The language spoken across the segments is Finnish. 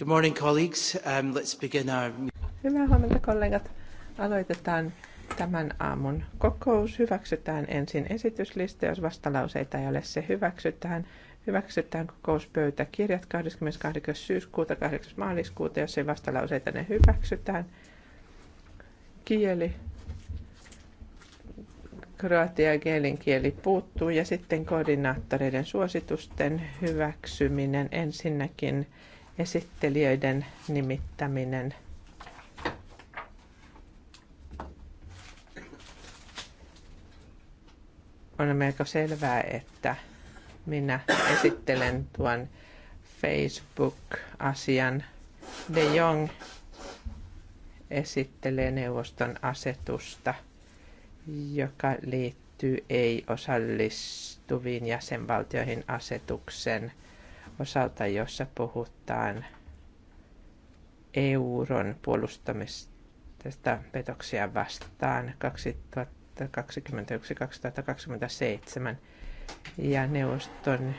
Good morning, colleagues. Um, let's begin our... Hyvää huomenta, kollegat. Aloitetaan tämän aamun kokous. Hyväksytään ensin esityslista, jos vastalauseita ei ole, se hyväksytään. Hyväksytään kokouspöytäkirjat 28. syyskuuta, 8. maaliskuuta, jos ei vastalauseita, ne hyväksytään. Kieli, kroatia kielen kieli puuttuu ja sitten koordinaattoreiden suositusten hyväksyminen ensinnäkin esittelijöiden nimittäminen. On melko selvää, että minä esittelen tuon Facebook-asian. De Jong esittelee neuvoston asetusta, joka liittyy ei-osallistuviin jäsenvaltioihin asetuksen – osalta, jossa puhutaan euron puolustamisesta petoksia vastaan 2021-2027 ja neuvoston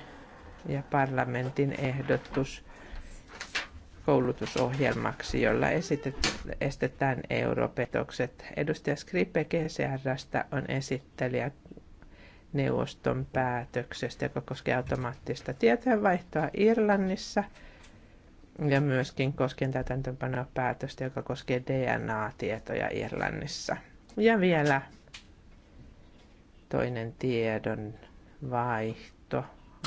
ja parlamentin ehdotus koulutusohjelmaksi, jolla estetään europetokset. Edustaja Skripe GCRstä on esittelijä neuvoston päätöksestä, joka koskee automaattista tietojenvaihtoa Irlannissa ja myöskin koskien täytäntöönpanoa päätöstä, joka koskee DNA-tietoja Irlannissa. Ja vielä toinen tiedon vaihto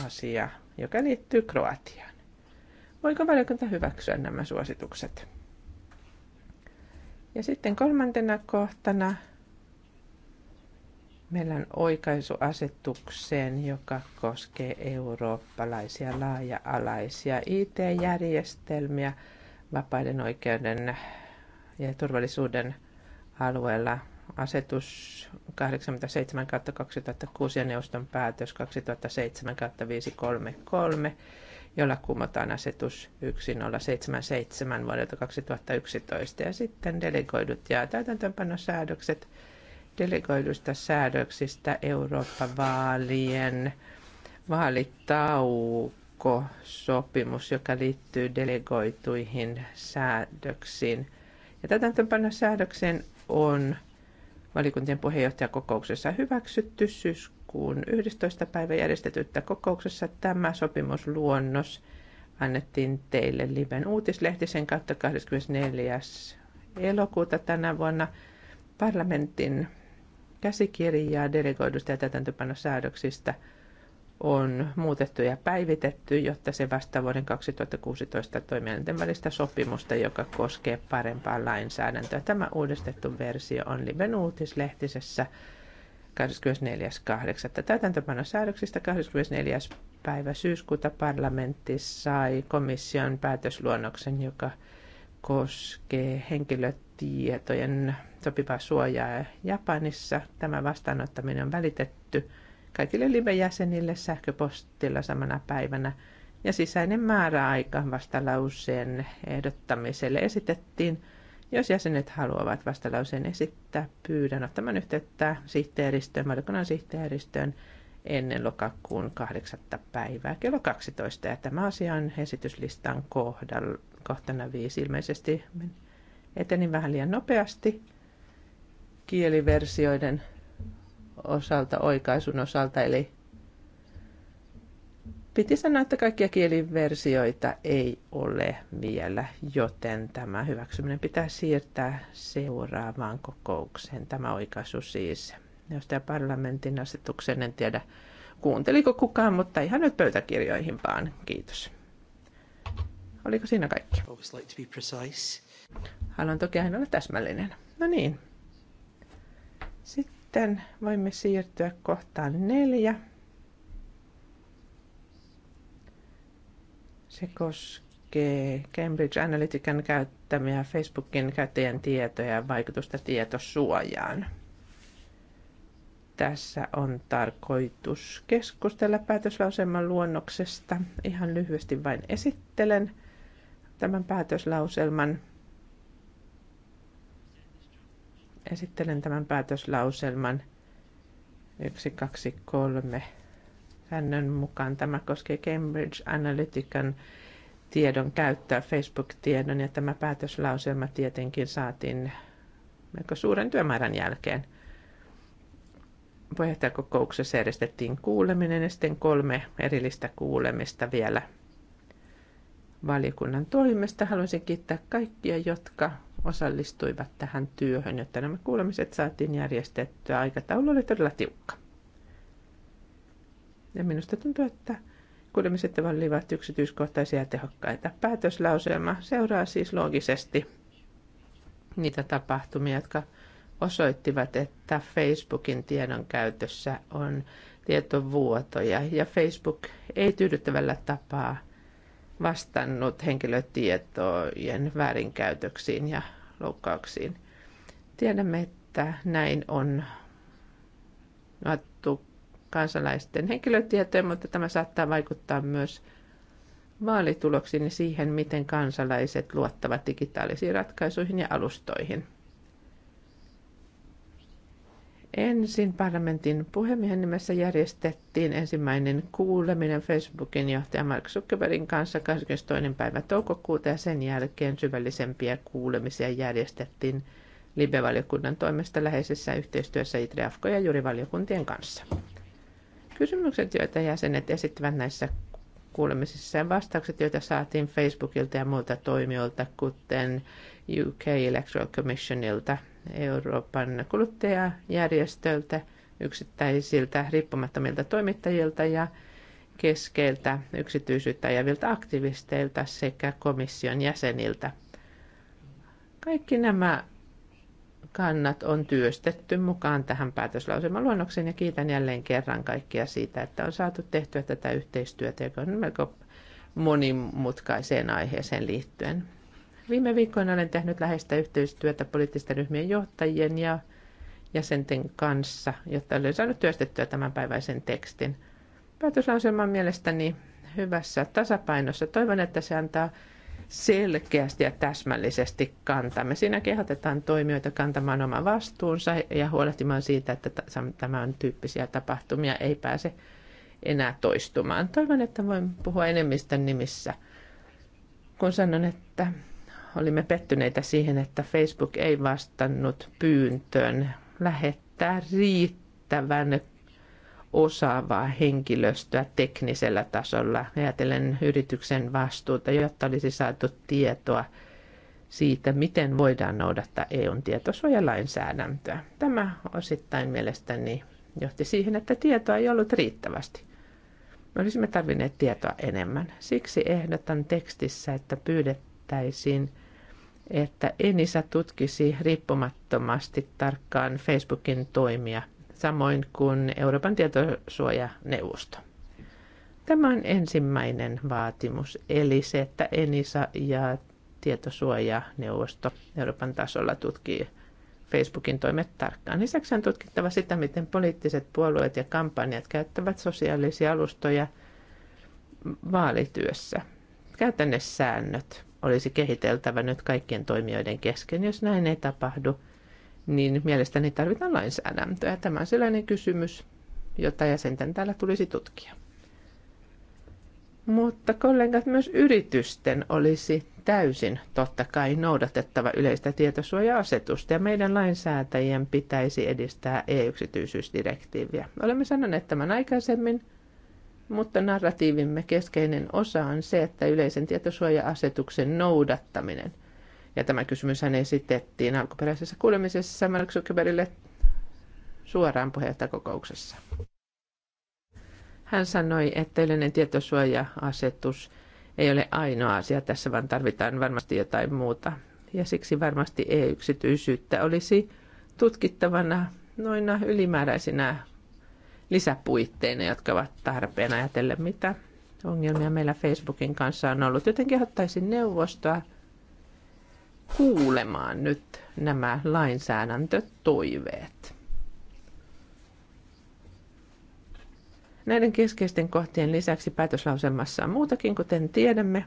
asia, joka liittyy Kroatiaan. Voiko valiokunta hyväksyä nämä suositukset? Ja sitten kolmantena kohtana Meillä on oikaisuasetukseen, joka koskee eurooppalaisia laaja-alaisia IT-järjestelmiä vapaiden oikeuden ja turvallisuuden alueella. Asetus 87 2006 ja neuvoston päätös 2007 533, jolla kumotaan asetus 1077 vuodelta 2011 ja sitten delegoidut ja täytäntöönpanosäädökset säädökset delegoiduista säädöksistä Eurooppa-vaalien vaalitauko sopimus, joka liittyy delegoituihin säädöksiin. Ja täytäntöönpano säädöksen on valikuntien puheenjohtajakokouksessa hyväksytty syyskuun 11. päivä järjestetyttä kokouksessa. Tämä sopimusluonnos annettiin teille liben uutislehtisen kautta 24. elokuuta tänä vuonna parlamentin Käsikirjaa delegoidusta ja täytäntöpanosäädöksistä on muutettu ja päivitetty, jotta se vastaa vuoden 2016 toimijoiden välistä sopimusta, joka koskee parempaa lainsäädäntöä. Tämä uudistettu versio on Liben uutislehtisessä 24.8. Täytäntöpanosäädöksistä 24. päivä syyskuuta parlamentti sai komission päätösluonnoksen, joka koskee henkilöt tietojen sopivaa suojaa Japanissa. Tämä vastaanottaminen on välitetty kaikille live-jäsenille sähköpostilla samana päivänä. Ja sisäinen määräaika vastalauseen ehdottamiselle esitettiin. Jos jäsenet haluavat vastalauseen esittää, pyydän ottamaan yhteyttä sihteeristöön, valiokunnan sihteeristöön ennen lokakuun 8. päivää kello 12. Ja tämä asia on esityslistan kohdalla, kohtana 5 ilmeisesti Etenin vähän liian nopeasti kieliversioiden osalta, oikaisun osalta, eli piti sanoa, että kaikkia kieliversioita ei ole vielä, joten tämä hyväksyminen pitää siirtää seuraavaan kokoukseen. Tämä oikaisu siis, jos tämä parlamentin asetuksen, en tiedä kuunteliko kukaan, mutta ihan nyt pöytäkirjoihin vaan. Kiitos. Oliko siinä kaikki? Always like to be precise. Haluan toki aina olla täsmällinen. No niin. Sitten voimme siirtyä kohtaan neljä. Se koskee Cambridge Analytican käyttämiä Facebookin käyttäjän tietoja ja vaikutusta tietosuojaan. Tässä on tarkoitus keskustella päätöslauselman luonnoksesta. Ihan lyhyesti vain esittelen tämän päätöslauselman. esittelen tämän päätöslauselman 3. säännön mukaan. Tämä koskee Cambridge Analytican tiedon käyttöä, Facebook-tiedon, ja tämä päätöslauselma tietenkin saatiin melko suuren työmäärän jälkeen. Puheenjohtajakokouksessa järjestettiin kuuleminen ja sitten kolme erillistä kuulemista vielä valiokunnan toimesta. Haluaisin kiittää kaikkia, jotka osallistuivat tähän työhön, jotta nämä kuulemiset saatiin järjestettyä. Aikataulu oli todella tiukka. Ja minusta tuntuu, että kuulemiset olivat yksityiskohtaisia ja tehokkaita. Päätöslauselma seuraa siis loogisesti niitä tapahtumia, jotka osoittivat, että Facebookin tiedon käytössä on tietovuotoja ja Facebook ei tyydyttävällä tapaa – vastannut henkilötietojen väärinkäytöksiin ja loukkauksiin. Tiedämme, että näin on nuottu kansalaisten henkilötietoja, mutta tämä saattaa vaikuttaa myös vaalituloksiin ja siihen, miten kansalaiset luottavat digitaalisiin ratkaisuihin ja alustoihin. Ensin parlamentin puhemiehen nimessä järjestettiin ensimmäinen kuuleminen Facebookin johtaja Mark Zuckerbergin kanssa 22. päivä toukokuuta ja sen jälkeen syvällisempiä kuulemisia järjestettiin Libe-valiokunnan toimesta läheisessä yhteistyössä ITREAFKO ja juurivaliokuntien kanssa. Kysymykset, joita jäsenet esittävät näissä kuulemisissa ja vastaukset, joita saatiin Facebookilta ja muilta toimijoilta, kuten UK Electoral Commissionilta, Euroopan kuluttajajärjestöltä, yksittäisiltä riippumattomilta toimittajilta ja keskeiltä yksityisyyttä ajavilta aktivisteilta sekä komission jäseniltä. Kaikki nämä kannat on työstetty mukaan tähän päätöslauselmaluonnokseen ja kiitän jälleen kerran kaikkia siitä, että on saatu tehtyä tätä yhteistyötä, joka on melko monimutkaiseen aiheeseen liittyen. Viime viikkoina olen tehnyt läheistä yhteistyötä poliittisten ryhmien johtajien ja jäsenten kanssa, jotta olen saanut työstettyä päiväisen tekstin. Päätöslauselma on mielestäni hyvässä tasapainossa. Toivon, että se antaa selkeästi ja täsmällisesti kantamme. Siinä kehotetaan toimijoita kantamaan oma vastuunsa ja huolehtimaan siitä, että tämän tyyppisiä tapahtumia ei pääse enää toistumaan. Toivon, että voin puhua enemmistön nimissä, kun sanon, että olimme pettyneitä siihen, että Facebook ei vastannut pyyntöön lähettää riittävän osaavaa henkilöstöä teknisellä tasolla, ajatellen yrityksen vastuuta, jotta olisi saatu tietoa siitä, miten voidaan noudattaa EUn tietosuojalainsäädäntöä. Tämä osittain mielestäni johti siihen, että tietoa ei ollut riittävästi. Me olisimme tarvinneet tietoa enemmän. Siksi ehdotan tekstissä, että pyydettäisiin, että Enisa tutkisi riippumattomasti tarkkaan Facebookin toimia – samoin kuin Euroopan tietosuojaneuvosto. Tämä on ensimmäinen vaatimus, eli se, että Enisa ja tietosuojaneuvosto Euroopan tasolla tutkii Facebookin toimet tarkkaan. Lisäksi on tutkittava sitä, miten poliittiset puolueet ja kampanjat käyttävät sosiaalisia alustoja vaalityössä. Käytännössäännöt olisi kehiteltävä nyt kaikkien toimijoiden kesken. Jos näin ei tapahdu, niin mielestäni tarvitaan lainsäädäntöä. Tämä on sellainen kysymys, jota jäsenten täällä tulisi tutkia. Mutta kollegat, myös yritysten olisi täysin totta kai noudatettava yleistä tietosuoja-asetusta ja meidän lainsäätäjien pitäisi edistää e-yksityisyysdirektiiviä. Olemme sanoneet tämän aikaisemmin, mutta narratiivimme keskeinen osa on se, että yleisen tietosuoja-asetuksen noudattaminen – ja tämä kysymys hän esitettiin alkuperäisessä kuulemisessa Mark Zuckerbergille suoraan puheenjohtajakokouksessa. Hän sanoi, että yleinen tietosuoja-asetus ei ole ainoa asia tässä, vaan tarvitaan varmasti jotain muuta. Ja siksi varmasti e-yksityisyyttä olisi tutkittavana noina ylimääräisinä lisäpuitteina, jotka ovat tarpeen ajatellen, mitä ongelmia meillä Facebookin kanssa on ollut. Joten ottaisin neuvostoa kuulemaan nyt nämä lainsäädäntötoiveet. Näiden keskeisten kohtien lisäksi päätöslauselmassa on muutakin, kuten tiedämme.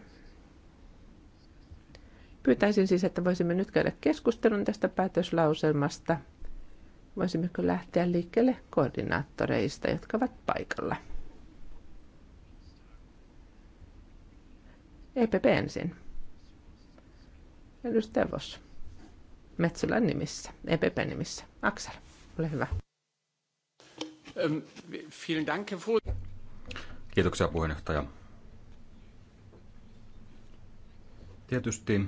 Pyytäisin siis, että voisimme nyt käydä keskustelun tästä päätöslauselmasta. Voisimmeko lähteä liikkeelle koordinaattoreista, jotka ovat paikalla? EPP ensin. Edustaja Vos. Metsälän nimissä, EPP nimissä. Aksel, ole hyvä. Ähm, Kiitoksia puheenjohtaja. Tietysti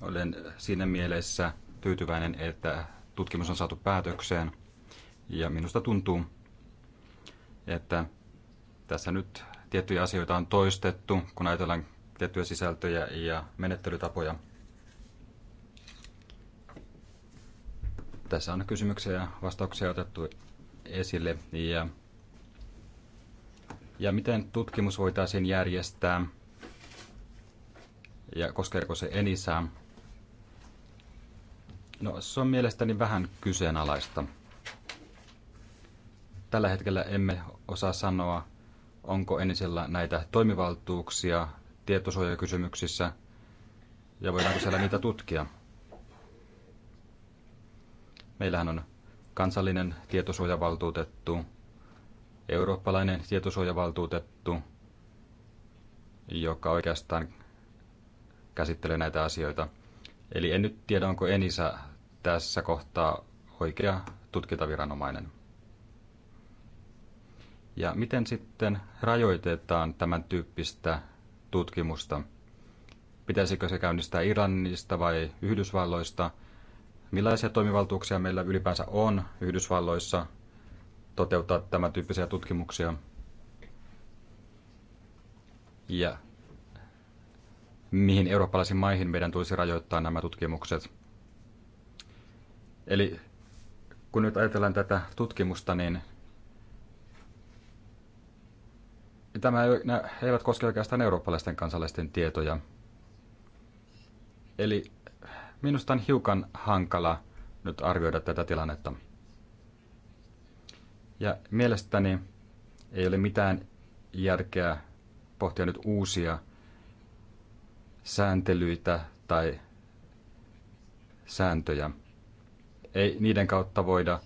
olen siinä mielessä tyytyväinen, että tutkimus on saatu päätökseen. Ja minusta tuntuu, että tässä nyt tiettyjä asioita on toistettu, kun ajatellaan tiettyjä sisältöjä ja menettelytapoja. Tässä on kysymyksiä ja vastauksia otettu esille ja, ja miten tutkimus voitaisiin järjestää ja koskeeko se enisää. No se on mielestäni vähän kyseenalaista. Tällä hetkellä emme osaa sanoa, onko Enisellä näitä toimivaltuuksia tietosuojakysymyksissä ja voidaanko siellä niitä tutkia. Meillähän on kansallinen tietosuojavaltuutettu, eurooppalainen tietosuojavaltuutettu, joka oikeastaan käsittelee näitä asioita. Eli en nyt tiedä, onko Enisa tässä kohtaa oikea tutkintaviranomainen. Ja miten sitten rajoitetaan tämän tyyppistä tutkimusta. Pitäisikö se käynnistää Iranista vai Yhdysvalloista? Millaisia toimivaltuuksia meillä ylipäänsä on Yhdysvalloissa toteuttaa tämän tyyppisiä tutkimuksia? Ja mihin eurooppalaisiin maihin meidän tulisi rajoittaa nämä tutkimukset? Eli kun nyt ajatellaan tätä tutkimusta, niin Ja tämä ei, nämä eivät koske oikeastaan eurooppalaisten kansalaisten tietoja. Eli minusta on hiukan hankala nyt arvioida tätä tilannetta. Ja mielestäni ei ole mitään järkeä pohtia nyt uusia sääntelyitä tai sääntöjä. Ei niiden kautta voida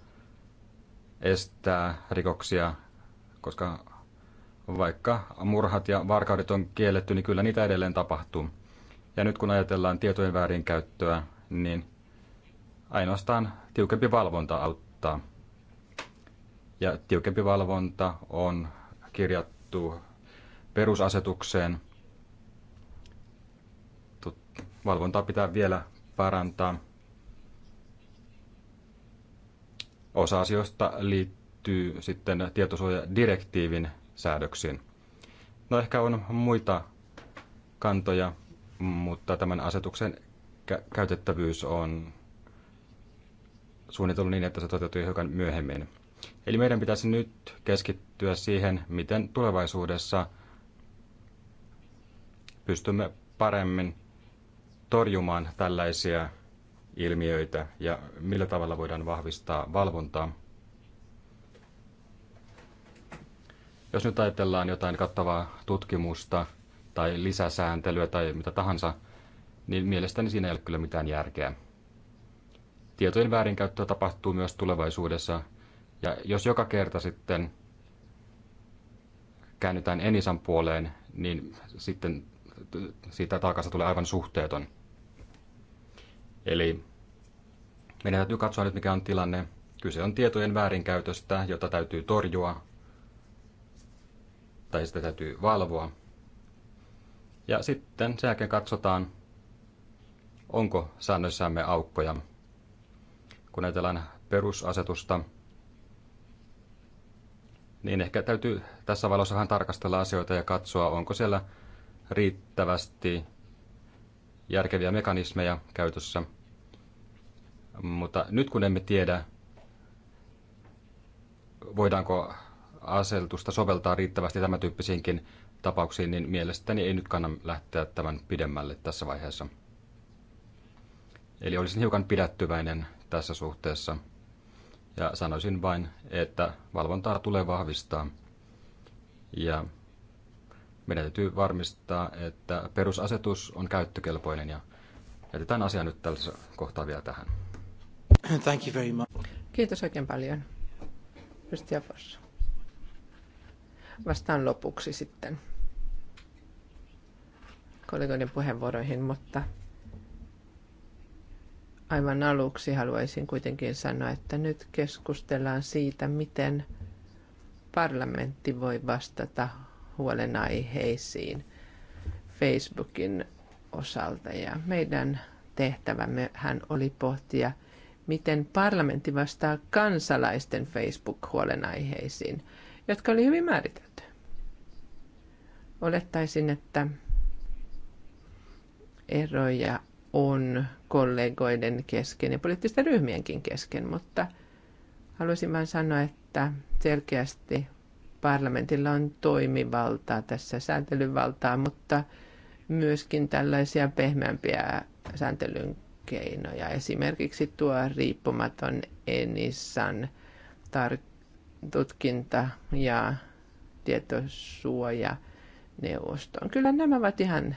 estää rikoksia, koska vaikka murhat ja varkaudet on kielletty, niin kyllä niitä edelleen tapahtuu. Ja nyt kun ajatellaan tietojen väärinkäyttöä, niin ainoastaan tiukempi valvonta auttaa. Ja tiukempi valvonta on kirjattu perusasetukseen. Valvontaa pitää vielä parantaa. Osa asioista liittyy sitten tietosuojadirektiivin säädöksiin. No ehkä on muita kantoja, mutta tämän asetuksen kä- käytettävyys on suunniteltu niin, että se toteutuu hiukan myöhemmin. Eli meidän pitäisi nyt keskittyä siihen, miten tulevaisuudessa pystymme paremmin torjumaan tällaisia ilmiöitä ja millä tavalla voidaan vahvistaa valvontaa. Jos nyt ajatellaan jotain kattavaa tutkimusta tai lisäsääntelyä tai mitä tahansa, niin mielestäni siinä ei ole kyllä mitään järkeä. Tietojen väärinkäyttöä tapahtuu myös tulevaisuudessa, ja jos joka kerta sitten käännytään Enisan puoleen, niin sitten siitä taakasta tulee aivan suhteeton. Eli meidän täytyy katsoa nyt, mikä on tilanne. Kyse on tietojen väärinkäytöstä, jota täytyy torjua tai sitä täytyy valvoa. Ja sitten sen jälkeen katsotaan, onko säännössämme aukkoja. Kun ajatellaan perusasetusta, niin ehkä täytyy tässä valossahan tarkastella asioita ja katsoa, onko siellä riittävästi järkeviä mekanismeja käytössä. Mutta nyt kun emme tiedä, voidaanko asetusta soveltaa riittävästi tämän tyyppisiinkin tapauksiin, niin mielestäni ei nyt kannata lähteä tämän pidemmälle tässä vaiheessa. Eli olisin hiukan pidättyväinen tässä suhteessa. Ja sanoisin vain, että valvontaa tulee vahvistaa. Ja meidän täytyy varmistaa, että perusasetus on käyttökelpoinen ja jätetään asia nyt tällaisessa kohtaa vielä tähän. Thank you very much. Kiitos oikein paljon. Kristian Foss vastaan lopuksi sitten kollegoiden puheenvuoroihin, mutta aivan aluksi haluaisin kuitenkin sanoa, että nyt keskustellaan siitä, miten parlamentti voi vastata huolenaiheisiin Facebookin osalta. Ja meidän tehtävämme hän oli pohtia, miten parlamentti vastaa kansalaisten Facebook-huolenaiheisiin, jotka oli hyvin määritelty. Olettaisin, että eroja on kollegoiden kesken ja poliittisten ryhmienkin kesken, mutta haluaisin vain sanoa, että selkeästi parlamentilla on toimivaltaa tässä sääntelyvaltaa, mutta myöskin tällaisia pehmeämpiä sääntelyn keinoja. Esimerkiksi tuo riippumaton Enissan tar- tutkinta ja tietosuoja – neuvostoon. Kyllä nämä ovat ihan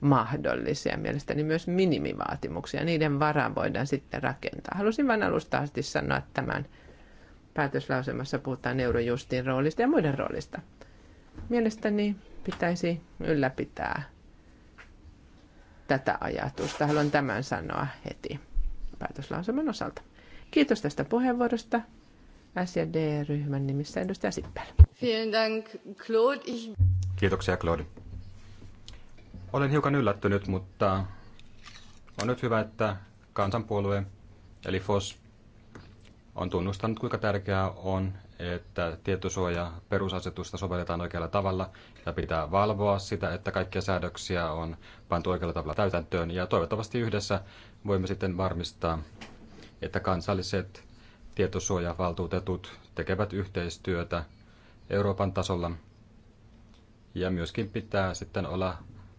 mahdollisia, mielestäni myös minimivaatimuksia. Niiden varaan voidaan sitten rakentaa. Halusin vain alusta asti sanoa tämän päätöslausemassa puhutaan eurojustin roolista ja muiden roolista. Mielestäni pitäisi ylläpitää tätä ajatusta. Haluan tämän sanoa heti päätöslauselman osalta. Kiitos tästä puheenvuorosta. SJD-ryhmän nimissä edustaja Sippel. Kiitoksia, Claude. Olen hiukan yllättynyt, mutta on nyt hyvä, että kansanpuolue, eli FOS, on tunnustanut, kuinka tärkeää on, että tietosuoja perusasetusta sovelletaan oikealla tavalla ja pitää valvoa sitä, että kaikkia säädöksiä on pantu oikealla tavalla täytäntöön. Ja toivottavasti yhdessä voimme sitten varmistaa, että kansalliset tietosuojavaltuutetut tekevät yhteistyötä Euroopan tasolla ja myöskin pitää sitten olla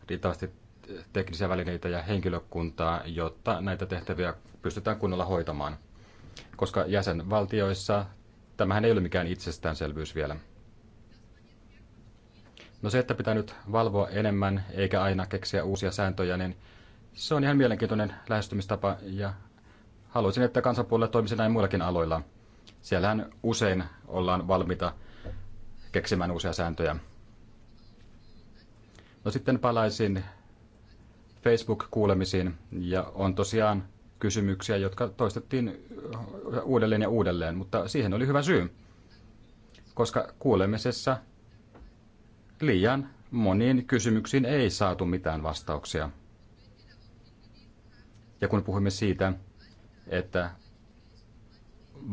riittävästi teknisiä välineitä ja henkilökuntaa, jotta näitä tehtäviä pystytään kunnolla hoitamaan. Koska jäsenvaltioissa tämähän ei ole mikään itsestäänselvyys vielä. No se, että pitää nyt valvoa enemmän eikä aina keksiä uusia sääntöjä, niin se on ihan mielenkiintoinen lähestymistapa ja haluaisin, että kansanpuolelle toimisi näin muillakin aloilla. Siellähän usein ollaan valmiita keksimään uusia sääntöjä. No sitten palaisin Facebook-kuulemisiin ja on tosiaan kysymyksiä, jotka toistettiin uudelleen ja uudelleen, mutta siihen oli hyvä syy, koska kuulemisessa liian moniin kysymyksiin ei saatu mitään vastauksia. Ja kun puhumme siitä, että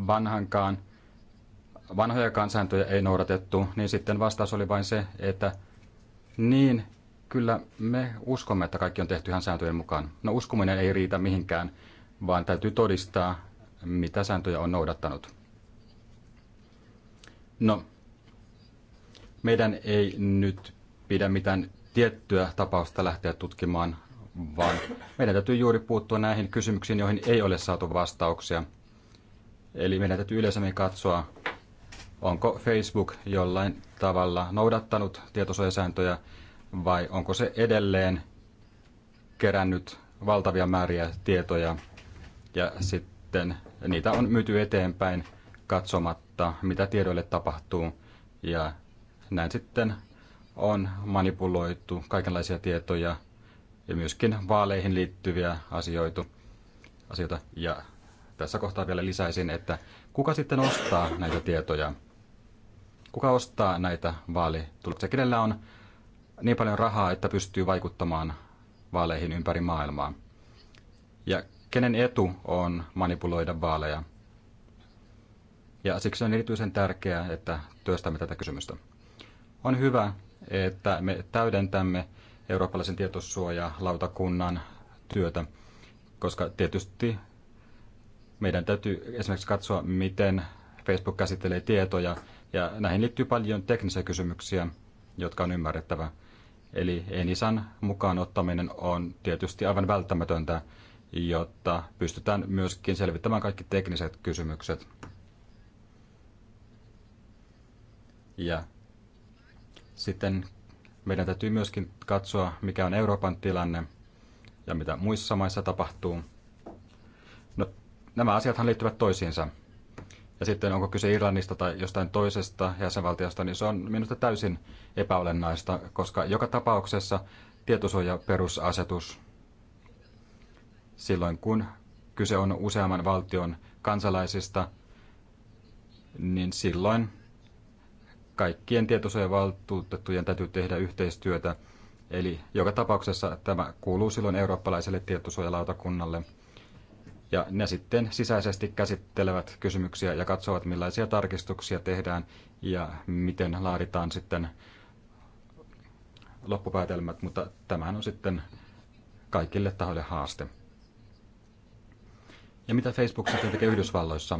vanhankaan, vanhoja kansääntöjä ei noudatettu, niin sitten vastaus oli vain se, että niin, kyllä me uskomme, että kaikki on tehty ihan sääntöjen mukaan. No uskominen ei riitä mihinkään, vaan täytyy todistaa, mitä sääntöjä on noudattanut. No, meidän ei nyt pidä mitään tiettyä tapausta lähteä tutkimaan vaan meidän täytyy juuri puuttua näihin kysymyksiin, joihin ei ole saatu vastauksia. Eli meidän täytyy yleensä katsoa, onko Facebook jollain tavalla noudattanut tietosuojasääntöjä vai onko se edelleen kerännyt valtavia määriä tietoja ja sitten niitä on myyty eteenpäin katsomatta, mitä tiedoille tapahtuu ja näin sitten on manipuloitu kaikenlaisia tietoja ja myöskin vaaleihin liittyviä asioita. asioita. Ja tässä kohtaa vielä lisäisin, että kuka sitten ostaa näitä tietoja? Kuka ostaa näitä vaalituloksia? Kenellä on niin paljon rahaa, että pystyy vaikuttamaan vaaleihin ympäri maailmaa? Ja kenen etu on manipuloida vaaleja? Ja siksi on erityisen tärkeää, että työstämme tätä kysymystä. On hyvä, että me täydentämme eurooppalaisen tietosuojalautakunnan työtä, koska tietysti meidän täytyy esimerkiksi katsoa, miten Facebook käsittelee tietoja, ja näihin liittyy paljon teknisiä kysymyksiä, jotka on ymmärrettävä. Eli Enisan mukaan ottaminen on tietysti aivan välttämätöntä, jotta pystytään myöskin selvittämään kaikki tekniset kysymykset. Ja sitten meidän täytyy myöskin katsoa, mikä on Euroopan tilanne ja mitä muissa maissa tapahtuu. No, nämä asiathan liittyvät toisiinsa. Ja sitten onko kyse Irlannista tai jostain toisesta jäsenvaltiosta, niin se on minusta täysin epäolennaista, koska joka tapauksessa tietosuojaperusasetus silloin kun kyse on useamman valtion kansalaisista, niin silloin kaikkien valtuutettujen täytyy tehdä yhteistyötä. Eli joka tapauksessa tämä kuuluu silloin eurooppalaiselle tietosuojalautakunnalle. Ja ne sitten sisäisesti käsittelevät kysymyksiä ja katsovat, millaisia tarkistuksia tehdään ja miten laaditaan sitten loppupäätelmät, mutta tämähän on sitten kaikille tahoille haaste. Ja mitä Facebook sitten tekee Yhdysvalloissa?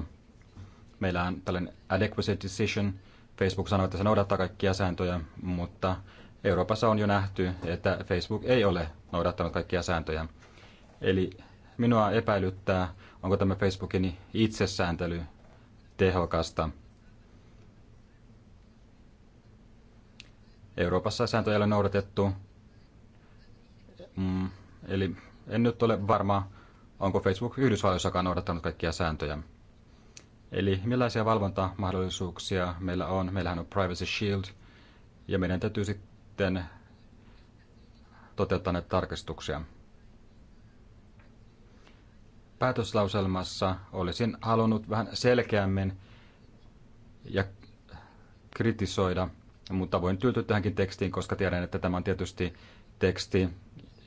Meillä on tällainen adequacy decision, Facebook sanoo, että se noudattaa kaikkia sääntöjä, mutta Euroopassa on jo nähty, että Facebook ei ole noudattanut kaikkia sääntöjä. Eli minua epäilyttää, onko tämä Facebookin itsesääntely tehokasta. Euroopassa sääntöjä ei ole noudatettu. Mm, eli en nyt ole varma, onko Facebook Yhdysvalloissakaan noudattanut kaikkia sääntöjä. Eli millaisia valvontamahdollisuuksia meillä on? Meillähän on Privacy Shield, ja meidän täytyy sitten toteuttaa näitä tarkistuksia. Päätöslauselmassa olisin halunnut vähän selkeämmin ja kritisoida, mutta voin tyytyä tähänkin tekstiin, koska tiedän, että tämä on tietysti teksti,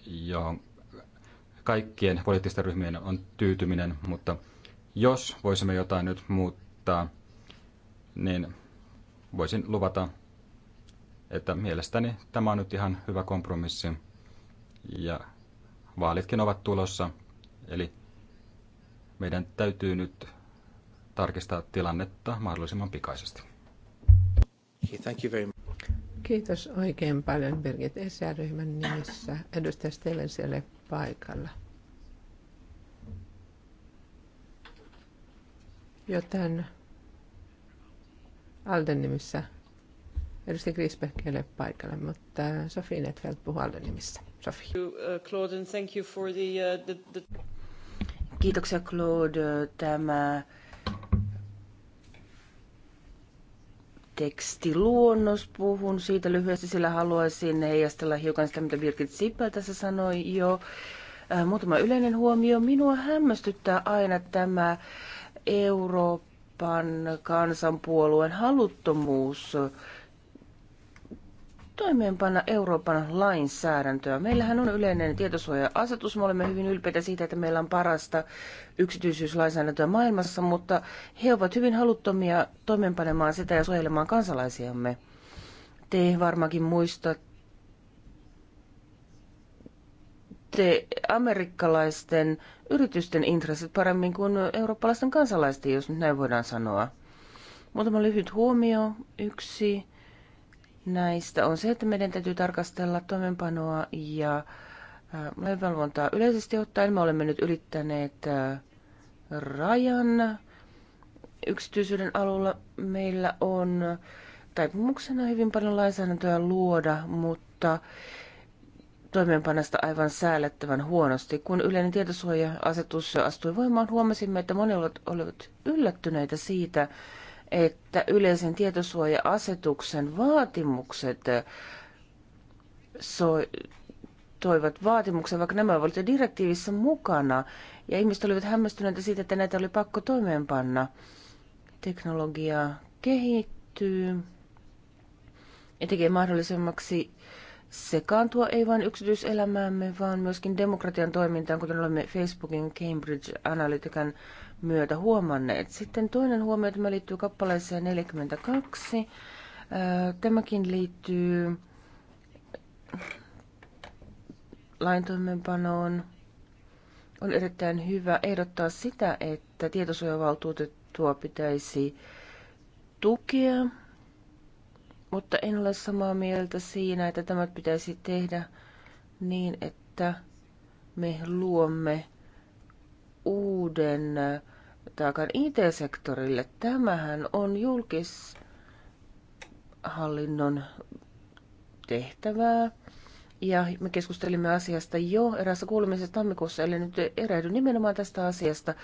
johon kaikkien poliittisten ryhmien on tyytyminen, mutta – jos voisimme jotain nyt muuttaa, niin voisin luvata, että mielestäni tämä on nyt ihan hyvä kompromissi. Ja vaalitkin ovat tulossa, eli meidän täytyy nyt tarkistaa tilannetta mahdollisimman pikaisesti. Kiitos oikein paljon Birgit Esiäryhmän nimissä. Edustaja Stelenselle paikalla. Joten Alden nimissä Edustaja Grisbeck ei ole paikalla, mutta Sofi Netfeld puhuu Alden nimissä. Sofi. Uh, uh, Kiitoksia Claude. Tämä tekstiluonnos puhun siitä lyhyesti, sillä haluaisin heijastella hiukan sitä, mitä Birgit Sippel tässä sanoi jo. Äh, muutama yleinen huomio. Minua hämmästyttää aina tämä Euroopan kansanpuolueen haluttomuus toimeenpanna Euroopan lainsäädäntöä. Meillähän on yleinen tietosuoja-asetus. Me olemme hyvin ylpeitä siitä, että meillä on parasta yksityisyyslainsäädäntöä maailmassa, mutta he ovat hyvin haluttomia toimeenpanemaan sitä ja suojelemaan kansalaisiamme. Te varmaankin muistatte, te amerikkalaisten yritysten intressit paremmin kuin eurooppalaisten kansalaisten, jos nyt näin voidaan sanoa. Muutama lyhyt huomio. Yksi näistä on se, että meidän täytyy tarkastella toimenpanoa ja äh, lainvalvontaa yleisesti ottaen. Me olemme nyt ylittäneet äh, rajan yksityisyyden alulla. Meillä on äh, taipumuksena hyvin paljon lainsäädäntöä luoda, mutta toimeenpanosta aivan säällettävän huonosti. Kun yleinen tietosuoja-asetus astui voimaan, huomasimme, että monet olivat yllättyneitä siitä, että yleisen tietosuoja-asetuksen vaatimukset eh, so, toivat vaatimuksen, vaikka nämä olivat jo direktiivissä mukana. Ja ihmiset olivat hämmästyneitä siitä, että näitä oli pakko toimeenpanna. Teknologia kehittyy ja tekee mahdollisemmaksi sekaantua ei vain yksityiselämäämme, vaan myöskin demokratian toimintaan, kuten olemme Facebookin Cambridge Analytican myötä huomanneet. Sitten toinen huomio, tämä liittyy kappaleeseen 42. Tämäkin liittyy laintoimenpanoon. On erittäin hyvä ehdottaa sitä, että tietosuojavaltuutettua pitäisi tukea mutta en ole samaa mieltä siinä, että tämä pitäisi tehdä niin, että me luomme uuden taakan IT-sektorille. Tämähän on julkishallinnon tehtävää. Ja me keskustelimme asiasta jo eräässä kuulemisessa tammikuussa, eli nyt erehdy nimenomaan tästä asiasta.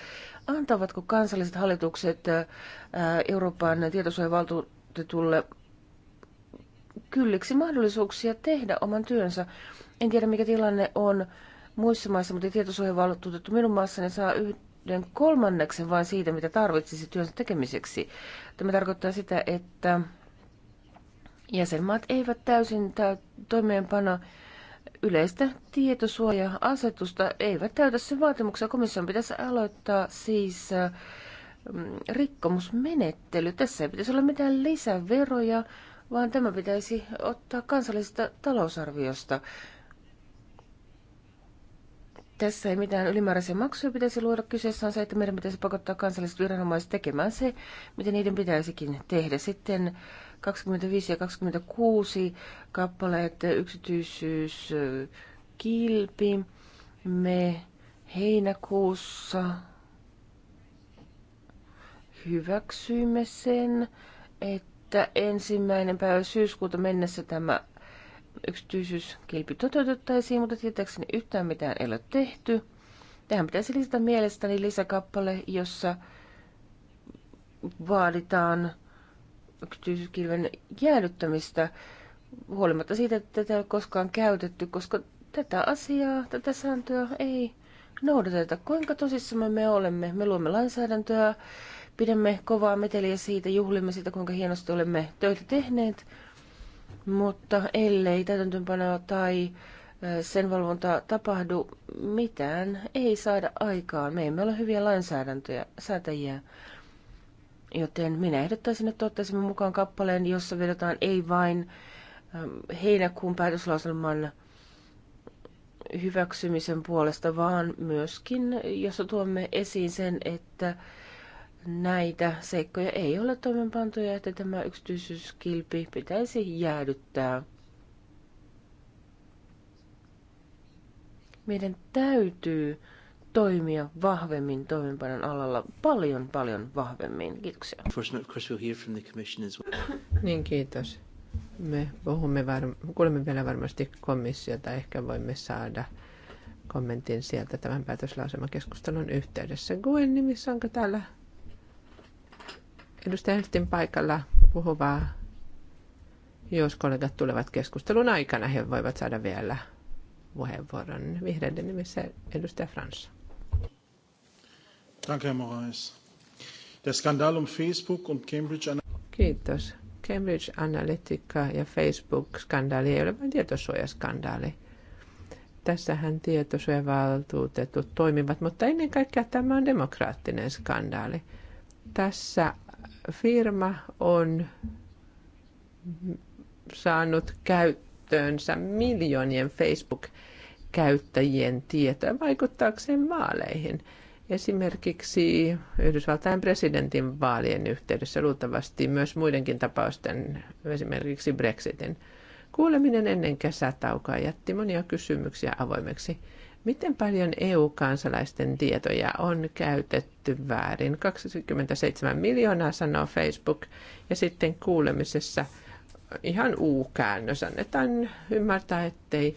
Antavatko kansalliset hallitukset Euroopan tietosuojavaltuutetulle kylliksi mahdollisuuksia tehdä oman työnsä. En tiedä, mikä tilanne on muissa maissa, mutta tietosuojavaltuutettu minun maassani saa yhden kolmanneksen vain siitä, mitä tarvitsisi työnsä tekemiseksi. Tämä tarkoittaa sitä, että jäsenmaat eivät täysin toimeenpano yleistä tietosuoja-asetusta, eivät täytä sen vaatimuksia. Komission pitäisi aloittaa siis mm, rikkomusmenettely. Tässä ei pitäisi olla mitään lisäveroja, vaan tämä pitäisi ottaa kansallisesta talousarviosta. Tässä ei mitään ylimääräisiä maksuja pitäisi luoda. Kyseessä on se, että meidän pitäisi pakottaa kansalliset viranomaiset tekemään se, mitä niiden pitäisikin tehdä. Sitten 25 ja 26 kappaleet yksityisyys kilpi. Me heinäkuussa hyväksyimme sen, että että ensimmäinen päivä syyskuuta mennessä tämä yksityisyyskilpi toteutettaisiin, mutta tietääkseni yhtään mitään ei ole tehty. Tähän pitäisi lisätä mielestäni lisäkappale, jossa vaaditaan yksityiskilven jäädyttämistä huolimatta siitä, että tätä ei ole koskaan käytetty, koska tätä asiaa, tätä sääntöä ei noudateta. Kuinka tosissamme me olemme? Me luomme lainsäädäntöä, Pidämme kovaa meteliä siitä, juhlimme sitä, kuinka hienosti olemme töitä tehneet, mutta ellei täytäntöönpanoa tai sen valvonta tapahdu, mitään ei saada aikaan. Me emme ole hyviä lainsäädäntöjä, säätäjiä. Joten minä ehdottaisin, että ottaisimme mukaan kappaleen, jossa vedotaan ei vain heinäkuun päätöslauselman hyväksymisen puolesta, vaan myöskin, jossa tuomme esiin sen, että näitä seikkoja ei ole toimenpantoja ja että tämä yksityisyyskilpi pitäisi jäädyttää. Meidän täytyy toimia vahvemmin toimenpanon alalla, paljon paljon vahvemmin. Kiitoksia. Niin, kiitos. Me puhumme varm- kuulemme vielä varmasti komissiota, ehkä voimme saada kommentin sieltä tämän päätöslauselman keskustelun yhteydessä. Guen nimissä onko täällä edustaja Hyltin paikalla puhuvaa. Jos kollegat tulevat keskustelun aikana, he voivat saada vielä puheenvuoron vihreiden nimissä edustaja Frans. Um Kiitos. Cambridge Analytica ja Facebook-skandaali ei ole vain tietosuojaskandaali. Tässähän tietosuojavaltuutetut toimivat, mutta ennen kaikkea tämä on demokraattinen skandaali. Tässä firma on saanut käyttöönsä miljoonien Facebook-käyttäjien tietoja vaikuttaakseen vaaleihin. Esimerkiksi Yhdysvaltain presidentin vaalien yhteydessä, luultavasti myös muidenkin tapausten, esimerkiksi Brexitin. Kuuleminen ennen kesätaukoa jätti monia kysymyksiä avoimeksi. Miten paljon EU-kansalaisten tietoja on käytetty väärin? 27 miljoonaa sanoo Facebook ja sitten kuulemisessa ihan U-käännös annetaan ymmärtää, ettei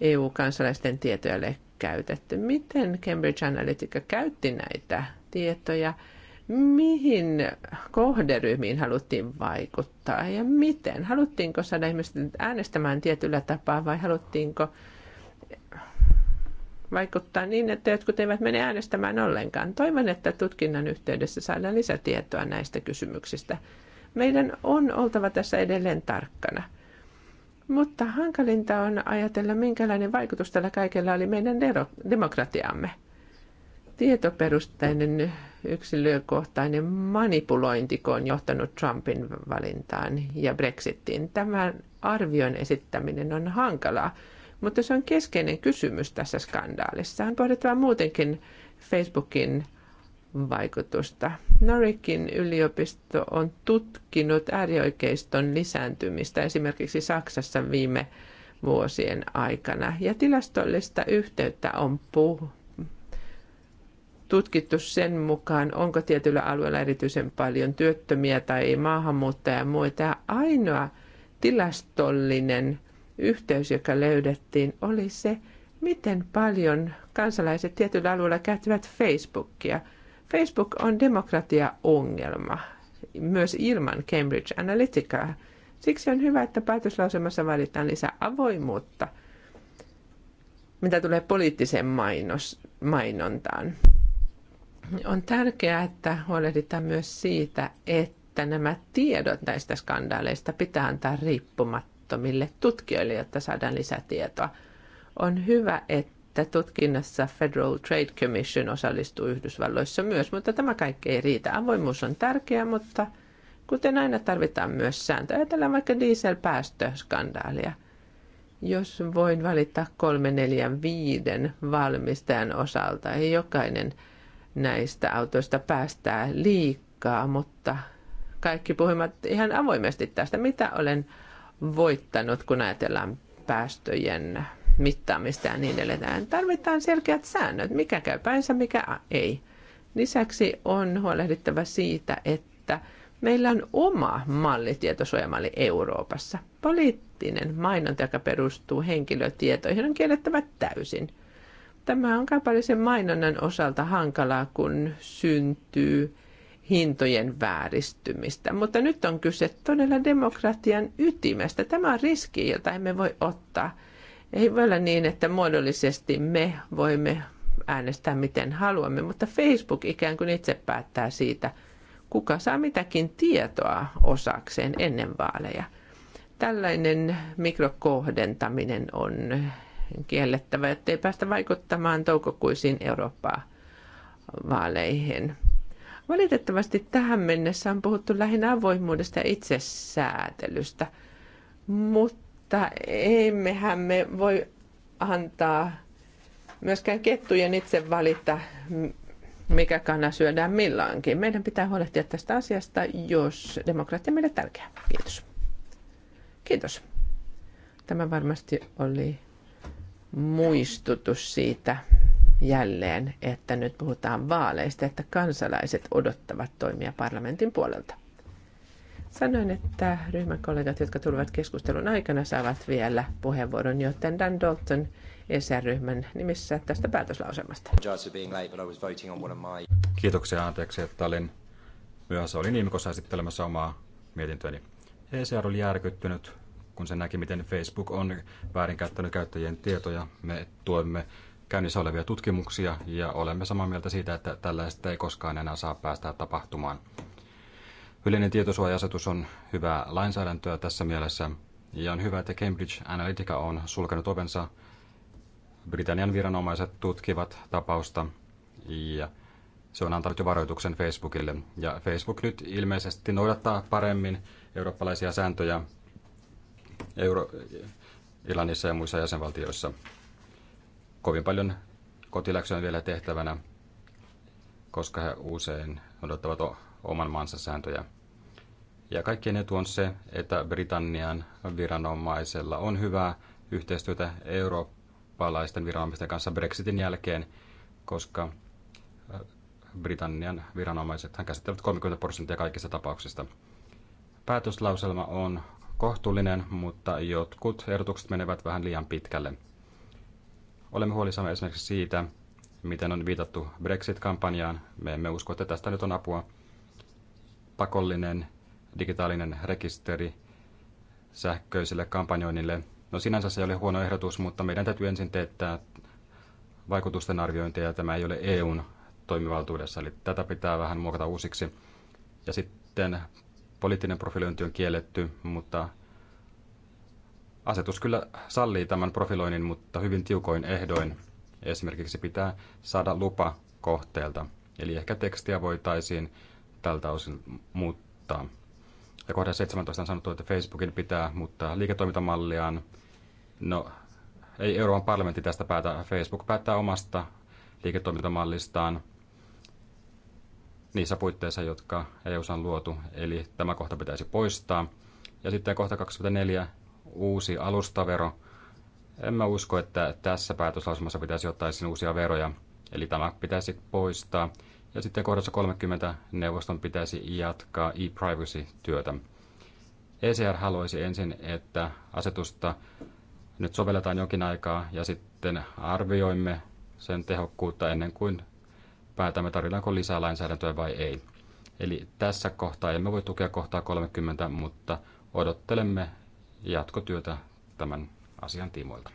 EU-kansalaisten tietoja ole käytetty. Miten Cambridge Analytica käytti näitä tietoja? Mihin kohderyhmiin haluttiin vaikuttaa ja miten? Haluttiinko saada ihmiset äänestämään tietyllä tapaa vai haluttiinko vaikuttaa niin, että jotkut eivät mene äänestämään ollenkaan. Toivon, että tutkinnan yhteydessä saadaan lisätietoa näistä kysymyksistä. Meidän on oltava tässä edelleen tarkkana. Mutta hankalinta on ajatella, minkälainen vaikutus tällä kaikella oli meidän demokratiamme. Tietoperusteinen yksilökohtainen manipulointiko on johtanut Trumpin valintaan ja Brexitiin. Tämän arvion esittäminen on hankalaa mutta se on keskeinen kysymys tässä skandaalissa. On pohdittava muutenkin Facebookin vaikutusta. Norikin yliopisto on tutkinut äärioikeiston lisääntymistä esimerkiksi Saksassa viime vuosien aikana. Ja tilastollista yhteyttä on puh- tutkittu sen mukaan, onko tietyllä alueella erityisen paljon työttömiä tai maahanmuuttajia ja muita. Ainoa tilastollinen yhteys, joka löydettiin, oli se, miten paljon kansalaiset tietyllä alueella käyttävät Facebookia. Facebook on demokratiaongelma, myös ilman Cambridge Analyticaa. Siksi on hyvä, että päätöslausemassa vaaditaan lisää avoimuutta, mitä tulee poliittiseen mainos, mainontaan. On tärkeää, että huolehditaan myös siitä, että nämä tiedot näistä skandaaleista pitää antaa riippumatta riippumattomille tutkijoille, jotta saadaan lisätietoa. On hyvä, että tutkinnassa Federal Trade Commission osallistuu Yhdysvalloissa myös, mutta tämä kaikki ei riitä. Avoimuus on tärkeä, mutta kuten aina tarvitaan myös sääntöjä. Ajatellaan vaikka dieselpäästöskandaalia. Jos voin valita kolme, neljän, viiden valmistajan osalta, ei jokainen näistä autoista päästää liikaa, mutta kaikki puhumat ihan avoimesti tästä, mitä olen voittanut, kun ajatellaan päästöjen mittaamista ja niin edelleen. Tarvitaan selkeät säännöt, mikä käy päinsä, mikä ei. Lisäksi on huolehdittava siitä, että meillä on oma malli tietosuojamalli Euroopassa. Poliittinen mainonta, joka perustuu henkilötietoihin, on kiellettävä täysin. Tämä on kaupallisen mainonnan osalta hankalaa, kun syntyy hintojen vääristymistä. Mutta nyt on kyse todella demokratian ytimestä. Tämä on riski, jota emme voi ottaa. Ei voi olla niin, että muodollisesti me voimme äänestää miten haluamme, mutta Facebook ikään kuin itse päättää siitä, kuka saa mitäkin tietoa osakseen ennen vaaleja. Tällainen mikrokohdentaminen on kiellettävä, ettei päästä vaikuttamaan toukokuisiin Eurooppaa vaaleihin. Valitettavasti tähän mennessä on puhuttu lähinnä avoimuudesta ja itsesäätelystä, mutta emmehän me voi antaa myöskään kettujen itse valita, mikä kana syödään milloinkin. Meidän pitää huolehtia tästä asiasta, jos demokratia meille tärkeää. Kiitos. Kiitos. Tämä varmasti oli muistutus siitä, jälleen, että nyt puhutaan vaaleista, että kansalaiset odottavat toimia parlamentin puolelta. Sanoin, että ryhmäkollegat, jotka tulevat keskustelun aikana, saavat vielä puheenvuoron, joten Dan Dalton ESR-ryhmän nimissä tästä päätöslauselmasta. Kiitoksia anteeksi, että olin myöhässä. Olin IMKossa esittelemässä omaa mietintöäni. ESR oli järkyttynyt, kun se näki, miten Facebook on väärinkäyttänyt käyttäjien tietoja. Me tuemme käynnissä olevia tutkimuksia ja olemme samaa mieltä siitä, että tällaista ei koskaan enää saa päästä tapahtumaan. Yleinen tietosuoja-asetus on hyvää lainsäädäntöä tässä mielessä ja on hyvä, että Cambridge Analytica on sulkenut ovensa. Britannian viranomaiset tutkivat tapausta ja se on antanut jo varoituksen Facebookille. Ja Facebook nyt ilmeisesti noudattaa paremmin eurooppalaisia sääntöjä Euro- Irlannissa ja muissa jäsenvaltioissa kovin paljon kotiläksyä vielä tehtävänä, koska he usein odottavat oman maansa sääntöjä. Ja kaikkien etu on se, että Britannian viranomaisella on hyvää yhteistyötä eurooppalaisten viranomaisten kanssa Brexitin jälkeen, koska Britannian viranomaiset hän käsittelevät 30 prosenttia kaikista tapauksista. Päätöslauselma on kohtuullinen, mutta jotkut ehdotukset menevät vähän liian pitkälle. Olemme huolissamme esimerkiksi siitä, miten on viitattu Brexit-kampanjaan. Me emme usko, että tästä nyt on apua. Pakollinen digitaalinen rekisteri sähköiselle kampanjoinnille. No sinänsä se ei ole huono ehdotus, mutta meidän täytyy ensin teettää vaikutusten arviointia, ja tämä ei ole EUn toimivaltuudessa, eli tätä pitää vähän muokata uusiksi. Ja sitten poliittinen profilointi on kielletty, mutta Asetus kyllä sallii tämän profiloinnin, mutta hyvin tiukoin ehdoin. Esimerkiksi pitää saada lupa kohteelta. Eli ehkä tekstiä voitaisiin tältä osin muuttaa. Ja kohdan 17 on sanottu, että Facebookin pitää muuttaa liiketoimintamalliaan. No, ei Euroopan parlamentti tästä päätä. Facebook päättää omasta liiketoimintamallistaan niissä puitteissa, jotka EU on luotu. Eli tämä kohta pitäisi poistaa. Ja sitten kohta 24 uusi alustavero. Emme usko, että tässä päätöslausumassa pitäisi ottaa sinne uusia veroja, eli tämä pitäisi poistaa. Ja sitten kohdassa 30 neuvoston pitäisi jatkaa e-privacy-työtä. ECR haluaisi ensin, että asetusta nyt sovelletaan jokin aikaa ja sitten arvioimme sen tehokkuutta ennen kuin päätämme, tarvitaanko lisää lainsäädäntöä vai ei. Eli tässä kohtaa emme voi tukea kohtaa 30, mutta odottelemme jatkotyötä tämän asian tiimoilta.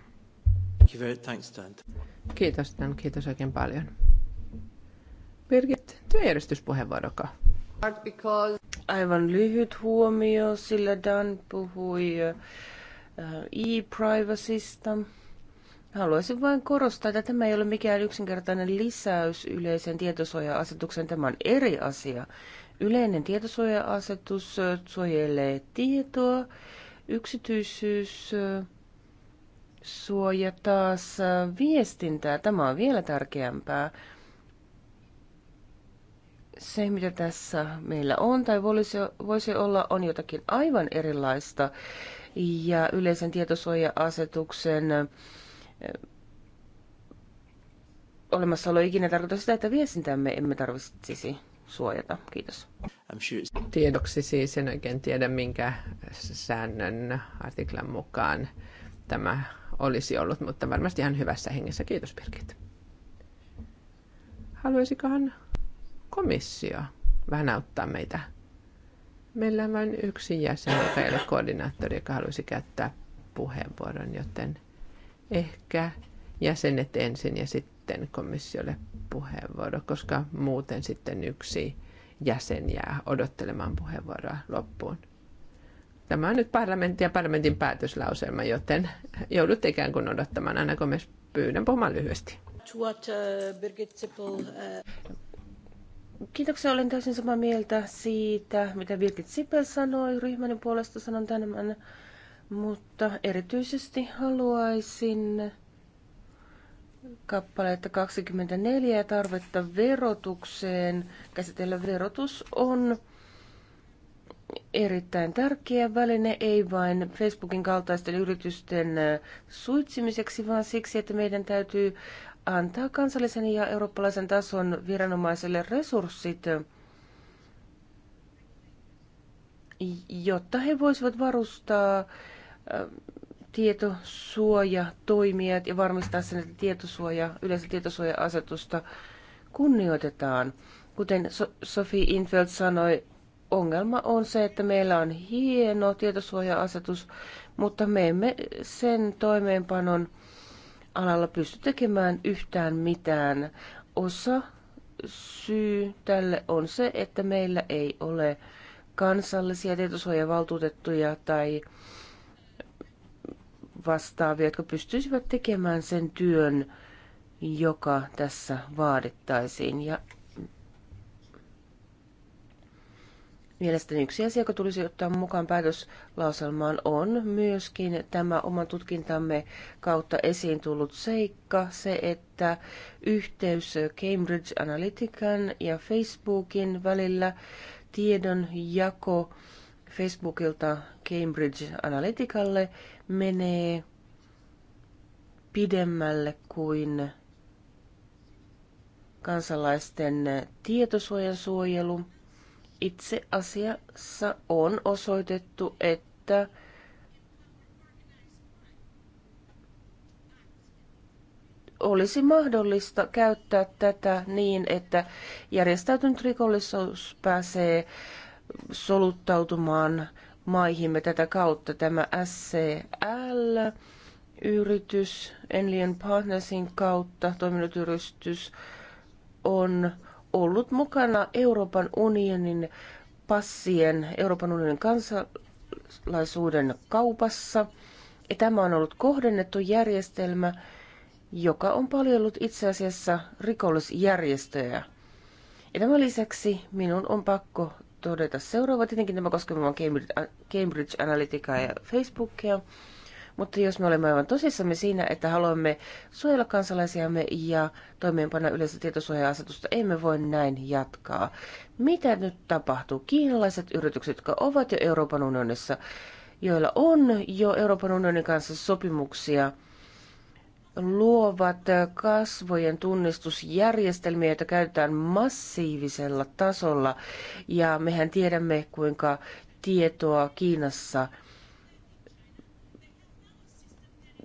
Kiitos, Dan. Kiitos oikein paljon. Birgit, työjärjestyspuheenvuoroka. Aivan lyhyt huomio, sillä Dan puhui eh, e-privacysta. Haluaisin vain korostaa, että tämä ei ole mikään yksinkertainen lisäys yleisen tietosuoja-asetuksen. Tämä on eri asia. Yleinen tietosuoja-asetus eh, suojelee tietoa, Yksityisyys suoja taas viestintää. Tämä on vielä tärkeämpää. Se, mitä tässä meillä on tai voisi, voisi olla, on jotakin aivan erilaista. Ja yleisen tietosuoja-asetuksen olemassaolo ikinä tarkoittaa sitä, että viestintämme emme tarvitsisi suojata. Kiitos. Tiedoksi siis en oikein tiedä, minkä säännön artiklan mukaan tämä olisi ollut, mutta varmasti ihan hyvässä hengessä. Kiitos Birgit. Haluaisikohan komissio vähän auttaa meitä? Meillä on vain yksi jäsen, joka ei ole koordinaattori, joka haluaisi käyttää puheenvuoron, joten ehkä jäsenet ensin ja sitten sitten komissiolle puheenvuoro, koska muuten sitten yksi jäsen jää odottelemaan puheenvuoroa loppuun. Tämä on nyt parlamentin ja parlamentin päätöslauselma, joten joudut ikään kuin odottamaan. Anna myös pyydän puhumaan lyhyesti. Uh, uh, Kiitoksia, olen täysin samaa mieltä siitä, mitä Birgit Sipel sanoi. ryhmän puolesta sanon tämän, mutta erityisesti haluaisin kappaletta 24 ja tarvetta verotukseen käsitellä. Verotus on erittäin tärkeä väline, ei vain Facebookin kaltaisten yritysten äh, suitsimiseksi, vaan siksi, että meidän täytyy antaa kansallisen ja eurooppalaisen tason viranomaisille resurssit, jotta he voisivat varustaa äh, tietosuojatoimijat ja varmistaa sen, että tietosuoja, yleensä tietosuoja-asetusta kunnioitetaan. Kuten Sophie Infeld sanoi, ongelma on se, että meillä on hieno tietosuoja-asetus, mutta me emme sen toimeenpanon alalla pysty tekemään yhtään mitään. Osa syy tälle on se, että meillä ei ole kansallisia tietosuojavaltuutettuja tai vastaavia, jotka pystyisivät tekemään sen työn, joka tässä vaadittaisiin. Ja Mielestäni yksi asia, joka tulisi ottaa mukaan päätöslauselmaan, on myöskin tämä oman tutkintamme kautta esiin tullut seikka, se, että yhteys Cambridge Analytican ja Facebookin välillä tiedon jako Facebookilta Cambridge Analyticalle menee pidemmälle kuin kansalaisten tietosuojan suojelu. Itse asiassa on osoitettu, että olisi mahdollista käyttää tätä niin, että järjestäytynyt rikollisuus pääsee soluttautumaan maihimme tätä kautta. Tämä SCL-yritys, Enlien Partnersin kautta toiminut yritys, on ollut mukana Euroopan unionin passien, Euroopan unionin kansalaisuuden kaupassa. Ja tämä on ollut kohdennettu järjestelmä, joka on paljellut itse asiassa rikollisjärjestöjä. Ja tämän lisäksi minun on pakko todeta seuraava. Tietenkin tämä koskee vain Cambridge, Cambridge Analyticaa ja Facebookia. Mutta jos me olemme aivan tosissamme siinä, että haluamme suojella kansalaisiamme ja toimeenpanna yleistä tietosuoja-asetusta, emme voi näin jatkaa. Mitä nyt tapahtuu? Kiinalaiset yritykset, jotka ovat jo Euroopan unionissa, joilla on jo Euroopan unionin kanssa sopimuksia – luovat kasvojen tunnistusjärjestelmiä, joita käytetään massiivisella tasolla. Ja mehän tiedämme, kuinka tietoa Kiinassa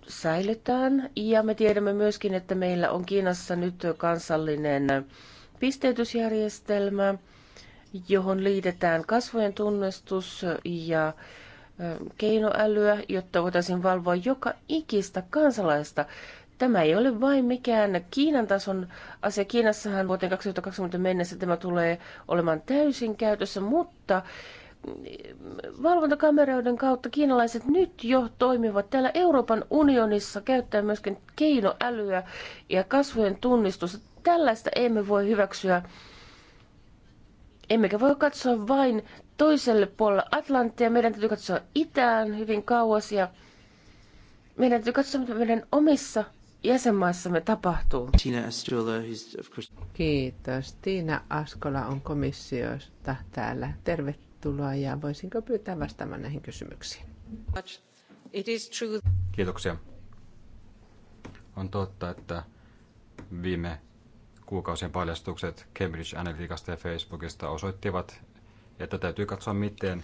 säilytään. Ja me tiedämme myöskin, että meillä on Kiinassa nyt kansallinen pisteytysjärjestelmä, johon liitetään kasvojen tunnistus ja keinoälyä, jotta voitaisiin valvoa joka ikistä kansalaista. Tämä ei ole vain mikään Kiinan tason asia. Kiinassahan vuoteen 2020 mennessä tämä tulee olemaan täysin käytössä, mutta mm, valvontakameroiden kautta kiinalaiset nyt jo toimivat täällä Euroopan unionissa käyttää myöskin keinoälyä ja kasvojen tunnistusta. Tällaista emme voi hyväksyä. Emmekä voi katsoa vain toiselle puolelle Atlanttia. Meidän täytyy katsoa itään hyvin kauas ja meidän täytyy katsoa, mitä meidän omissa jäsenmaissamme tapahtuu. Tina Astrola, of course... Kiitos. Tiina Askola on komissiosta täällä. Tervetuloa ja voisinko pyytää vastaamaan näihin kysymyksiin? It is true. Kiitoksia. On totta, että viime kuukausien paljastukset Cambridge Analyticasta ja Facebookista osoittivat, että täytyy katsoa, miten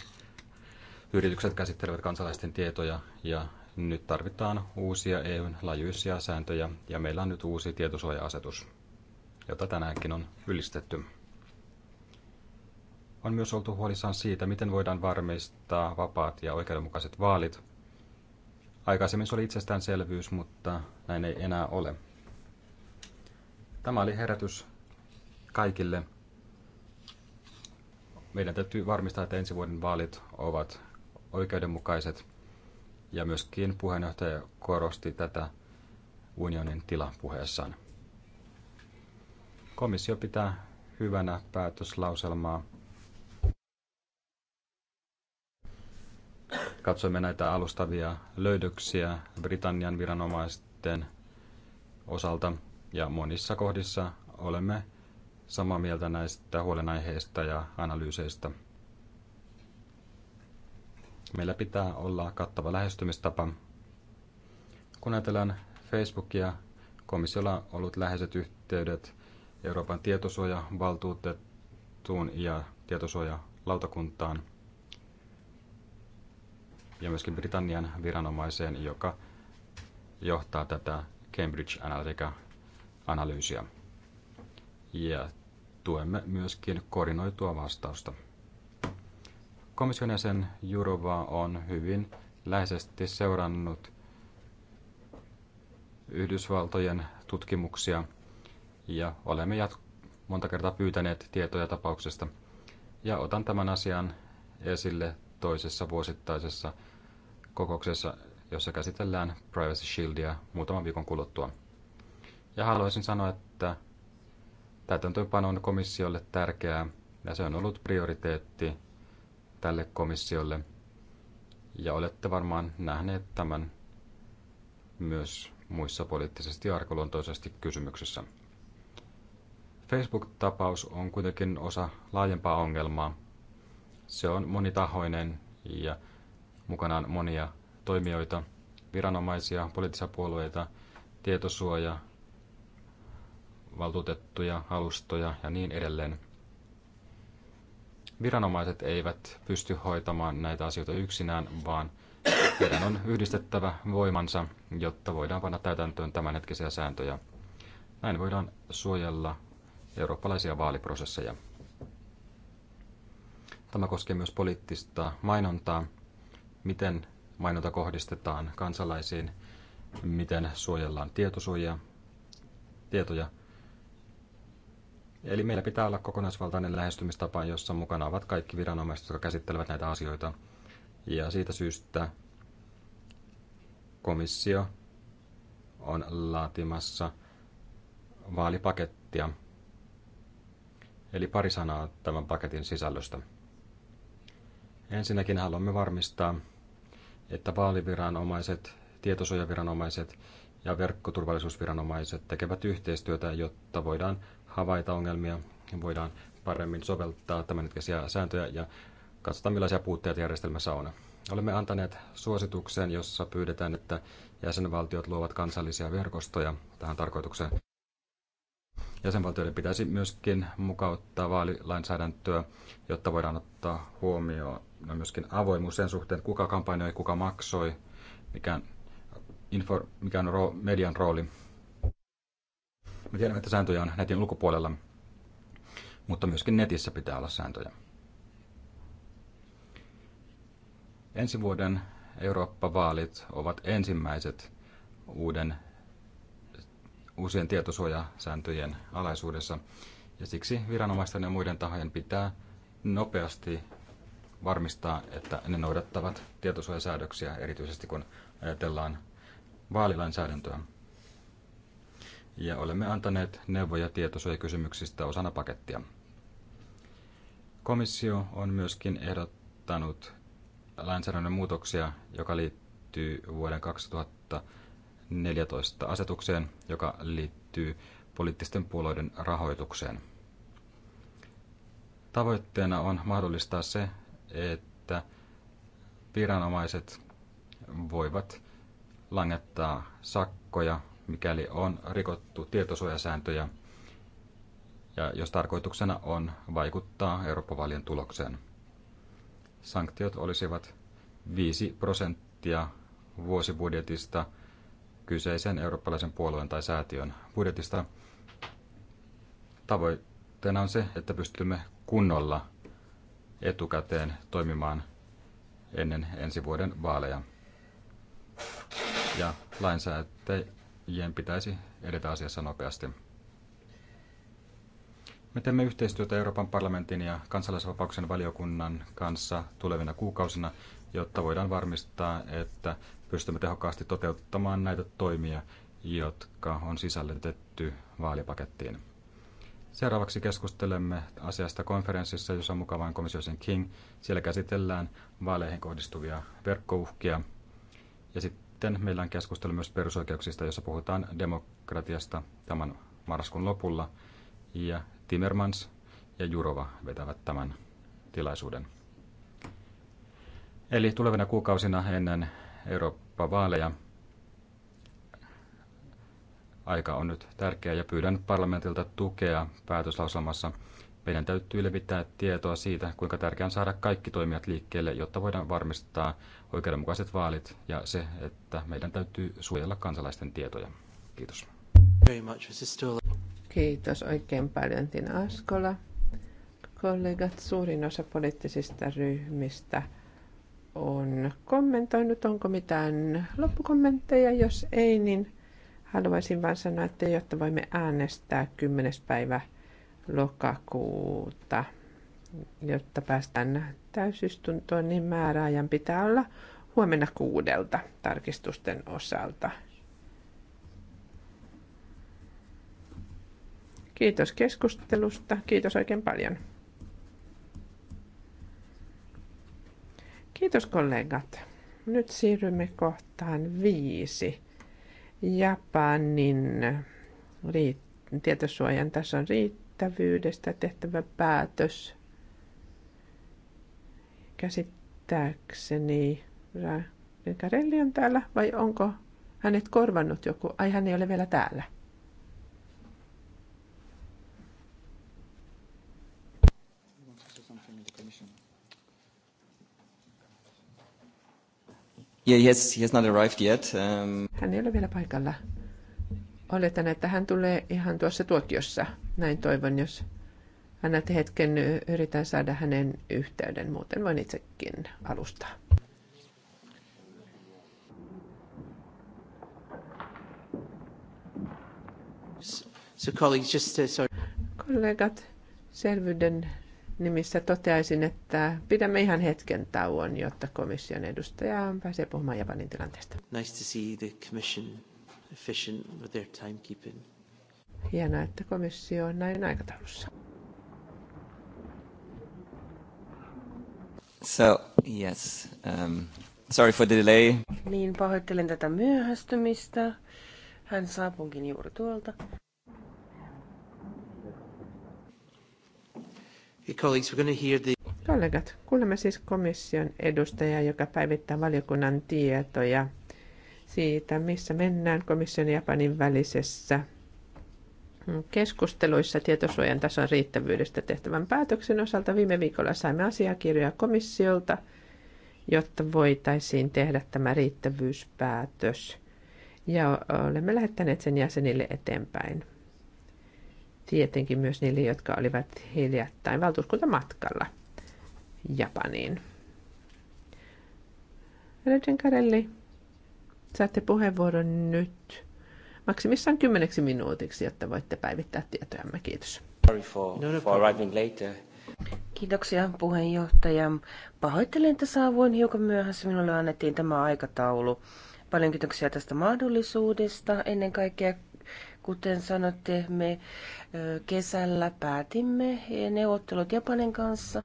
yritykset käsittelevät kansalaisten tietoja ja nyt tarvitaan uusia EUn lajuisia sääntöjä ja meillä on nyt uusi tietosuoja-asetus, jota tänäänkin on ylistetty. On myös oltu huolissaan siitä, miten voidaan varmistaa vapaat ja oikeudenmukaiset vaalit. Aikaisemmin se oli itsestäänselvyys, mutta näin ei enää ole. Tämä oli herätys kaikille meidän täytyy varmistaa, että ensi vuoden vaalit ovat oikeudenmukaiset. Ja myöskin puheenjohtaja korosti tätä unionin tilapuheessaan. Komissio pitää hyvänä päätöslauselmaa. Katsoimme näitä alustavia löydöksiä Britannian viranomaisten osalta ja monissa kohdissa olemme samaa mieltä näistä huolenaiheista ja analyyseista. Meillä pitää olla kattava lähestymistapa. Kun ajatellaan Facebookia, komissiolla on ollut läheiset yhteydet Euroopan tietosuojavaltuutettuun ja tietosuojalautakuntaan ja myöskin Britannian viranomaiseen, joka johtaa tätä Cambridge Analytica-analyysiä. Ja tuemme myöskin koordinoitua vastausta. Komission jäsen Jurova on hyvin läheisesti seurannut Yhdysvaltojen tutkimuksia ja olemme jat- monta kertaa pyytäneet tietoja tapauksesta. Ja otan tämän asian esille toisessa vuosittaisessa kokouksessa, jossa käsitellään Privacy Shieldia muutaman viikon kuluttua. Ja haluaisin sanoa, että Täytäntöönpano on komissiolle tärkeää ja se on ollut prioriteetti tälle komissiolle. Ja olette varmaan nähneet tämän myös muissa poliittisesti arkaluontoisesti kysymyksissä. Facebook-tapaus on kuitenkin osa laajempaa ongelmaa. Se on monitahoinen ja mukanaan monia toimijoita, viranomaisia, poliittisia puolueita, tietosuoja, valtuutettuja, alustoja ja niin edelleen. Viranomaiset eivät pysty hoitamaan näitä asioita yksinään, vaan heidän on yhdistettävä voimansa, jotta voidaan panna täytäntöön tämänhetkisiä sääntöjä. Näin voidaan suojella eurooppalaisia vaaliprosesseja. Tämä koskee myös poliittista mainontaa, miten mainonta kohdistetaan kansalaisiin, miten suojellaan tietosuojaa, tietoja Eli meillä pitää olla kokonaisvaltainen lähestymistapa, jossa mukana ovat kaikki viranomaiset, jotka käsittelevät näitä asioita. Ja siitä syystä komissio on laatimassa vaalipakettia. Eli pari sanaa tämän paketin sisällöstä. Ensinnäkin haluamme varmistaa, että vaaliviranomaiset, tietosuojaviranomaiset ja verkkoturvallisuusviranomaiset tekevät yhteistyötä, jotta voidaan havaita ongelmia, voidaan paremmin soveltaa tämänhetkisiä sääntöjä ja katsotaan millaisia puutteita järjestelmässä on. Olemme antaneet suosituksen, jossa pyydetään, että jäsenvaltiot luovat kansallisia verkostoja tähän tarkoitukseen. Jäsenvaltioiden pitäisi myöskin mukauttaa vaalilainsäädäntöä, jotta voidaan ottaa huomioon myöskin avoimuus sen suhteen, kuka kampanjoi, kuka maksoi, mikä, info, mikä on median rooli me tiedämme, että sääntöjä on netin ulkopuolella, mutta myöskin netissä pitää olla sääntöjä. Ensi vuoden Eurooppa-vaalit ovat ensimmäiset uuden, uusien tietosuojasääntöjen alaisuudessa, ja siksi viranomaisten ja muiden tahojen pitää nopeasti varmistaa, että ne noudattavat tietosuojasäädöksiä, erityisesti kun ajatellaan vaalilainsäädäntöä ja olemme antaneet neuvoja tietosuojakysymyksistä osana pakettia. Komissio on myöskin ehdottanut lainsäädännön muutoksia, joka liittyy vuoden 2014 asetukseen, joka liittyy poliittisten puolueiden rahoitukseen. Tavoitteena on mahdollistaa se, että viranomaiset voivat langettaa sakkoja mikäli on rikottu tietosuojasääntöjä ja jos tarkoituksena on vaikuttaa Eurooppa-vaalien tulokseen. Sanktiot olisivat 5 prosenttia vuosibudjetista kyseisen eurooppalaisen puolueen tai säätiön budjetista. Tavoitteena on se, että pystymme kunnolla etukäteen toimimaan ennen ensi vuoden vaaleja. Ja lainsäätäjä Jen pitäisi edetä asiassa nopeasti. Me teemme yhteistyötä Euroopan parlamentin ja kansalaisvapauksen valiokunnan kanssa tulevina kuukausina, jotta voidaan varmistaa, että pystymme tehokkaasti toteuttamaan näitä toimia, jotka on sisällytetty vaalipakettiin. Seuraavaksi keskustelemme asiasta konferenssissa, jossa on mukavaan komissiosen King. Siellä käsitellään vaaleihin kohdistuvia verkkouhkia. Ja sitten sitten meillä on keskustelu myös perusoikeuksista, jossa puhutaan demokratiasta tämän marraskuun lopulla. Ja Timmermans ja Jurova vetävät tämän tilaisuuden. Eli tulevina kuukausina ennen Eurooppa-vaaleja aika on nyt tärkeä ja pyydän parlamentilta tukea päätöslauselmassa, meidän täytyy levittää tietoa siitä, kuinka tärkeää on saada kaikki toimijat liikkeelle, jotta voidaan varmistaa oikeudenmukaiset vaalit ja se, että meidän täytyy suojella kansalaisten tietoja. Kiitos. Kiitos oikein paljon Tina Askola. Kollegat, suurin osa poliittisista ryhmistä on kommentoinut. Onko mitään loppukommentteja? Jos ei, niin haluaisin vain sanoa, että jotta voimme äänestää 10. päivä lokakuuta, jotta päästään täysistuntoon, niin määräajan pitää olla huomenna kuudelta tarkistusten osalta. Kiitos keskustelusta. Kiitos oikein paljon. Kiitos kollegat. Nyt siirrymme kohtaan viisi. Japanin riitt- tietosuojan on riittävä riittävyydestä tehtävä päätös käsittääkseni Carelli on täällä vai onko hänet korvannut joku? Ai hän ei ole vielä täällä. Yeah, he has, he has not arrived yet. Um... Hän ei ole vielä paikalla. Oletan, että hän tulee ihan tuossa tuokiossa. Näin toivon, jos annat hetken, yritän saada hänen yhteyden, muuten voin itsekin alustaa. So colleagues, just to, sorry. Kollegat, selvyyden nimissä toteaisin, että pidämme ihan hetken tauon, jotta komission edustaja pääsee puhumaan Japanin tilanteesta. Nice to see the commission efficient with their timekeeping. Hienoa, että komissio on näin aikataulussa. So, yes, um, sorry for the delay. Niin, pahoittelen tätä myöhästymistä. Hän saapunkin juuri tuolta. Kollegat, kuulemme siis komission edustajaa, joka päivittää valiokunnan tietoja siitä, missä mennään komission ja Japanin välisessä keskusteluissa tietosuojan tason riittävyydestä tehtävän päätöksen osalta viime viikolla saimme asiakirjoja komissiolta, jotta voitaisiin tehdä tämä riittävyyspäätös. Ja olemme lähettäneet sen jäsenille eteenpäin. Tietenkin myös niille, jotka olivat hiljattain valtuuskuntamatkalla Japaniin. Regin Karelli, saatte puheenvuoron nyt maksimissaan kymmeneksi minuutiksi, jotta voitte päivittää tietojamme. Kiitos. No, no kiitoksia puheenjohtaja. Pahoittelen, että saavuin hiukan myöhässä. Minulle annettiin tämä aikataulu. Paljon kiitoksia tästä mahdollisuudesta. Ennen kaikkea, kuten sanotte, me kesällä päätimme neuvottelut Japanin kanssa.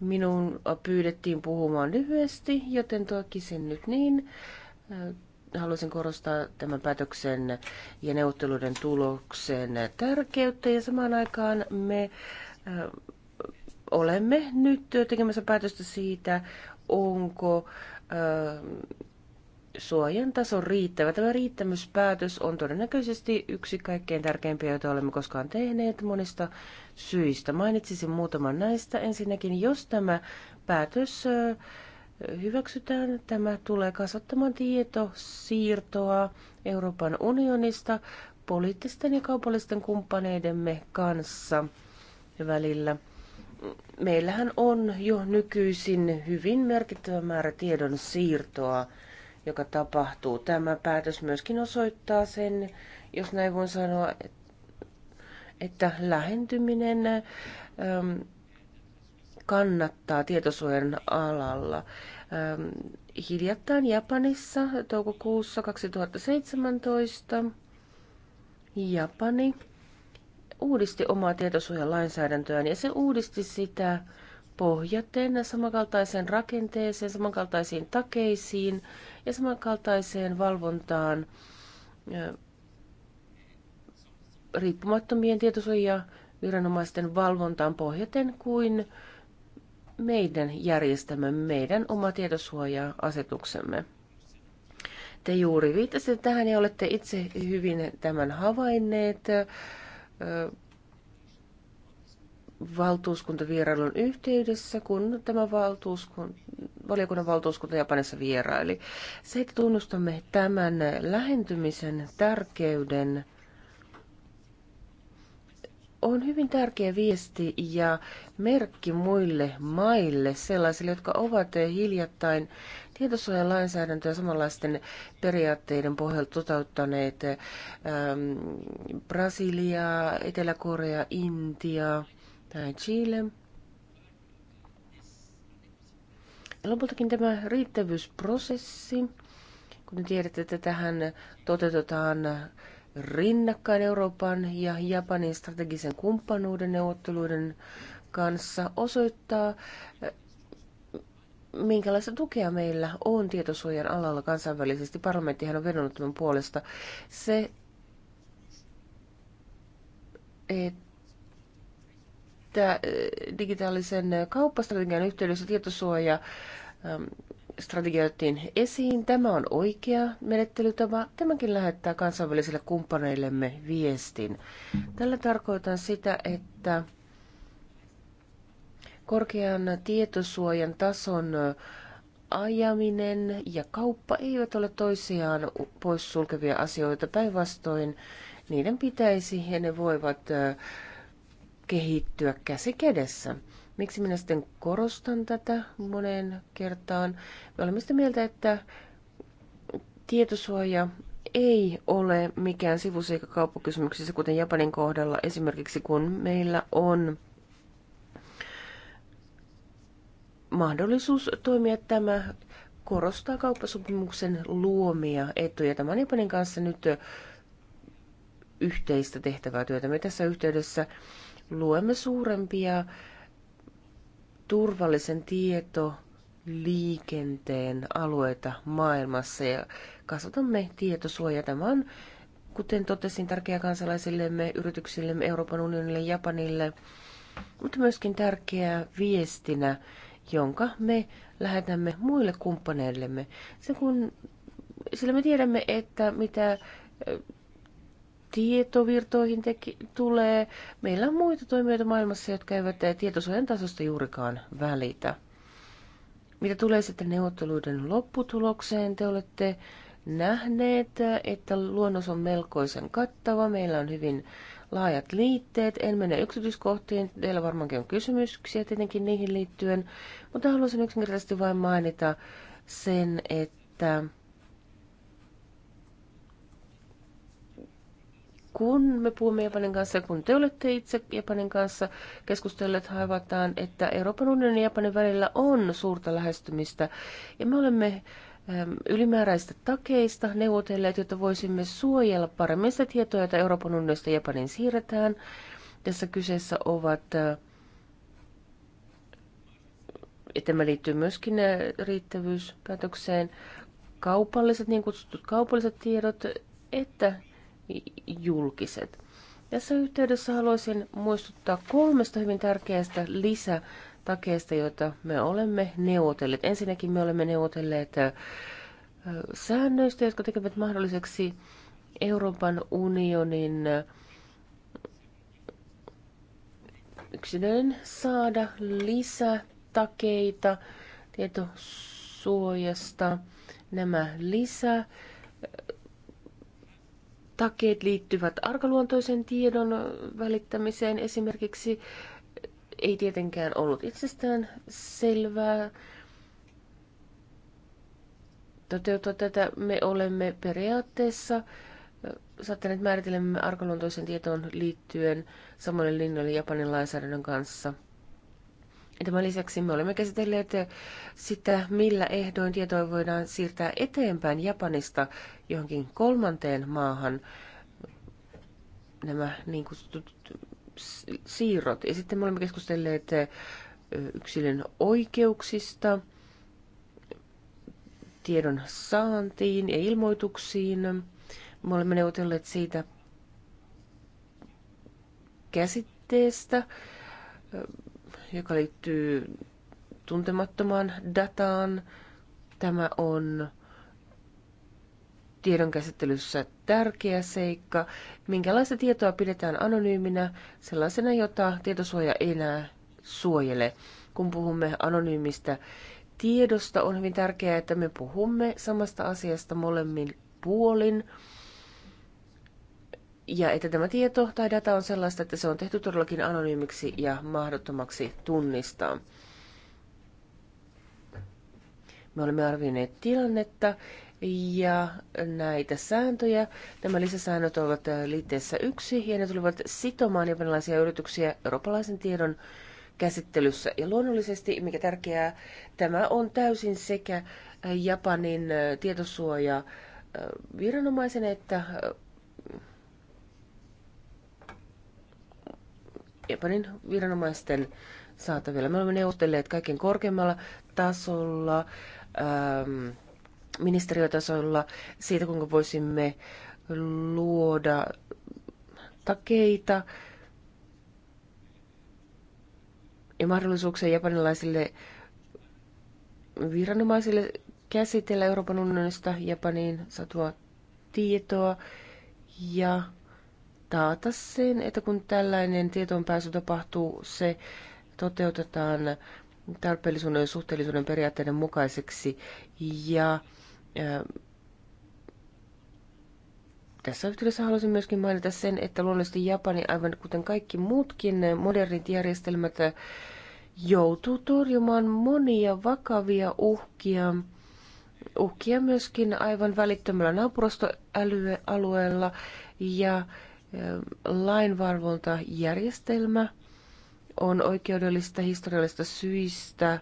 Minun pyydettiin puhumaan lyhyesti, joten toki sen nyt niin. Äh, haluaisin korostaa tämän päätöksen ja neuvotteluiden tuloksen tärkeyttä ja samaan aikaan me äh, olemme nyt tekemässä päätöstä siitä, onko äh, suojan taso riittävä. Tämä riittämyspäätös on todennäköisesti yksi kaikkein tärkeimpiä, joita olemme koskaan tehneet monista syistä. Mainitsisin muutaman näistä. Ensinnäkin, jos tämä päätös hyväksytään. Tämä tulee kasvattamaan tietosiirtoa Euroopan unionista poliittisten ja kaupallisten kumppaneidemme kanssa välillä. Meillähän on jo nykyisin hyvin merkittävä määrä tiedon siirtoa, joka tapahtuu. Tämä päätös myöskin osoittaa sen, jos näin voin sanoa, että lähentyminen ähm, kannattaa tietosuojan alalla. Hiljattain Japanissa toukokuussa 2017 Japani uudisti omaa tietosuojalainsäädäntöään ja se uudisti sitä pohjaten samankaltaiseen rakenteeseen, samankaltaisiin takeisiin ja samankaltaiseen valvontaan riippumattomien tietosuojaviranomaisten valvontaan pohjaten kuin meidän järjestämme meidän oma tietosuoja-asetuksemme. Te juuri viittasitte tähän ja olette itse hyvin tämän havainneet valtuuskuntavierailun yhteydessä, kun tämä valtuuskun, valiokunnan valtuuskunta Japanissa vieraili. Se, että tunnustamme tämän lähentymisen tärkeyden, on hyvin tärkeä viesti ja merkki muille maille, sellaisille, jotka ovat hiljattain tietosuojan lainsäädäntöä samanlaisten periaatteiden pohjalta toteuttaneet ähm, Brasilia, Etelä-Korea, Intia tai Chile. Ja lopultakin tämä riittävyysprosessi, kun tiedätte, että tähän toteutetaan rinnakkain Euroopan ja Japanin strategisen kumppanuuden neuvotteluiden kanssa osoittaa, minkälaista tukea meillä on tietosuojan alalla kansainvälisesti. Parlamenttihan on vedonnut tämän puolesta. Se, että eh, digitaalisen kauppastrategian yhteydessä tietosuoja strategia otettiin esiin. Tämä on oikea menettelytapa. Tämäkin lähettää kansainvälisille kumppaneillemme viestin. Tällä tarkoitan sitä, että korkean tietosuojan tason ajaminen ja kauppa eivät ole toisiaan poissulkevia asioita. Päinvastoin niiden pitäisi ja ne voivat kehittyä käsi kädessä. Miksi minä sitten korostan tätä moneen kertaan? Me olemme sitä mieltä, että tietosuoja ei ole mikään sivuseikka kauppakysymyksissä, kuten Japanin kohdalla esimerkiksi, kun meillä on mahdollisuus toimia tämä korostaa kauppasopimuksen luomia etuja. Tämä on Japanin kanssa nyt yhteistä tehtävää työtä. Me tässä yhteydessä luemme suurempia turvallisen tietoliikenteen alueita maailmassa ja kasvatamme tietosuojaa. Tämä on, kuten totesin, tärkeää kansalaisillemme, yrityksillemme, Euroopan unionille, Japanille, mutta myöskin tärkeää viestinä, jonka me lähetämme muille kumppaneillemme. Se kun, sillä me tiedämme, että mitä tietovirtoihin teki, tulee, meillä on muita toimijoita maailmassa, jotka eivät tietosuojan tasosta juurikaan välitä. Mitä tulee sitten neuvotteluiden lopputulokseen, te olette nähneet, että luonnos on melkoisen kattava. Meillä on hyvin laajat liitteet. En mene yksityiskohtiin. Teillä varmaankin on kysymyksiä tietenkin niihin liittyen. Mutta haluaisin yksinkertaisesti vain mainita sen, että kun me puhumme Japanin kanssa, kun te olette itse Japanin kanssa keskustelleet, haivataan, että Euroopan unionin ja Japanin välillä on suurta lähestymistä. Ja me olemme ähm, ylimääräistä takeista neuvotelleet, jotta voisimme suojella paremmin sitä tietoa, että Euroopan unionista Japanin siirretään. Tässä kyseessä ovat, äh, ja tämä liittyy myöskin äh, riittävyyspäätökseen, kaupalliset, niin kutsutut kaupalliset tiedot, että julkiset. Tässä yhteydessä haluaisin muistuttaa kolmesta hyvin tärkeästä lisätakeesta, joita me olemme neuvotelleet. Ensinnäkin me olemme neuvotelleet äh, säännöistä, jotka tekevät mahdolliseksi Euroopan unionin äh, yksilön saada lisätakeita tietosuojasta. Nämä lisää takeet liittyvät arkaluontoisen tiedon välittämiseen esimerkiksi. Ei tietenkään ollut itsestään selvää toteuttaa tätä. Me olemme periaatteessa saattaneet määritellä arkaluontoisen tietoon liittyen samoille linjoille Japanin lainsäädännön kanssa – Tämän lisäksi me olemme käsitelleet sitä, millä ehdoin tietoa voidaan siirtää eteenpäin Japanista johonkin kolmanteen maahan nämä niin kutsutut siirrot. Ja sitten me olemme keskustelleet yksilön oikeuksista, tiedon saantiin ja ilmoituksiin. Me olemme neuvotelleet siitä käsitteestä, joka liittyy tuntemattomaan dataan. Tämä on tiedonkäsittelyssä tärkeä seikka. Minkälaista tietoa pidetään anonyyminä, sellaisena, jota tietosuoja ei enää suojele. Kun puhumme anonyymistä tiedosta, on hyvin tärkeää, että me puhumme samasta asiasta molemmin puolin ja että tämä tieto tai data on sellaista, että se on tehty todellakin anonyymiksi ja mahdottomaksi tunnistaa. Me olemme arvioineet tilannetta ja näitä sääntöjä. Nämä lisäsäännöt ovat liitteessä yksi ja ne tulivat sitomaan japanilaisia yrityksiä eurooppalaisen tiedon käsittelyssä. Ja luonnollisesti, mikä tärkeää, tämä on täysin sekä Japanin tietosuoja äh, viranomaisen että äh, Japanin viranomaisten saatavilla. Me olemme neuvotelleet kaiken korkeammalla tasolla, ähm, ministeriötasolla, siitä kuinka voisimme luoda takeita ja mahdollisuuksia japanilaisille viranomaisille käsitellä Euroopan unionista Japaniin satua tietoa ja taata sen, että kun tällainen tietoonpääsy tapahtuu, se toteutetaan tarpeellisuuden ja suhteellisuuden periaatteiden mukaiseksi. Ja ää, tässä yhteydessä haluaisin myöskin mainita sen, että luonnollisesti Japani, aivan kuten kaikki muutkin modernit järjestelmät, joutuu torjumaan monia vakavia uhkia. Uhkia myöskin aivan välittömällä naapurustoalueella ja lainvalvontajärjestelmä on oikeudellista historiallista syistä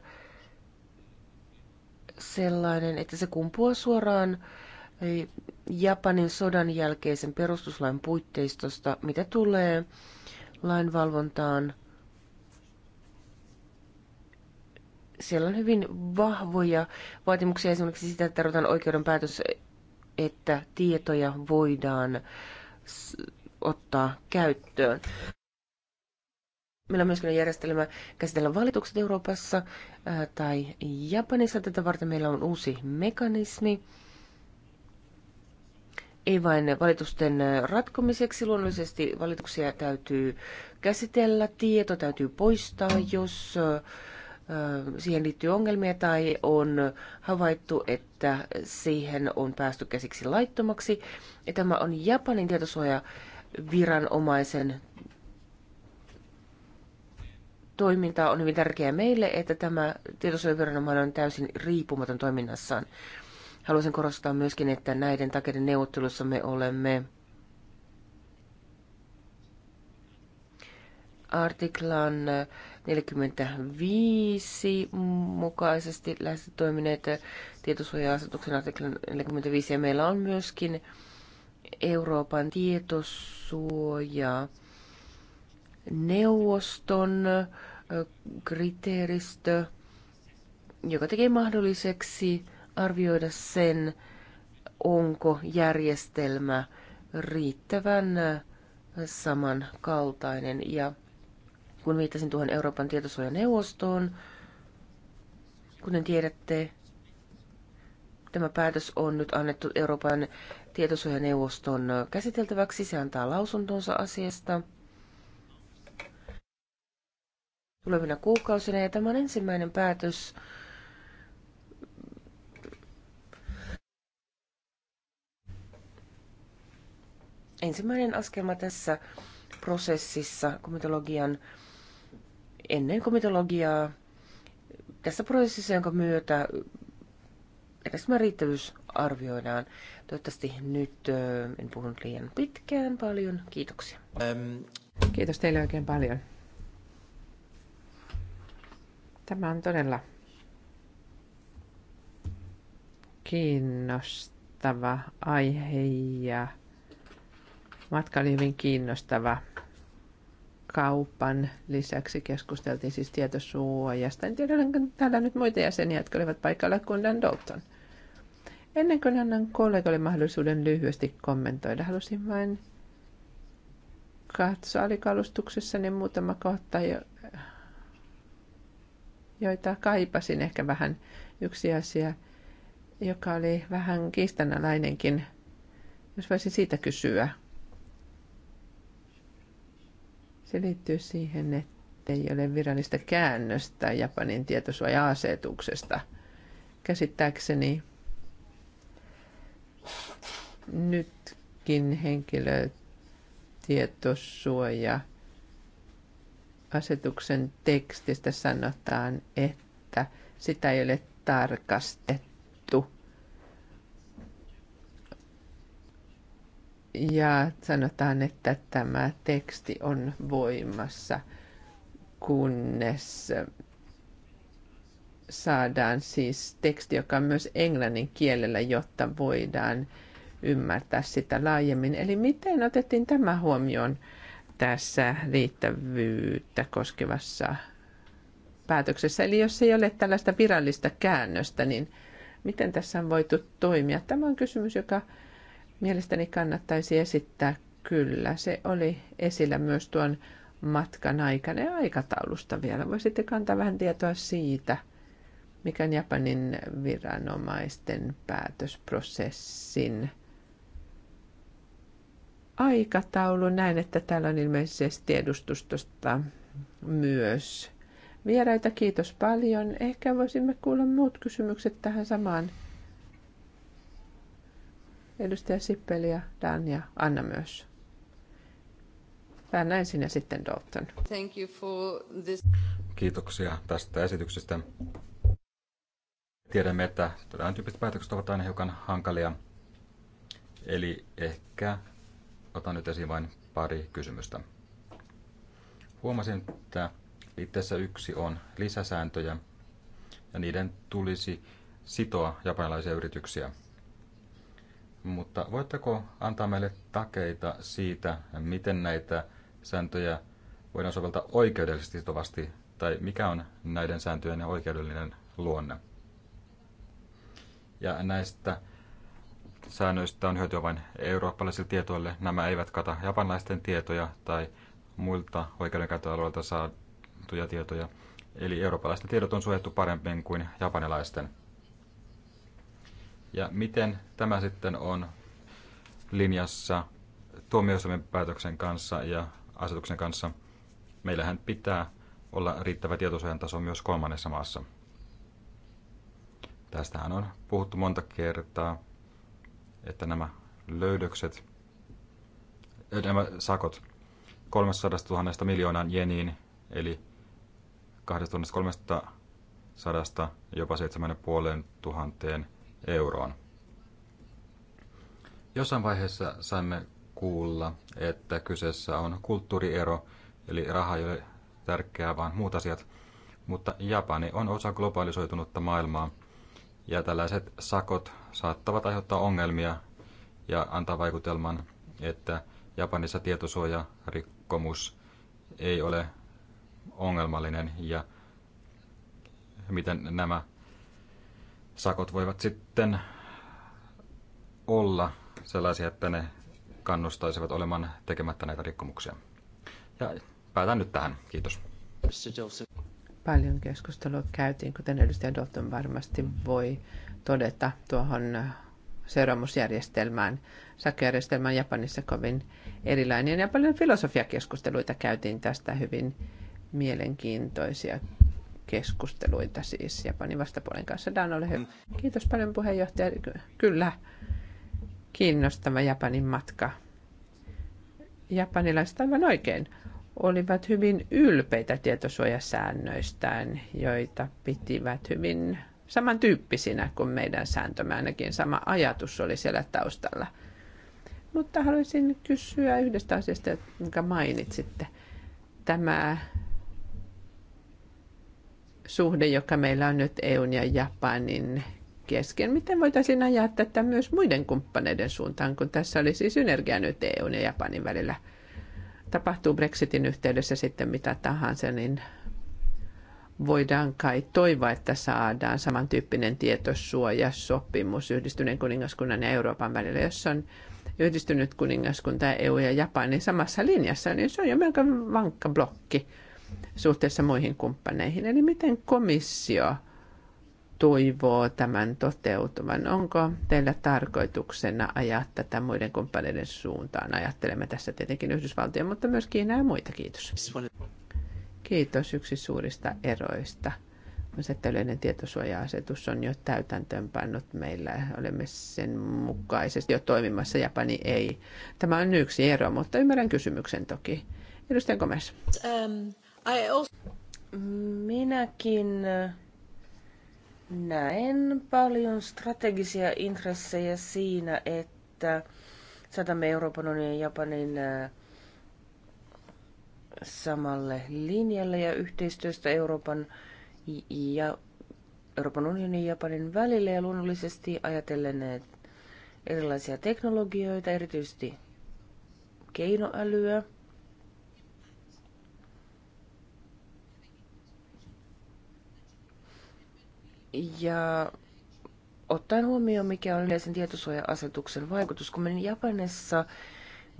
sellainen, että se kumpuaa suoraan Japanin sodan jälkeisen perustuslain puitteistosta, mitä tulee lainvalvontaan. Siellä on hyvin vahvoja vaatimuksia esimerkiksi sitä, että tarvitaan oikeuden päätös, että tietoja voidaan ottaa käyttöön. Meillä on myöskin järjestelmä käsitellä valitukset Euroopassa tai Japanissa. Tätä varten meillä on uusi mekanismi. Ei vain valitusten ratkomiseksi. Luonnollisesti valituksia täytyy käsitellä, tieto täytyy poistaa, jos siihen liittyy ongelmia tai on havaittu, että siihen on päästy käsiksi laittomaksi. Ja tämä on Japanin tietosuoja viranomaisen toiminta on hyvin tärkeää meille, että tämä tietosuojaviranomainen on täysin riippumaton toiminnassaan. Haluaisin korostaa myöskin, että näiden takeiden neuvottelussa me olemme artiklan 45 mukaisesti lähes toimineet tietosuoja-asetuksen artiklan 45 ja meillä on myöskin Euroopan tietosuoja neuvoston kriteeristö, joka tekee mahdolliseksi arvioida sen, onko järjestelmä riittävän samankaltainen. Ja kun viittasin tuohon Euroopan tietosuojaneuvostoon, kuten tiedätte, tämä päätös on nyt annettu Euroopan tietosuojaneuvoston käsiteltäväksi. Se antaa lausuntonsa asiasta tulevina kuukausina. Ja tämä on ensimmäinen päätös ensimmäinen askelma tässä prosessissa komitologian ennen komitologiaa tässä prosessissa, jonka myötä edes riittävyys arvioidaan. Toivottavasti nyt en puhunut liian pitkään paljon. Kiitoksia. Äm... Kiitos teille oikein paljon. Tämä on todella kiinnostava aihe ja matka oli hyvin kiinnostava. Kaupan lisäksi keskusteltiin siis tietosuojasta. En tiedä, onko täällä nyt muita jäseniä, jotka olivat paikalla kuin Dan Dalton. Ennen kuin annan kollegalle mahdollisuuden lyhyesti kommentoida, halusin vain katsoa niin muutama kohta, joita kaipasin ehkä vähän. Yksi asia, joka oli vähän kiistanalainenkin, jos voisin siitä kysyä. Se liittyy siihen, ei ole virallista käännöstä Japanin tietosuoja-asetuksesta. Käsittääkseni Nytkin henkilötietosuoja asetuksen tekstistä sanotaan, että sitä ei ole tarkastettu. Ja sanotaan, että tämä teksti on voimassa, kunnes saadaan siis teksti, joka on myös englannin kielellä, jotta voidaan ymmärtää sitä laajemmin. Eli miten otettiin tämä huomioon tässä riittävyyttä koskevassa päätöksessä? Eli jos ei ole tällaista virallista käännöstä, niin miten tässä on voitu toimia? Tämä on kysymys, joka mielestäni kannattaisi esittää kyllä. Se oli esillä myös tuon matkan aikana ja aikataulusta vielä. Voisitte kantaa vähän tietoa siitä – mikä on Japanin viranomaisten päätösprosessin aikataulu. Näen, että täällä on ilmeisesti edustustosta myös vieraita. Kiitos paljon. Ehkä voisimme kuulla muut kysymykset tähän samaan. Edustaja Sippeli ja Dan ja Anna myös. Tämä näin ja sitten Dalton. Thank you for this. Kiitoksia tästä esityksestä tiedämme, että tämän tyyppiset päätökset ovat aina hiukan hankalia. Eli ehkä otan nyt esiin vain pari kysymystä. Huomasin, että liitteessä yksi on lisäsääntöjä, ja niiden tulisi sitoa japanilaisia yrityksiä. Mutta voitteko antaa meille takeita siitä, miten näitä sääntöjä voidaan soveltaa oikeudellisesti sitovasti, tai mikä on näiden sääntöjen oikeudellinen luonne? ja näistä säännöistä on hyötyä vain eurooppalaisille tietoille. Nämä eivät kata japanilaisten tietoja tai muilta oikeudenkäyttöalueilta saatuja tietoja. Eli eurooppalaisten tiedot on suojattu paremmin kuin japanilaisten. Ja miten tämä sitten on linjassa tuomioistuimen päätöksen kanssa ja asetuksen kanssa? Meillähän pitää olla riittävä tietosuojan taso myös kolmannessa maassa. Tästähän on puhuttu monta kertaa, että nämä löydökset, eh, nämä sakot 300 000 miljoonan jeniin, eli 2300 jopa 7500 euroon. Jossain vaiheessa saimme kuulla, että kyseessä on kulttuuriero, eli raha ei ole tärkeää, vaan muut asiat. Mutta Japani on osa globalisoitunutta maailmaa, ja tällaiset sakot saattavat aiheuttaa ongelmia ja antaa vaikutelman, että Japanissa tietosuojarikkomus ei ole ongelmallinen ja miten nämä sakot voivat sitten olla sellaisia, että ne kannustaisivat olemaan tekemättä näitä rikkomuksia. Ja päätän nyt tähän. Kiitos. Paljon keskustelua käytiin, kuten edustaja Dalton varmasti voi todeta tuohon seuraamusjärjestelmään, sakkojärjestelmään Japanissa kovin erilainen. Ja paljon filosofiakeskusteluita käytiin tästä hyvin mielenkiintoisia keskusteluita siis Japanin vastapuolen kanssa. Dan, ole hyvä. Kiitos paljon puheenjohtaja. Kyllä, kiinnostava Japanin matka. Japanilaiset aivan oikein olivat hyvin ylpeitä tietosuojasäännöistään, joita pitivät hyvin samantyyppisinä kuin meidän sääntömme, ainakin sama ajatus oli siellä taustalla. Mutta haluaisin kysyä yhdestä asiasta, jonka mainitsitte. Tämä suhde, joka meillä on nyt EUn ja Japanin kesken. Miten voitaisiin ajaa tätä myös muiden kumppaneiden suuntaan, kun tässä siis synergia nyt EUn ja Japanin välillä – tapahtuu Brexitin yhteydessä sitten mitä tahansa, niin voidaan kai toivoa, että saadaan samantyyppinen tietosuojasopimus yhdistyneen kuningaskunnan ja Euroopan välillä. Jos on yhdistynyt kuningaskunta ja EU ja Japani niin samassa linjassa, niin se on jo melko vankka blokki suhteessa muihin kumppaneihin. Eli miten komissio toivoo tämän toteutuvan? Onko teillä tarkoituksena ajaa tätä muiden kumppaneiden suuntaan? Ajattelemme tässä tietenkin Yhdysvaltoja, mutta myös Kiinaa ja muita. Kiitos. Kiitos yksi suurista eroista. että yleinen tietosuoja-asetus on jo täytäntöönpannut meillä. Olemme sen mukaisesti jo toimimassa, Japani ei. Tämä on yksi ero, mutta ymmärrän kysymyksen toki. Edustaja Gomez. Um, also... Minäkin näen paljon strategisia intressejä siinä, että saatamme Euroopan unionin ja Japanin äh, samalle linjalle ja yhteistyöstä Euroopan ja Euroopan unionin ja Japanin välillä ja luonnollisesti ajatellen erilaisia teknologioita, erityisesti keinoälyä. Ja ottaen huomioon, mikä on yleisen tietosuoja-asetuksen vaikutus, kun menin Japanissa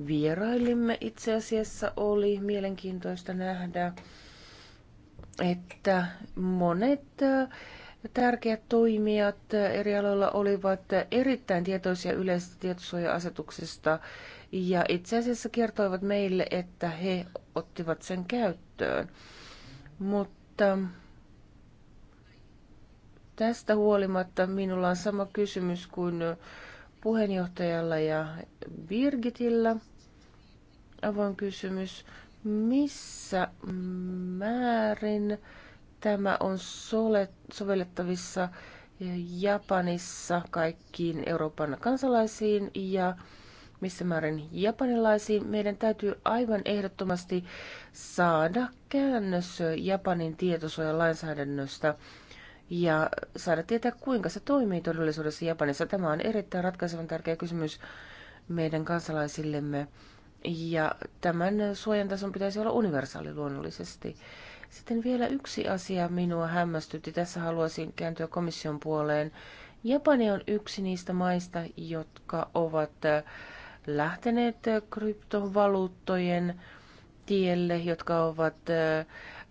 vierailimme, itse asiassa oli mielenkiintoista nähdä, että monet äh, tärkeät toimijat eri aloilla olivat erittäin tietoisia yleisestä tietosuoja-asetuksesta ja itse asiassa kertoivat meille, että he ottivat sen käyttöön. Mutta Tästä huolimatta minulla on sama kysymys kuin puheenjohtajalla ja Birgitillä. Avoin kysymys. Missä määrin tämä on sovellettavissa Japanissa kaikkiin Euroopan kansalaisiin ja missä määrin japanilaisiin. Meidän täytyy aivan ehdottomasti saada käännös Japanin tietosuojan lainsäädännöstä ja saada tietää, kuinka se toimii todellisuudessa Japanissa. Tämä on erittäin ratkaisevan tärkeä kysymys meidän kansalaisillemme. Ja tämän suojan tason pitäisi olla universaali luonnollisesti. Sitten vielä yksi asia minua hämmästytti. Tässä haluaisin kääntyä komission puoleen. Japani on yksi niistä maista, jotka ovat lähteneet kryptovaluuttojen tielle, jotka ovat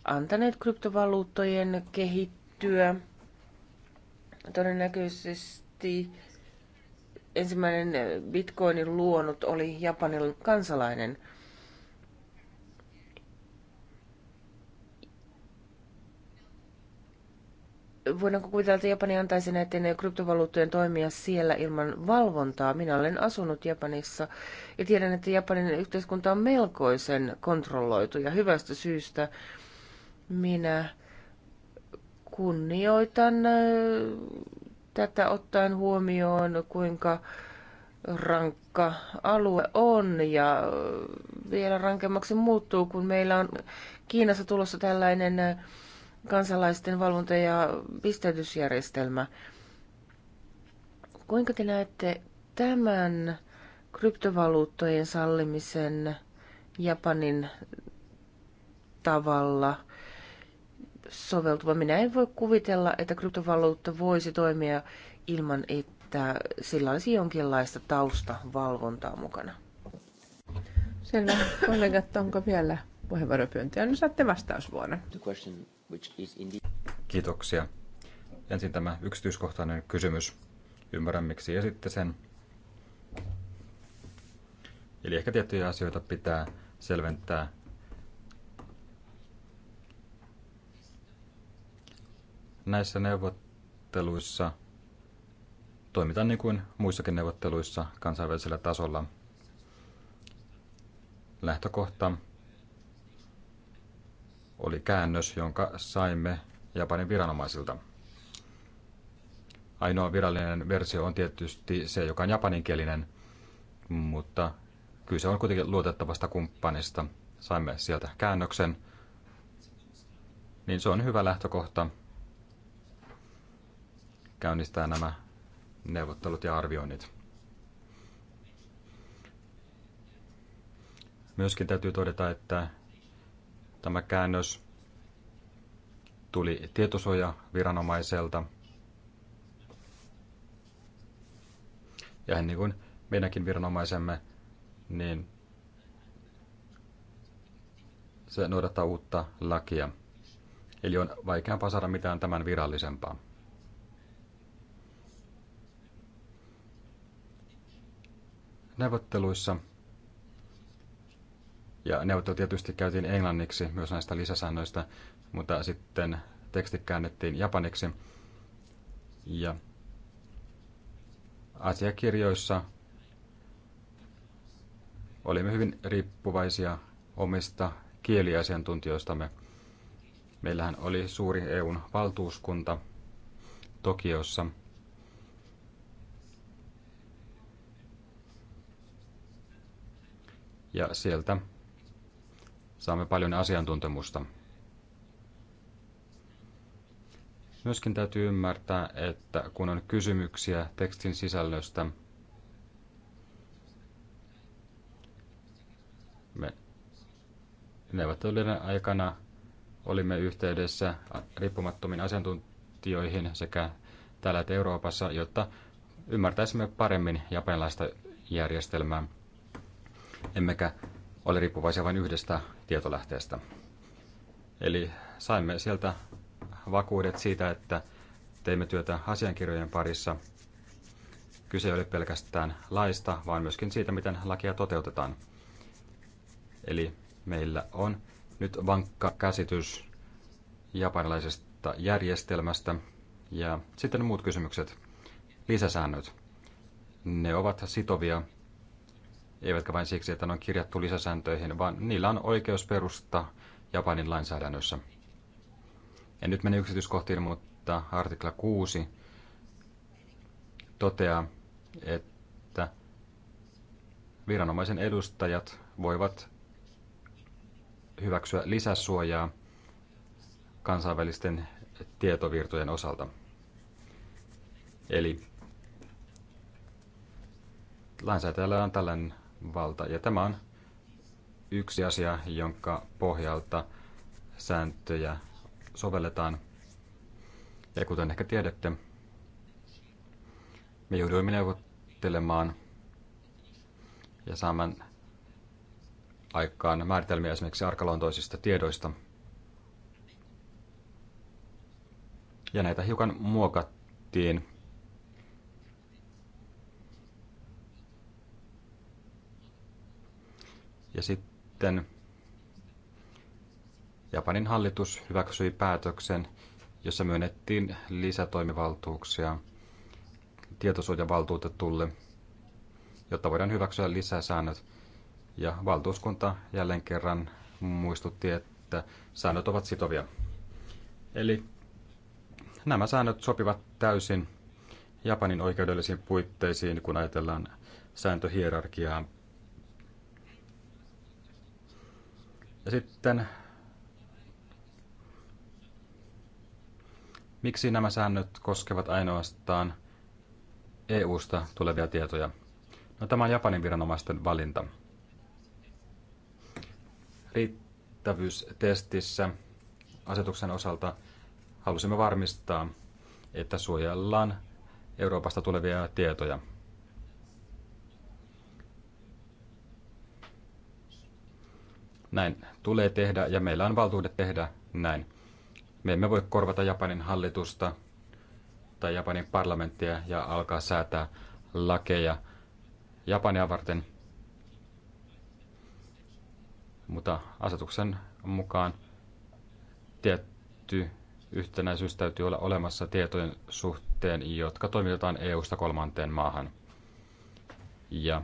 antaneet kryptovaluuttojen kehittyä työ todennäköisesti ensimmäinen eh, bitcoinin luonut oli japanilainen kansalainen. Voidaanko kuvitella, että Japani antaisi näiden kryptovaluuttojen toimia siellä ilman valvontaa? Minä olen asunut Japanissa ja tiedän, että Japanin yhteiskunta on melkoisen kontrolloitu ja hyvästä syystä minä kunnioitan tätä ottaen huomioon, kuinka rankka alue on ja vielä rankemmaksi muuttuu, kun meillä on Kiinassa tulossa tällainen kansalaisten valvonta- ja pisteytysjärjestelmä. Kuinka te näette tämän kryptovaluuttojen sallimisen Japanin tavalla – soveltuva. Minä en voi kuvitella, että kryptovaluutta voisi toimia ilman, että sillä olisi jonkinlaista taustavalvontaa mukana. Selvä. Kollegat, onko vielä puheenvuoropyyntöjä? No saatte vastausvuoron. Kiitoksia. Ensin tämä yksityiskohtainen kysymys. Ymmärrän, miksi esitte sen. Eli ehkä tiettyjä asioita pitää selventää näissä neuvotteluissa toimitaan niin kuin muissakin neuvotteluissa kansainvälisellä tasolla. Lähtökohta oli käännös, jonka saimme Japanin viranomaisilta. Ainoa virallinen versio on tietysti se, joka on japaninkielinen, mutta kyse on kuitenkin luotettavasta kumppanista. Saimme sieltä käännöksen, niin se on hyvä lähtökohta – käynnistää nämä neuvottelut ja arvioinnit. Myöskin täytyy todeta, että tämä käännös tuli tietosuoja viranomaiselta Ja niin kuin meidänkin viranomaisemme, niin se noudattaa uutta lakia. Eli on vaikeampaa saada mitään tämän virallisempaa. neuvotteluissa. Ja neuvottelu tietysti käytiin englanniksi myös näistä lisäsäännöistä, mutta sitten teksti käännettiin japaniksi. Ja asiakirjoissa olimme hyvin riippuvaisia omista kieliasiantuntijoistamme. Meillähän oli suuri EUn valtuuskunta Tokiossa – ja sieltä saamme paljon asiantuntemusta. Myöskin täytyy ymmärtää, että kun on kysymyksiä tekstin sisällöstä, me neuvottelujen aikana olimme yhteydessä riippumattomiin asiantuntijoihin sekä täällä että Euroopassa, jotta ymmärtäisimme paremmin japanilaista järjestelmää emmekä ole riippuvaisia vain yhdestä tietolähteestä. Eli saimme sieltä vakuudet siitä, että teimme työtä asiankirjojen parissa. Kyse ei ole pelkästään laista, vaan myöskin siitä, miten lakia toteutetaan. Eli meillä on nyt vankka käsitys japanilaisesta järjestelmästä ja sitten muut kysymykset. Lisäsäännöt. Ne ovat sitovia eivätkä vain siksi, että ne on kirjattu lisäsääntöihin, vaan niillä on oikeusperusta Japanin lainsäädännössä. En nyt mene yksityiskohtiin, mutta artikla 6 toteaa, että viranomaisen edustajat voivat hyväksyä lisäsuojaa kansainvälisten tietovirtojen osalta. Eli lainsäätäjällä on tällainen valta. Ja tämä on yksi asia, jonka pohjalta sääntöjä sovelletaan. Ja kuten ehkä tiedätte, me jouduimme neuvottelemaan ja saamaan aikaan määritelmiä esimerkiksi arkaluontoisista tiedoista. Ja näitä hiukan muokattiin Ja sitten Japanin hallitus hyväksyi päätöksen, jossa myönnettiin lisätoimivaltuuksia tietosuojavaltuutetulle, jotta voidaan hyväksyä lisäsäännöt. Ja valtuuskunta jälleen kerran muistutti, että säännöt ovat sitovia. Eli nämä säännöt sopivat täysin Japanin oikeudellisiin puitteisiin, kun ajatellaan sääntöhierarkiaa Ja sitten, miksi nämä säännöt koskevat ainoastaan EU-sta tulevia tietoja? No, tämä on Japanin viranomaisten valinta. Riittävyystestissä asetuksen osalta halusimme varmistaa, että suojellaan Euroopasta tulevia tietoja – Näin tulee tehdä ja meillä on valtuudet tehdä näin. Me emme voi korvata Japanin hallitusta tai Japanin parlamenttia ja alkaa säätää lakeja Japania varten. Mutta asetuksen mukaan tietty yhtenäisyys täytyy olla olemassa tietojen suhteen, jotka toimitetaan EU-sta kolmanteen maahan. Ja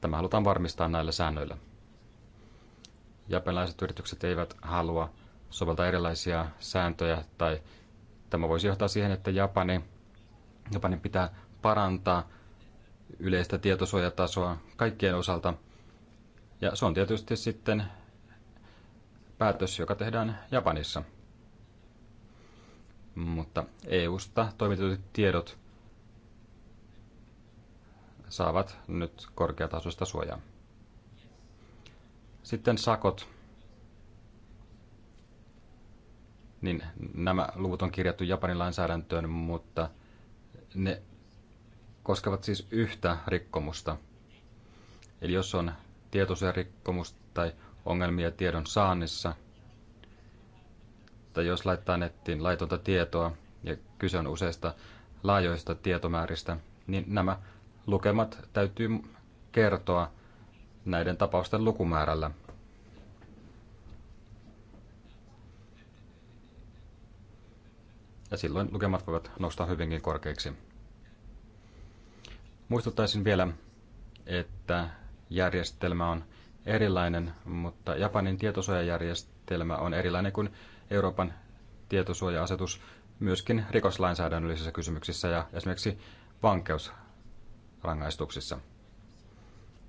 Tämä halutaan varmistaa näillä säännöillä. Japanilaiset yritykset eivät halua soveltaa erilaisia sääntöjä tai tämä voisi johtaa siihen, että Japani, Japanin pitää parantaa yleistä tietosuojatasoa kaikkien osalta. Ja se on tietysti sitten päätös, joka tehdään Japanissa. Mutta EU-sta toimitetut tiedot saavat nyt korkeatasoista suojaa. Sitten sakot. Niin nämä luvut on kirjattu Japanin lainsäädäntöön, mutta ne koskevat siis yhtä rikkomusta. Eli jos on tietoisia rikkomus tai ongelmia tiedon saannissa, tai jos laittaa nettiin laitonta tietoa, ja kyse on useista laajoista tietomääristä, niin nämä Lukemat täytyy kertoa näiden tapausten lukumäärällä. Ja silloin lukemat voivat nousta hyvinkin korkeiksi. Muistuttaisin vielä, että järjestelmä on erilainen, mutta Japanin tietosuojajärjestelmä on erilainen kuin Euroopan tietosuoja-asetus myöskin rikoslainsäädännöllisissä kysymyksissä ja esimerkiksi vankeus rangaistuksissa.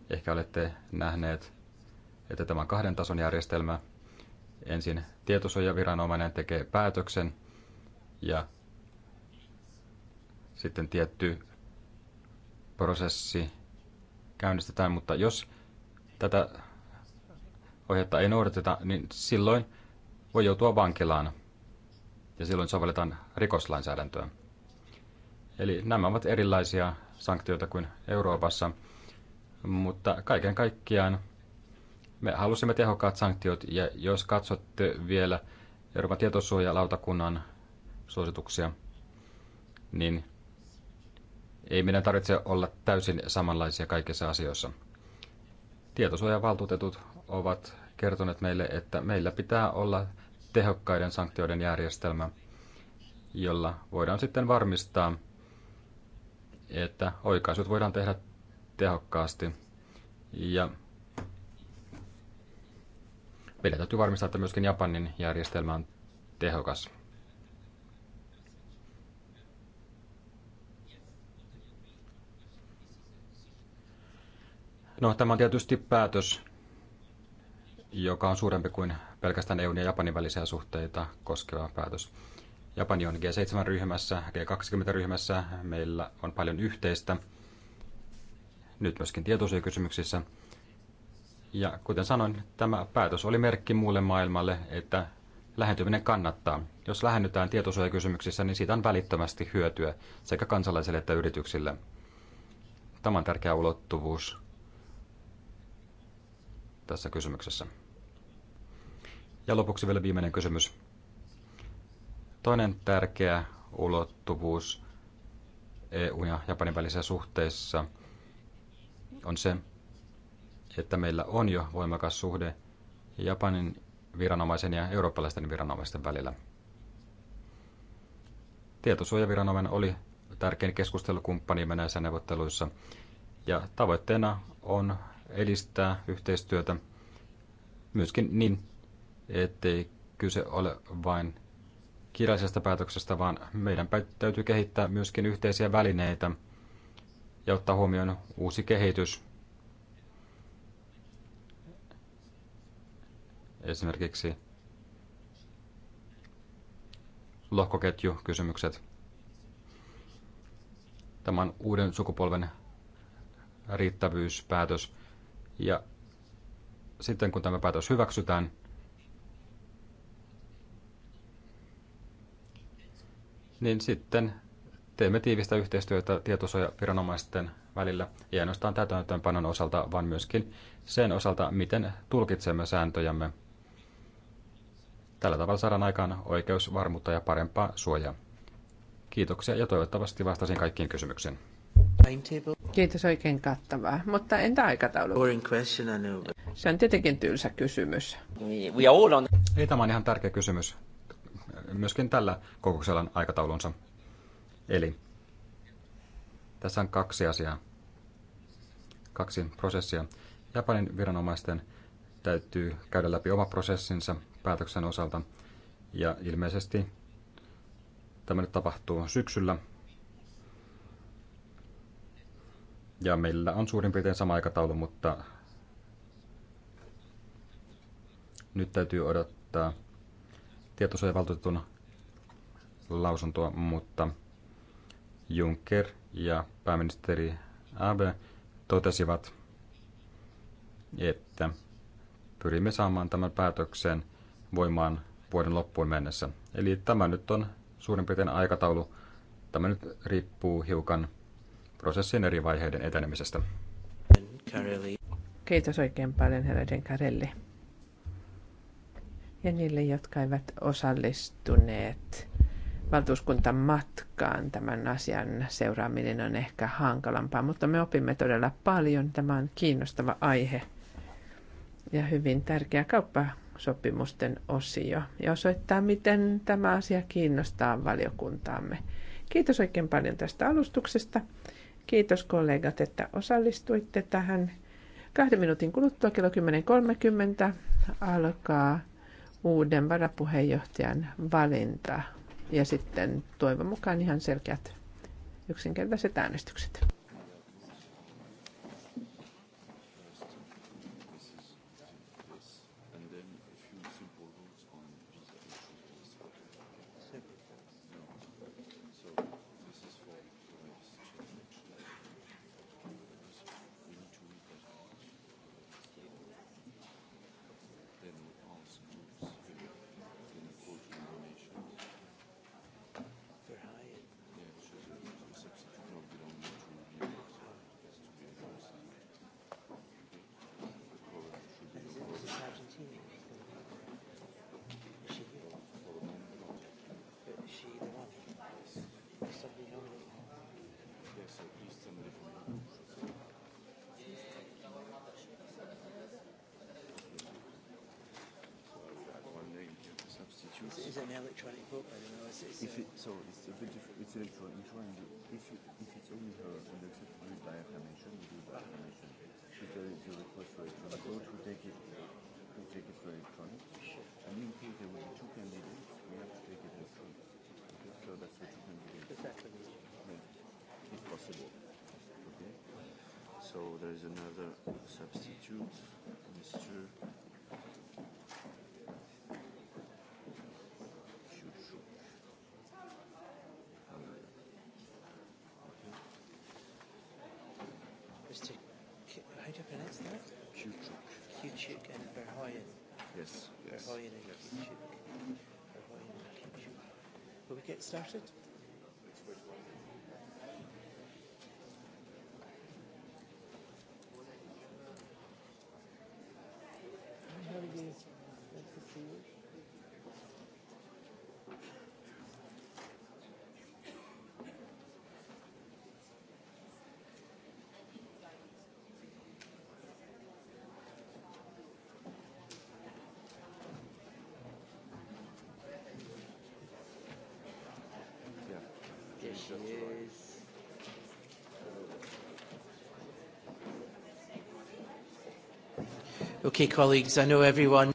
Ehkä olette nähneet, että tämä kahden tason järjestelmä. Ensin tietosuojaviranomainen tekee päätöksen ja sitten tietty prosessi käynnistetään, mutta jos tätä ohjetta ei noudateta, niin silloin voi joutua vankilaan ja silloin sovelletaan rikoslainsäädäntöä. Eli nämä ovat erilaisia sanktioita kuin Euroopassa, mutta kaiken kaikkiaan me halusimme tehokkaat sanktiot, ja jos katsotte vielä Euroopan tietosuojalautakunnan suosituksia, niin ei meidän tarvitse olla täysin samanlaisia kaikissa asioissa. Tietosuojavaltuutetut ovat kertoneet meille, että meillä pitää olla tehokkaiden sanktioiden järjestelmä, jolla voidaan sitten varmistaa, että oikaisut voidaan tehdä tehokkaasti. Ja meidän täytyy varmistaa, että myöskin Japanin järjestelmä on tehokas. No, tämä on tietysti päätös, joka on suurempi kuin pelkästään EUn ja Japanin välisiä suhteita koskeva päätös. Japani on G7-ryhmässä, G20-ryhmässä, meillä on paljon yhteistä, nyt myöskin tietosuojakysymyksissä. Ja kuten sanoin, tämä päätös oli merkki muulle maailmalle, että lähentyminen kannattaa. Jos lähennytään tietosuojakysymyksissä, niin siitä on välittömästi hyötyä sekä kansalaisille että yrityksille. Tämä on tärkeä ulottuvuus tässä kysymyksessä. Ja lopuksi vielä viimeinen kysymys. Toinen tärkeä ulottuvuus EU- ja Japanin välisissä suhteissa on se, että meillä on jo voimakas suhde Japanin viranomaisen ja eurooppalaisten viranomaisten välillä. Tietosuojaviranomainen oli tärkein keskustelukumppani näissä neuvotteluissa, ja tavoitteena on edistää yhteistyötä myöskin niin, ettei kyse ole vain kirjallisesta päätöksestä, vaan meidän täytyy kehittää myöskin yhteisiä välineitä ja ottaa huomioon uusi kehitys. Esimerkiksi lohkoketjukysymykset. Tämän uuden sukupolven riittävyyspäätös. Ja sitten kun tämä päätös hyväksytään, niin sitten teemme tiivistä yhteistyötä tietosuojaviranomaisten välillä, ei ainoastaan täytäntöönpanon osalta, vaan myöskin sen osalta, miten tulkitsemme sääntöjämme. Tällä tavalla saadaan aikaan oikeusvarmuutta ja parempaa suojaa. Kiitoksia ja toivottavasti vastasin kaikkiin kysymyksiin. Kiitos oikein kattavaa, mutta entä aikataulu? Se on tietenkin tylsä kysymys. Ei tämä on ihan tärkeä kysymys myöskin tällä kokouksella aikataulunsa. Eli tässä on kaksi asiaa, kaksi prosessia. Japanin viranomaisten täytyy käydä läpi oma prosessinsa päätöksen osalta, ja ilmeisesti tämä nyt tapahtuu syksyllä. Ja meillä on suurin piirtein sama aikataulu, mutta nyt täytyy odottaa tietosuojavaltuutetun lausuntoa, mutta Juncker ja pääministeri Abe totesivat, että pyrimme saamaan tämän päätöksen voimaan vuoden loppuun mennessä. Eli tämä nyt on suurin piirtein aikataulu. Tämä nyt riippuu hiukan prosessin eri vaiheiden etenemisestä. Kiitos oikein paljon, herra Carelli ja niille, jotka eivät osallistuneet valtuuskuntan matkaan tämän asian seuraaminen on ehkä hankalampaa, mutta me opimme todella paljon. Tämä on kiinnostava aihe ja hyvin tärkeä kauppasopimusten osio ja osoittaa, miten tämä asia kiinnostaa valiokuntaamme. Kiitos oikein paljon tästä alustuksesta. Kiitos kollegat, että osallistuitte tähän. Kahden minuutin kuluttua kello 10.30 alkaa uuden varapuheenjohtajan valinta ja sitten toivon mukaan ihan selkeät yksinkertaiset äänestykset. is an electronic book, I don't know. It's, it's if a, it, uh, so it's a bit different. It's electronic. If, you, if it's only her and accept by affirmation, we do it by affirmation. If there is a request for electronic vote, we take it. We take it for electronic. And in case there will be two candidates, we have to take it electronic. Okay? So that's what you can do. Yeah. If possible. Okay. So there is another substitute, Mr. started. Okay, colleagues, I know everyone.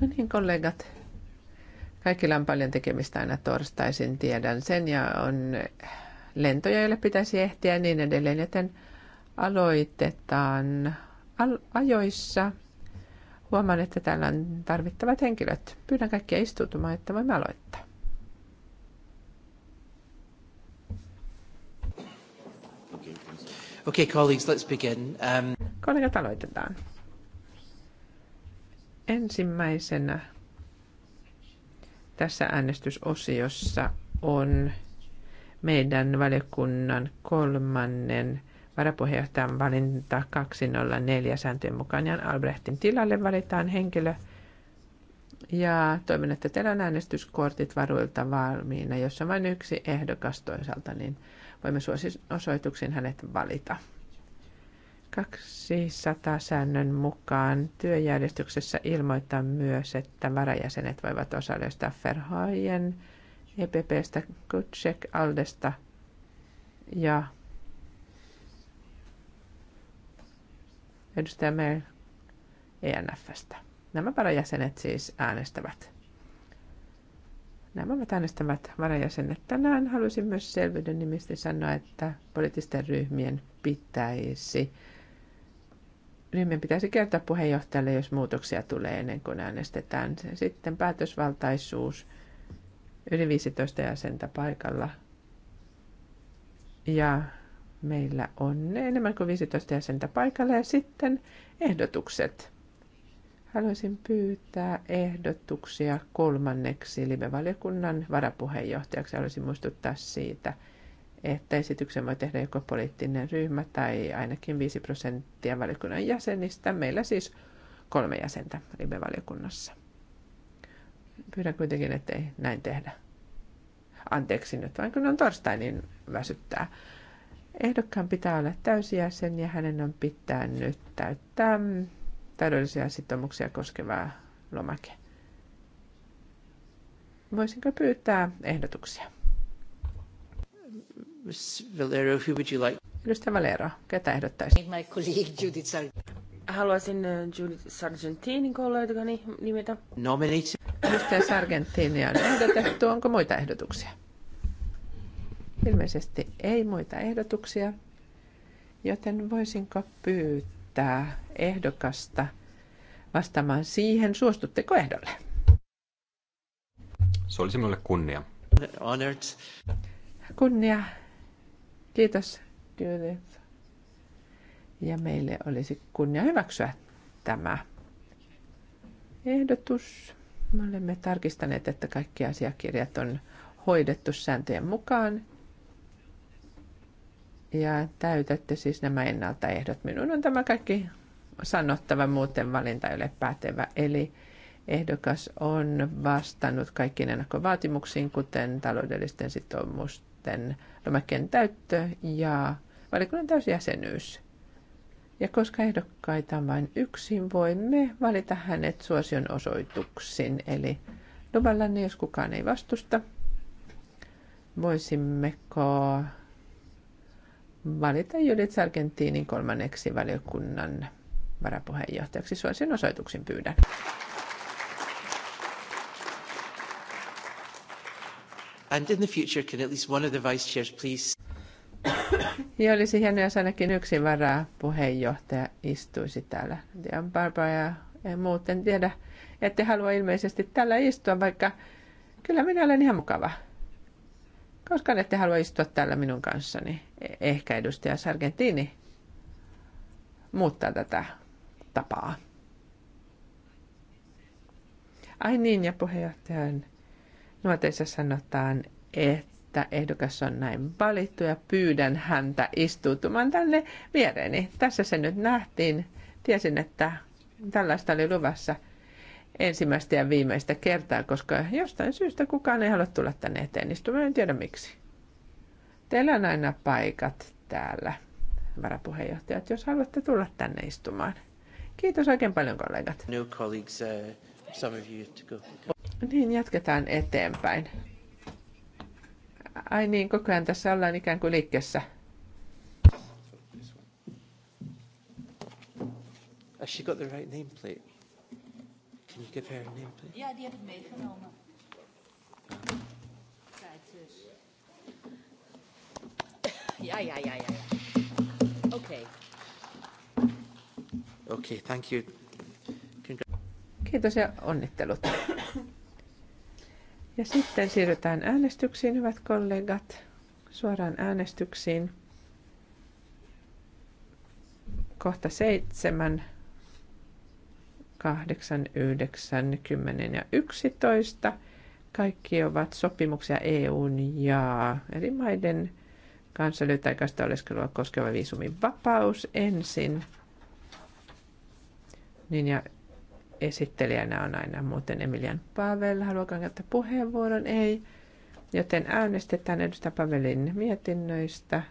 No niin, kollegat. Kaikilla on paljon tekemistä aina torstaisin, tiedän sen, ja on lentoja, joille pitäisi ehtiä niin edelleen, joten aloitetaan ajoissa. Huomaan, että täällä on tarvittavat henkilöt. Pyydän kaikkia istutumaan, että voimme aloittaa. Okay, colleagues, let's begin. Um... Kollegat, aloitetaan. Ensimmäisenä tässä äänestysosiossa on meidän valiokunnan kolmannen varapuheenjohtajan valinta 204 sääntöjen mukaan Jan Albrehtin tilalle valitaan henkilö. Ja toivon, että teillä on äänestyskortit varuilta valmiina. Jos on vain yksi ehdokas toisaalta, niin voimme suosituksiin hänet valita. 200 säännön mukaan työjärjestyksessä ilmoittaa myös, että varajäsenet voivat osallistua Ferhojen, EPPstä, Kutsek, Aldesta ja edustaja Mer ENFstä. Nämä varajäsenet siis äänestävät. Nämä ovat äänestämät varajäsenet tänään. Haluaisin myös selvyyden nimistä sanoa, että poliittisten ryhmien pitäisi ryhmien pitäisi kertoa puheenjohtajalle, jos muutoksia tulee ennen kuin äänestetään. Sitten päätösvaltaisuus, yli 15 jäsentä paikalla. Ja meillä on enemmän kuin 15 jäsentä paikalla. Ja sitten ehdotukset. Haluaisin pyytää ehdotuksia kolmanneksi live-valiokunnan varapuheenjohtajaksi. Haluaisin muistuttaa siitä, että esityksen voi tehdä joko poliittinen ryhmä tai ainakin 5 prosenttia valiokunnan jäsenistä. Meillä siis kolme jäsentä live-valiokunnassa. Pyydän kuitenkin, ettei näin tehdä. Anteeksi nyt, vaan kun on torstai, niin väsyttää. Ehdokkaan pitää olla täysjäsen ja hänen on pitää nyt täyttää Täydellisiä sitoumuksia koskevaa lomake. Voisinko pyytää ehdotuksia? Valero, who would you like? Edustaja Valero, ketä ehdottaisi? My colleague Judith Sargentini. Haluaisin äh, Judith Sargentinin kollegani nimetä. Nominate. Edustaja Sargentini on ehdotettu. Onko muita ehdotuksia? Ilmeisesti ei muita ehdotuksia, joten voisinko pyytää pyytää ehdokasta vastaamaan siihen, suostutteko ehdolle? Se olisi minulle kunnia. Honored. Kunnia. Kiitos, Judith. Ja meille olisi kunnia hyväksyä tämä ehdotus. Me olemme tarkistaneet, että kaikki asiakirjat on hoidettu sääntöjen mukaan ja täytätte siis nämä ennaltaehdot. Minun on tämä kaikki sanottava, muuten valinta ei ole pätevä. Eli ehdokas on vastannut kaikkiin ennakkovaatimuksiin, kuten taloudellisten sitoumusten lomakkeen täyttö ja valikunnan täysjäsenyys. Ja koska ehdokkaita on vain yksin, voimme valita hänet suosion osoituksin. Eli luvallanne, niin jos kukaan ei vastusta, voisimmeko valita Judith Sargentinin kolmanneksi valiokunnan varapuheenjohtajaksi. Suosin osoituksen pyydän. And in the future, can at least one of the vice chairs please ja olisi hienoa, jos ainakin yksi varapuheenjohtaja puheenjohtaja istuisi täällä. Tiedän Barbara ja en muuten tiedä, ette halua ilmeisesti täällä istua, vaikka kyllä minä olen ihan mukava. Koska ette halua istua täällä minun kanssani. E, ehkä edustaja Sargentini muuttaa tätä tapaa. Ai niin, ja puheenjohtajan nuoteissa sanotaan, että ehdokas on näin valittu ja pyydän häntä istuutumaan tänne viereeni. Tässä se nyt nähtiin. Tiesin, että tällaista oli luvassa – ensimmäistä ja viimeistä kertaa, koska jostain syystä kukaan ei halua tulla tänne eteen istumaan, en tiedä miksi. Teillä on aina paikat täällä, varapuheenjohtajat, jos haluatte tulla tänne istumaan. Kiitos oikein paljon kollegat. No colleagues, uh, some of you to go. Niin, jatketaan eteenpäin. Ai niin, koko ajan tässä ollaan ikään kuin liikkeessä. Has she got the right nameplate? Can you give her Ja, die heb ik meegenomen. Ja, ja, ja, ja. ja. Oké. Okay. Oké, okay, thank you. Congra- Kiitos ja onnittelut. Ja sitten siirrytään äänestyksiin, hyvät kollegat. Suoraan äänestyksiin. Kohta seitsemän 8, 9, 10 ja 11. Kaikki ovat sopimuksia EUn ja eri maiden kanssa lyhytaikaista oleskelua koskeva viisumin vapaus ensin. Niin ja esittelijänä on aina muuten Emilian Pavel. Haluatko käyttää puheenvuoron? Ei. Joten äänestetään edustaja Pavelin mietinnöistä.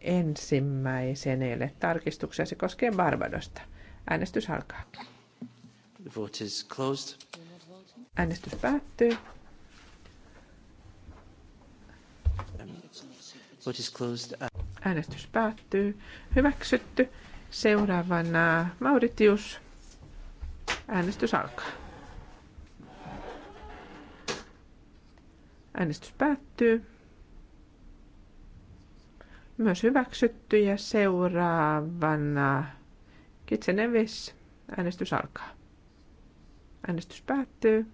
ensimmäisenä tarkistuksia. Se koskee Barbadosta. Äänestys alkaa. The vote is closed. Äänestys päättyy. Vote is closed. Äänestys päättyy. Hyväksytty. Seuraavana Mauritius. Äänestys alkaa. Äänestys päättyy. Myös hyväksytty ja seuraavana Kitsenevis. Äänestys alkaa. Äänestys päättyy.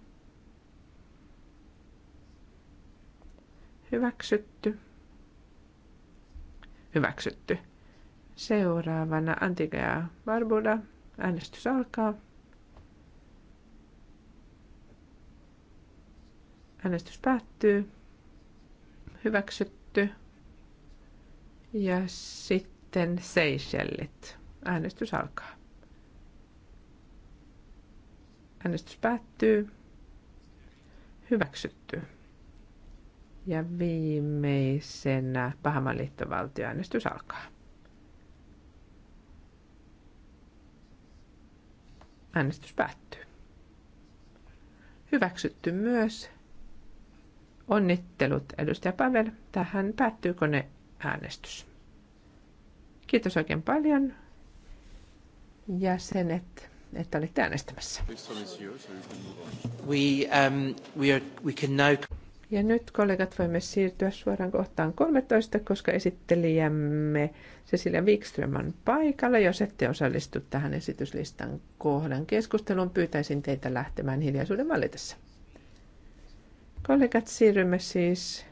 Hyväksytty. Hyväksytty. Seuraavana Antigua ja Barbuda. Äänestys alkaa. Äänestys päättyy. Hyväksytty. Ja sitten Seychellit. Äänestys alkaa. Äänestys päättyy. Hyväksytty. Ja viimeisenä Pahaman liittovaltioäänestys alkaa. Äänestys päättyy. Hyväksytty myös. Onnittelut, edustaja Pavel. Tähän päättyy koneäänestys. Kiitos oikein paljon jäsenet että olitte äänestämässä. Um, ja nyt kollegat voimme siirtyä suoraan kohtaan 13, koska esittelijämme Cecilia Wikström on paikalla. Jos ette osallistu tähän esityslistan kohdan keskusteluun, pyytäisin teitä lähtemään hiljaisuuden valitessa. Kollegat, siirrymme siis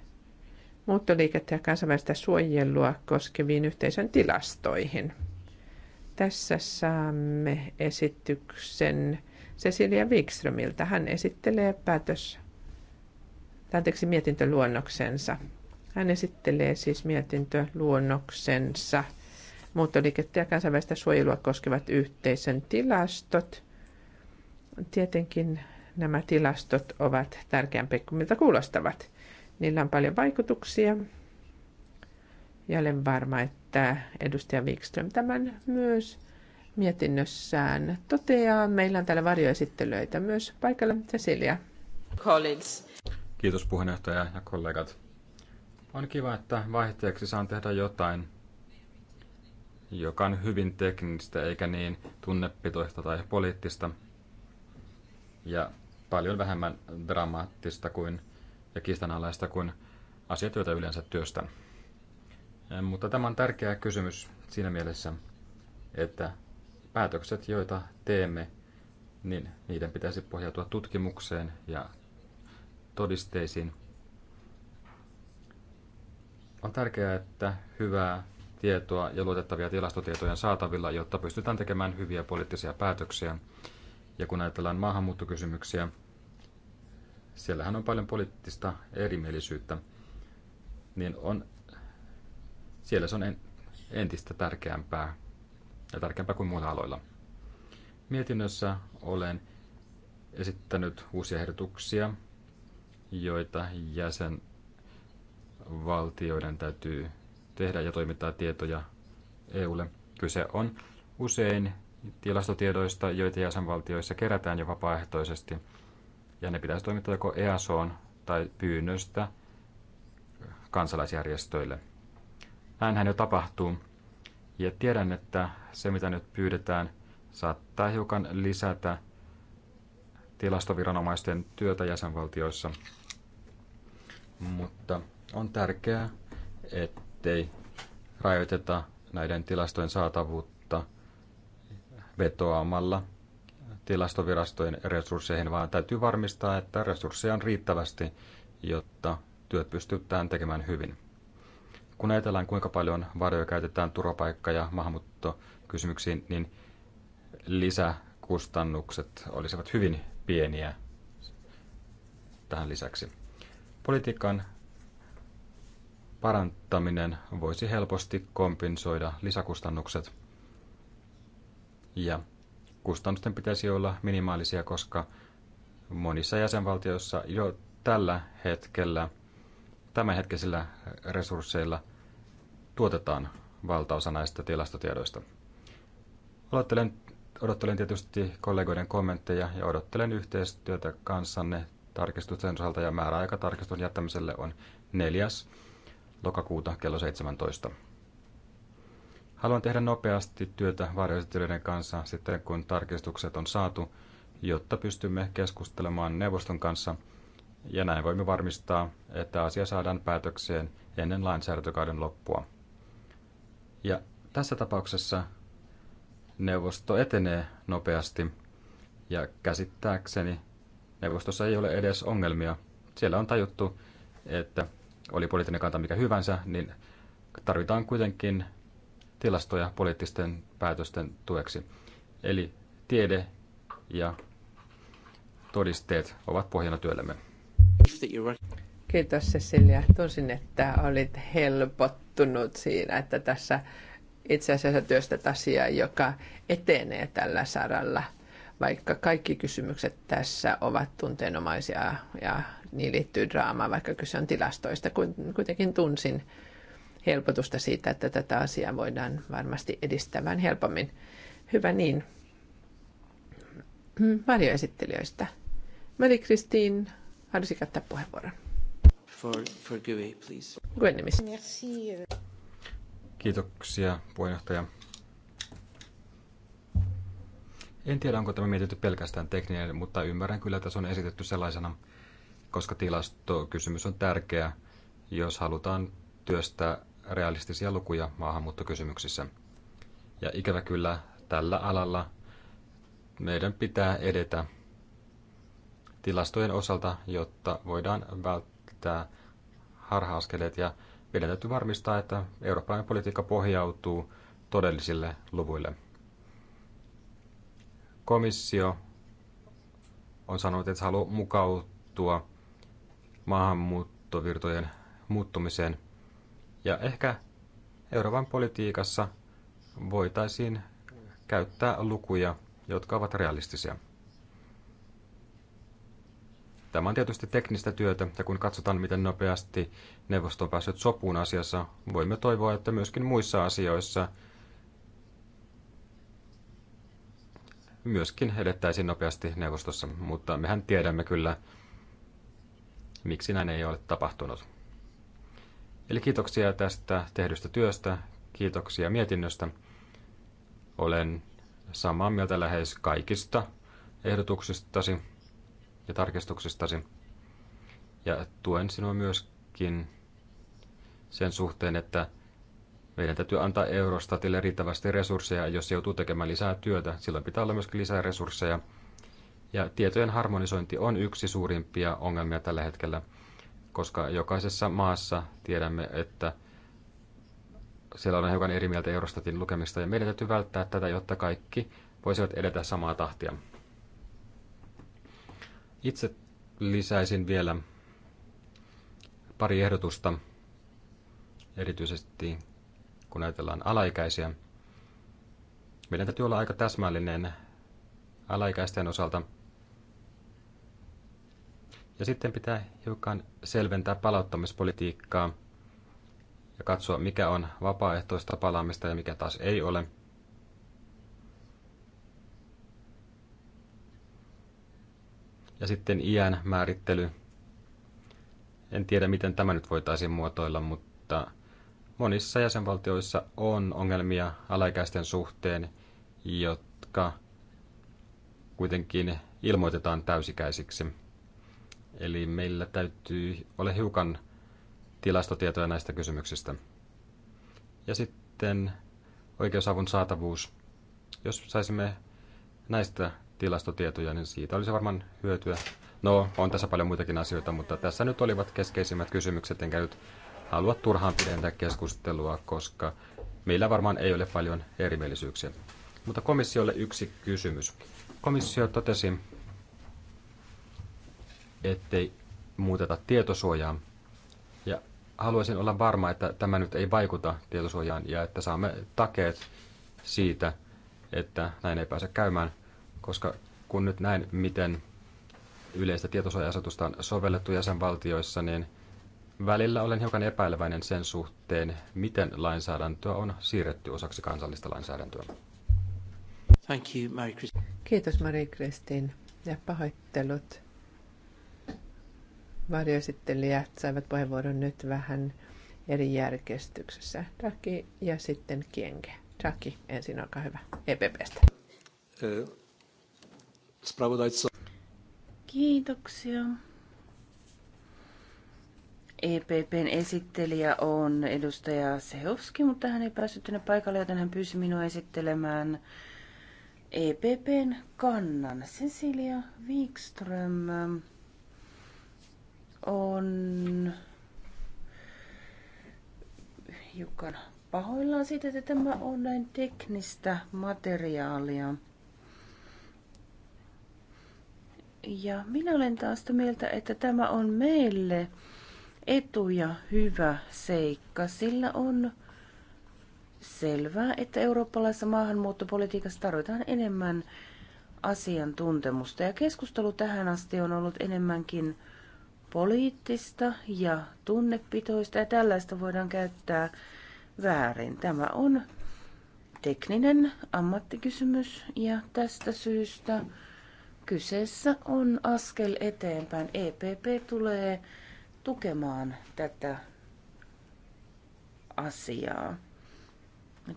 muuttoliikettä ja kansainvälistä suojelua koskeviin yhteisön tilastoihin – tässä saamme esityksen Cecilia Wikströmiltä. Hän esittelee päätös, anteeksi, mietintöluonnoksensa. Hän esittelee siis mietintöluonnoksensa muuttoliikettä ja kansainvälistä suojelua koskevat yhteisön tilastot. Tietenkin nämä tilastot ovat tärkeämpiä kuin miltä kuulostavat. Niillä on paljon vaikutuksia ja olen varma, että tämä edustaja Wikström tämän myös mietinnössään toteaa. Meillä on täällä varjoesittelyitä myös paikalla. Cecilia. Collins. Kiitos puheenjohtaja ja kollegat. On kiva, että vaihteeksi saan tehdä jotain, joka on hyvin teknistä eikä niin tunnepitoista tai poliittista ja paljon vähemmän dramaattista kuin ja kiistanalaista kuin asiat, joita yleensä työstän. Mutta tämä on tärkeä kysymys siinä mielessä, että päätökset, joita teemme, niin niiden pitäisi pohjautua tutkimukseen ja todisteisiin. On tärkeää, että hyvää tietoa ja luotettavia tilastotietoja on saatavilla, jotta pystytään tekemään hyviä poliittisia päätöksiä. Ja kun ajatellaan maahanmuuttokysymyksiä, siellähän on paljon poliittista erimielisyyttä, niin on siellä se on entistä tärkeämpää ja tärkeämpää kuin muilla aloilla. Mietinnössä olen esittänyt uusia ehdotuksia, joita jäsenvaltioiden täytyy tehdä ja toimittaa tietoja EUlle. Kyse on usein tilastotiedoista, joita jäsenvaltioissa kerätään jo vapaaehtoisesti, ja ne pitäisi toimittaa joko EASOon tai pyynnöstä kansalaisjärjestöille – näinhän jo tapahtuu. Ja tiedän, että se mitä nyt pyydetään saattaa hiukan lisätä tilastoviranomaisten työtä jäsenvaltioissa. Mutta on tärkeää, ettei rajoiteta näiden tilastojen saatavuutta vetoamalla tilastovirastojen resursseihin, vaan täytyy varmistaa, että resursseja on riittävästi, jotta työt pystytään tekemään hyvin kun ajatellaan kuinka paljon varoja käytetään turvapaikka- ja maahanmuuttokysymyksiin, niin lisäkustannukset olisivat hyvin pieniä tähän lisäksi. Politiikan parantaminen voisi helposti kompensoida lisäkustannukset. Ja kustannusten pitäisi olla minimaalisia, koska monissa jäsenvaltioissa jo tällä hetkellä – tämänhetkisillä resursseilla tuotetaan valtaosa näistä tilastotiedoista. Odottelen, odottelen tietysti kollegoiden kommentteja ja odottelen yhteistyötä kanssanne tarkistusten osalta ja määräaika tarkistun jättämiselle on 4. lokakuuta kello 17. Haluan tehdä nopeasti työtä varjoesittelyiden kanssa sitten kun tarkistukset on saatu, jotta pystymme keskustelemaan neuvoston kanssa – ja näin voimme varmistaa, että asia saadaan päätökseen ennen lainsäädäntökauden loppua. Ja tässä tapauksessa neuvosto etenee nopeasti ja käsittääkseni neuvostossa ei ole edes ongelmia. Siellä on tajuttu, että oli poliittinen kanta mikä hyvänsä, niin tarvitaan kuitenkin tilastoja poliittisten päätösten tueksi. Eli tiede ja todisteet ovat pohjana työllemme. Kiitos Cecilia. Tunsin, että olit helpottunut siinä, että tässä itse asiassa työstät asiaa, joka etenee tällä saralla. Vaikka kaikki kysymykset tässä ovat tunteenomaisia ja niin liittyy draamaa, vaikka kyse on tilastoista, kuitenkin tunsin helpotusta siitä, että tätä asiaa voidaan varmasti edistämään helpommin. Hyvä niin. Varjoesittelijöistä. Mari Kristiin halusi käyttää puheenvuoron. For, for GUE, please. nimissä. Merci. Kiitoksia, puheenjohtaja. En tiedä, onko tämä mietitty pelkästään tekninen, mutta ymmärrän kyllä, että se on esitetty sellaisena, koska tilastokysymys on tärkeä, jos halutaan työstää realistisia lukuja maahanmuuttokysymyksissä. Ja ikävä kyllä tällä alalla meidän pitää edetä tilastojen osalta, jotta voidaan välttää harha-askeleet ja meidän täytyy varmistaa, että eurooppalainen politiikka pohjautuu todellisille luvuille. Komissio on sanonut, että haluaa mukautua maahanmuuttovirtojen muuttumiseen. Ja ehkä Euroopan politiikassa voitaisiin käyttää lukuja, jotka ovat realistisia. Tämä on tietysti teknistä työtä, ja kun katsotaan, miten nopeasti neuvosto on päässyt sopuun asiassa, voimme toivoa, että myöskin muissa asioissa myöskin edettäisiin nopeasti neuvostossa, mutta mehän tiedämme kyllä, miksi näin ei ole tapahtunut. Eli kiitoksia tästä tehdystä työstä, kiitoksia mietinnöstä. Olen samaa mieltä lähes kaikista ehdotuksistasi ja tarkistuksistasi. Ja tuen sinua myöskin sen suhteen, että meidän täytyy antaa Eurostatille riittävästi resursseja, jos joutuu tekemään lisää työtä, silloin pitää olla myöskin lisää resursseja. Ja tietojen harmonisointi on yksi suurimpia ongelmia tällä hetkellä, koska jokaisessa maassa tiedämme, että siellä on hiukan eri mieltä Eurostatin lukemista, ja meidän täytyy välttää tätä, jotta kaikki voisivat edetä samaa tahtia. Itse lisäisin vielä pari ehdotusta, erityisesti kun ajatellaan alaikäisiä. Meidän täytyy olla aika täsmällinen alaikäisten osalta. Ja sitten pitää hiukan selventää palauttamispolitiikkaa ja katsoa, mikä on vapaaehtoista palaamista ja mikä taas ei ole – Ja sitten iän määrittely. En tiedä, miten tämä nyt voitaisiin muotoilla, mutta monissa jäsenvaltioissa on ongelmia alaikäisten suhteen, jotka kuitenkin ilmoitetaan täysikäisiksi. Eli meillä täytyy olla hiukan tilastotietoja näistä kysymyksistä. Ja sitten oikeusavun saatavuus. Jos saisimme näistä tilastotietoja, niin siitä olisi varmaan hyötyä. No, on tässä paljon muitakin asioita, mutta tässä nyt olivat keskeisimmät kysymykset, enkä nyt halua turhaan pidentää keskustelua, koska meillä varmaan ei ole paljon erimielisyyksiä. Mutta komissiolle yksi kysymys. Komissio totesi, ettei muuteta tietosuojaa. Ja haluaisin olla varma, että tämä nyt ei vaikuta tietosuojaan ja että saamme takeet siitä, että näin ei pääse käymään – koska kun nyt näin, miten yleistä tietosuoja-asetusta on sovellettu jäsenvaltioissa, niin välillä olen hiukan epäileväinen sen suhteen, miten lainsäädäntöä on siirretty osaksi kansallista lainsäädäntöä. Thank you, Mary Kiitos marie Kristin ja pahoittelut. Varjoesittelijät saivat puheenvuoron nyt vähän eri järjestyksessä. Taki ja sitten Kienge. Taki, ensin olkaa hyvä, EPPstä. Uh spravodajca. Kiitoksia. EPPn esittelijä on edustaja Sehovski, mutta hän ei päässyt tänne paikalle, joten hän pyysi minua esittelemään EPPn kannan. Cecilia Wikström ähm, on hiukan pahoillaan siitä, että tämä on näin teknistä materiaalia. Ja minä olen taas sitä mieltä, että tämä on meille etu ja hyvä seikka, sillä on selvää, että eurooppalaisessa maahanmuuttopolitiikassa tarvitaan enemmän asiantuntemusta. Ja keskustelu tähän asti on ollut enemmänkin poliittista ja tunnepitoista, ja tällaista voidaan käyttää väärin. Tämä on tekninen ammattikysymys, ja tästä syystä Kyseessä on askel eteenpäin. EPP tulee tukemaan tätä asiaa.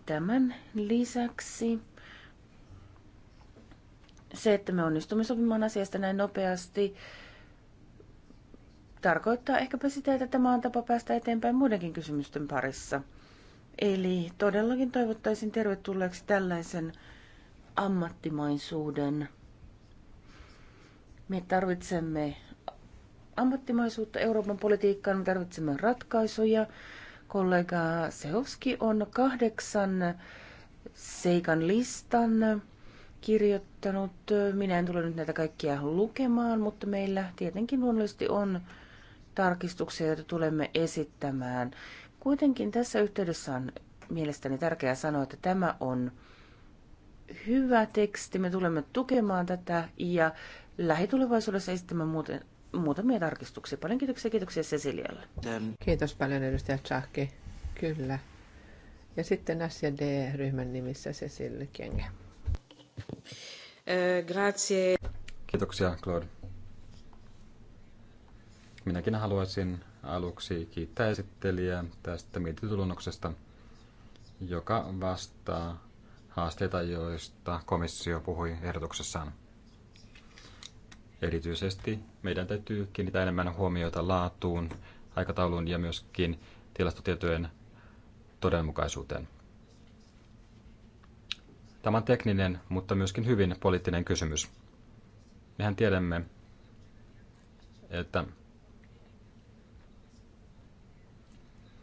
Tämän lisäksi se, että me onnistumme sopimaan asiasta näin nopeasti, tarkoittaa ehkäpä sitä, että tämä on tapa päästä eteenpäin muidenkin kysymysten parissa. Eli todellakin toivottaisin tervetulleeksi tällaisen ammattimaisuuden me tarvitsemme ammattimaisuutta Euroopan politiikkaan, me tarvitsemme ratkaisuja. Kollega Sehovski on kahdeksan seikan listan kirjoittanut. Minä en tule nyt näitä kaikkia lukemaan, mutta meillä tietenkin luonnollisesti on tarkistuksia, joita tulemme esittämään. Kuitenkin tässä yhteydessä on mielestäni tärkeää sanoa, että tämä on hyvä teksti. Me tulemme tukemaan tätä ja lähitulevaisuudessa esittämään muuten, muutamia tarkistuksia. Paljon kiitoksia, kiitoksia Cecilialle. Kiitos paljon edustaja Tsahki. Kyllä. Ja sitten SD-ryhmän nimissä Cecil Äh, Grazie. Kiitoksia, Claude. Minäkin haluaisin aluksi kiittää esittelijää tästä mietitulunnoksesta, joka vastaa haasteita, joista komissio puhui ehdotuksessaan. Erityisesti meidän täytyy kiinnittää enemmän huomiota laatuun, aikatauluun ja myöskin tilastotietojen todenmukaisuuteen. Tämä on tekninen, mutta myöskin hyvin poliittinen kysymys. Mehän tiedämme, että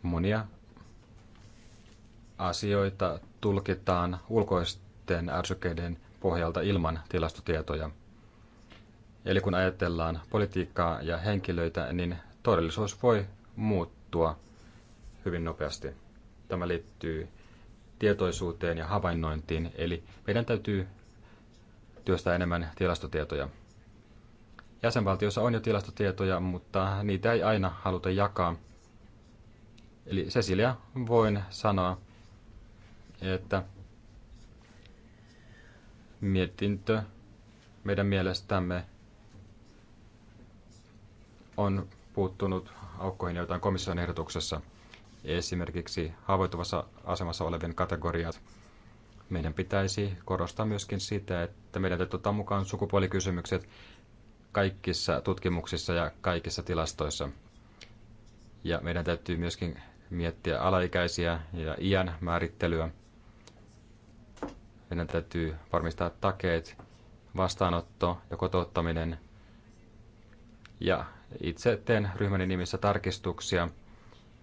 monia asioita tulkitaan ulkoisten ärsykkeiden pohjalta ilman tilastotietoja – Eli kun ajatellaan politiikkaa ja henkilöitä, niin todellisuus voi muuttua hyvin nopeasti. Tämä liittyy tietoisuuteen ja havainnointiin, eli meidän täytyy työstää enemmän tilastotietoja. Jäsenvaltioissa on jo tilastotietoja, mutta niitä ei aina haluta jakaa. Eli Cecilia voin sanoa, että mietintö meidän mielestämme on puuttunut aukkoihin, joita on komission ehdotuksessa. Esimerkiksi haavoittuvassa asemassa olevien kategoriat. Meidän pitäisi korostaa myöskin sitä, että meidän täytyy ottaa mukaan sukupuolikysymykset kaikissa tutkimuksissa ja kaikissa tilastoissa. Ja meidän täytyy myöskin miettiä alaikäisiä ja iän määrittelyä. Meidän täytyy varmistaa takeet, vastaanotto ja kotouttaminen. Ja itse teen ryhmäni nimissä tarkistuksia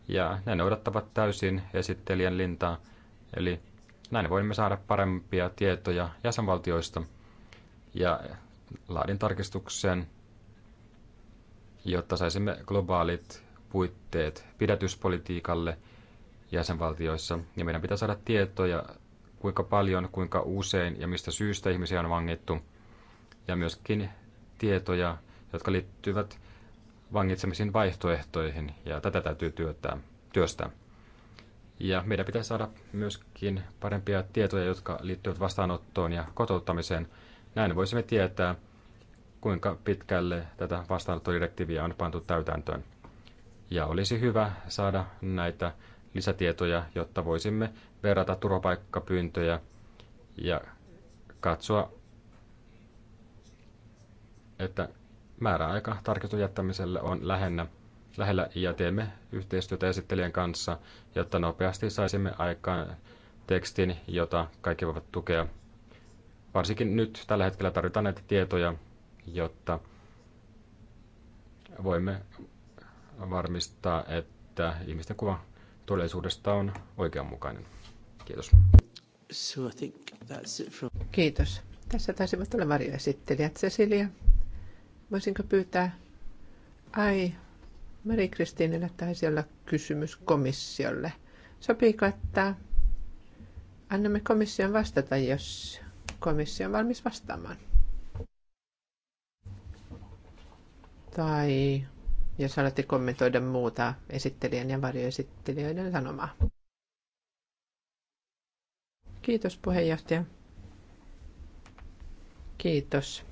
ja ne noudattavat täysin esittelijän lintaa, eli näin voimme saada parempia tietoja jäsenvaltioista ja laadin tarkistuksen, jotta saisimme globaalit puitteet pidätyspolitiikalle jäsenvaltioissa. Ja meidän pitää saada tietoja, kuinka paljon, kuinka usein ja mistä syystä ihmisiä on vangittu. Ja myöskin tietoja, jotka liittyvät vangitsemisen vaihtoehtoihin, ja tätä täytyy työtää, työstää. Ja meidän pitää saada myöskin parempia tietoja, jotka liittyvät vastaanottoon ja kotouttamiseen. Näin voisimme tietää, kuinka pitkälle tätä vastaanottodirektiiviä on pantu täytäntöön. Ja olisi hyvä saada näitä lisätietoja, jotta voisimme verrata turvapaikkapyyntöjä ja katsoa, että määräaika tarkistun jättämiselle on lähennä, lähellä ja teemme yhteistyötä esittelijän kanssa, jotta nopeasti saisimme aikaan tekstin, jota kaikki voivat tukea. Varsinkin nyt tällä hetkellä tarvitaan näitä tietoja, jotta voimme varmistaa, että ihmisten kuva todellisuudesta on oikeanmukainen. Kiitos. So I think that's it from... Kiitos. Tässä taisivat olla varjoesittelijät. Cecilia, Voisinko pyytää, ai, Mari Kristiinille taisi olla kysymys komissiolle. Sopiiko, että annamme komission vastata, jos komissio on valmis vastaamaan? Tai jos haluatte kommentoida muuta esittelijän ja varjoesittelijöiden sanomaa. Kiitos puheenjohtaja. Kiitos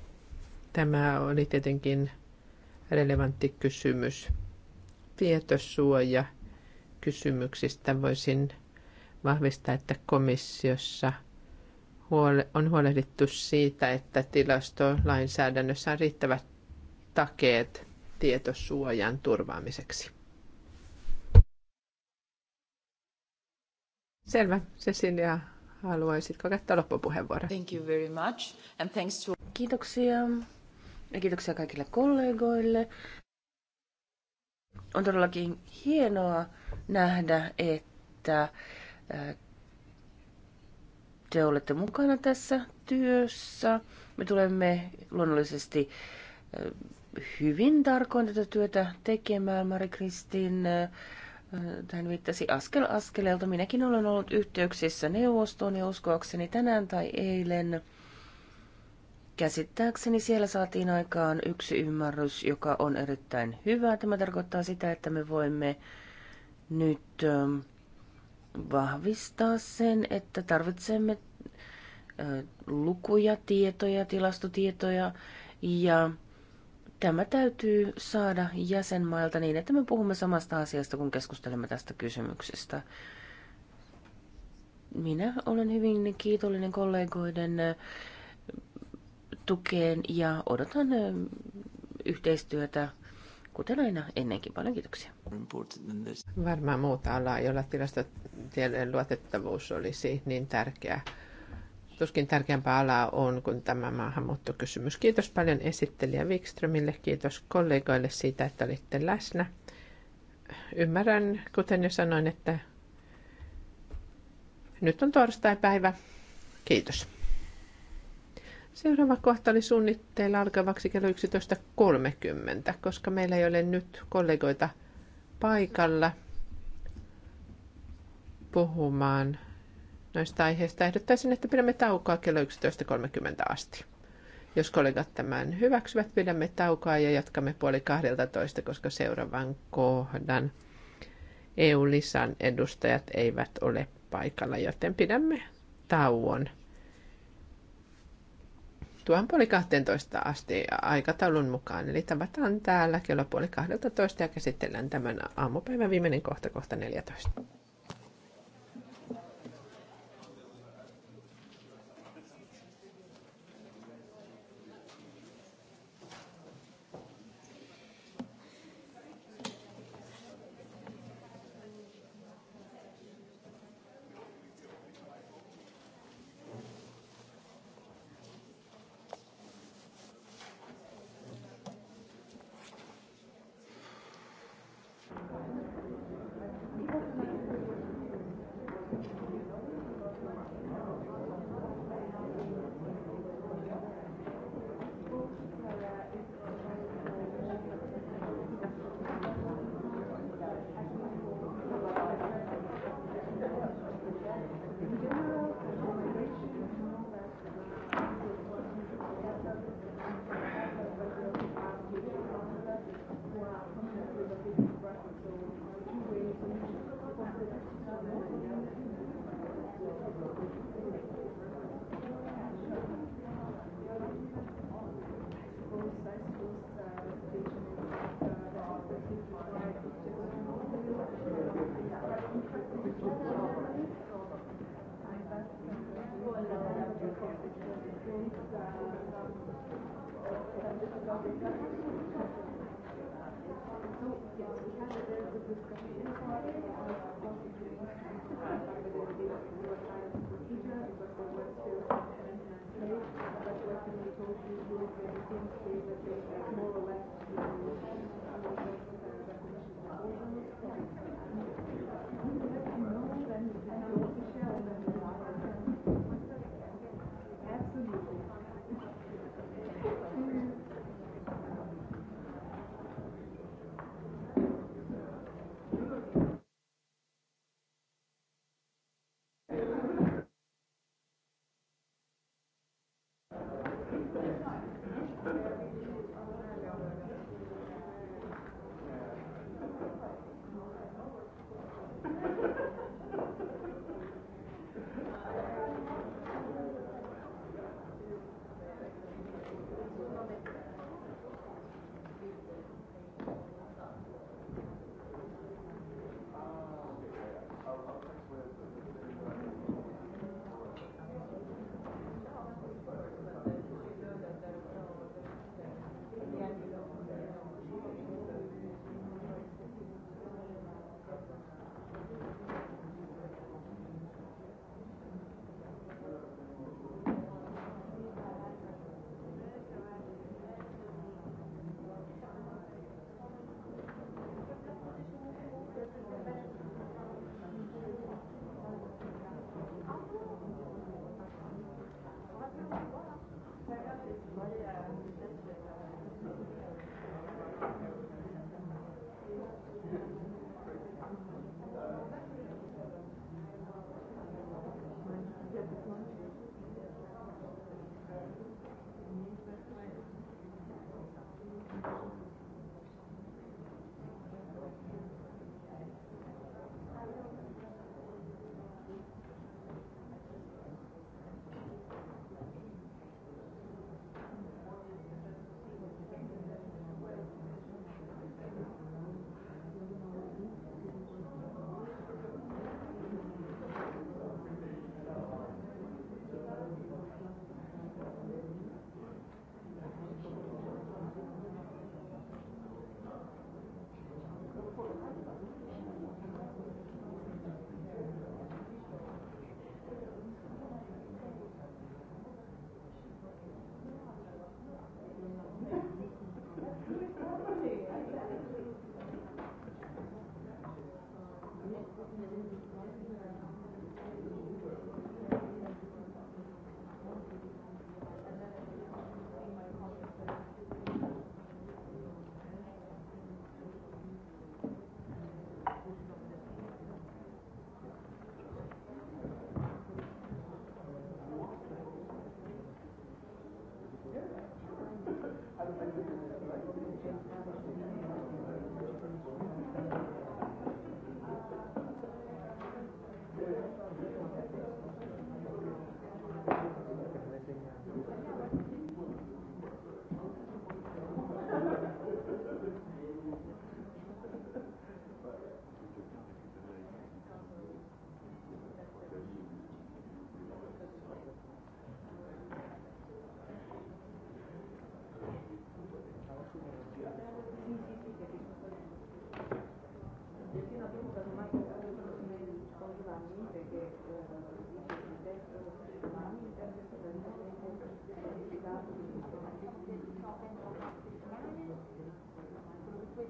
Tämä oli tietenkin relevantti kysymys. Tietosuoja kysymyksistä voisin vahvistaa, että komissiossa on huolehdittu siitä, että tilastolainsäädännössä on riittävät takeet tietosuojan turvaamiseksi. Selvä. Cecilia, haluaisitko käyttää loppupuheenvuoron? Thank you very much and thanks to... Kiitoksia ja kiitoksia kaikille kollegoille. On todellakin hienoa nähdä, että te olette mukana tässä työssä. Me tulemme luonnollisesti hyvin tarkoin tätä työtä tekemään. Mari-Kristin hän viittasi askel askeleelta. Minäkin olen ollut yhteyksissä neuvostoon ja uskoakseni tänään tai eilen – Käsittääkseni siellä saatiin aikaan yksi ymmärrys, joka on erittäin hyvä. Tämä tarkoittaa sitä, että me voimme nyt ähm, vahvistaa sen, että tarvitsemme äh, lukuja, tietoja, tilastotietoja ja tämä täytyy saada jäsenmailta niin, että me puhumme samasta asiasta, kun keskustelemme tästä kysymyksestä. Minä olen hyvin kiitollinen kollegoiden äh, tukeen ja odotan yhteistyötä, kuten aina ennenkin. Paljon kiitoksia. Varmaan muuta alaa, jolla tilastotieteen luotettavuus olisi niin tärkeä. Tuskin tärkeämpää alaa on kuin tämä maahanmuuttokysymys. Kiitos paljon esittelijä Wikströmille, kiitos kollegoille siitä, että olitte läsnä. Ymmärrän, kuten jo sanoin, että nyt on torstai-päivä. Kiitos. Seuraava kohta oli suunnitteilla alkavaksi kello 11.30, koska meillä ei ole nyt kollegoita paikalla puhumaan noista aiheista. Ehdottaisin, että pidämme taukoa kello 11.30 asti. Jos kollegat tämän hyväksyvät, pidämme taukoa ja jatkamme puoli 12, koska seuraavan kohdan EU-lisan edustajat eivät ole paikalla, joten pidämme tauon tuon puoli 12 asti aikataulun mukaan. Eli tavataan täällä kello puoli 12 ja käsitellään tämän aamupäivän viimeinen kohta, kohta 14.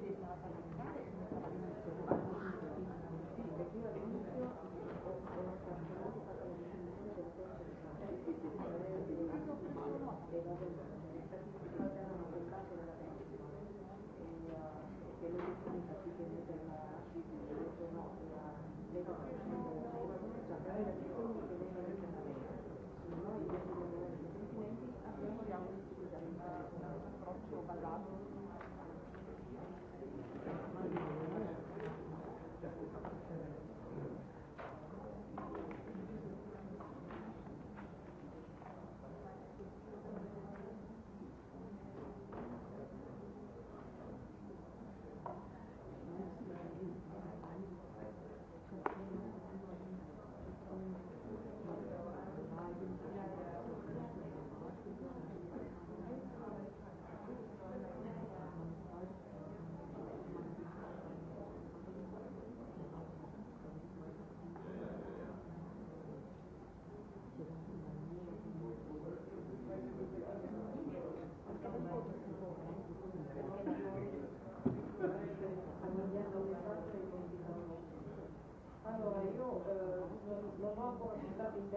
did not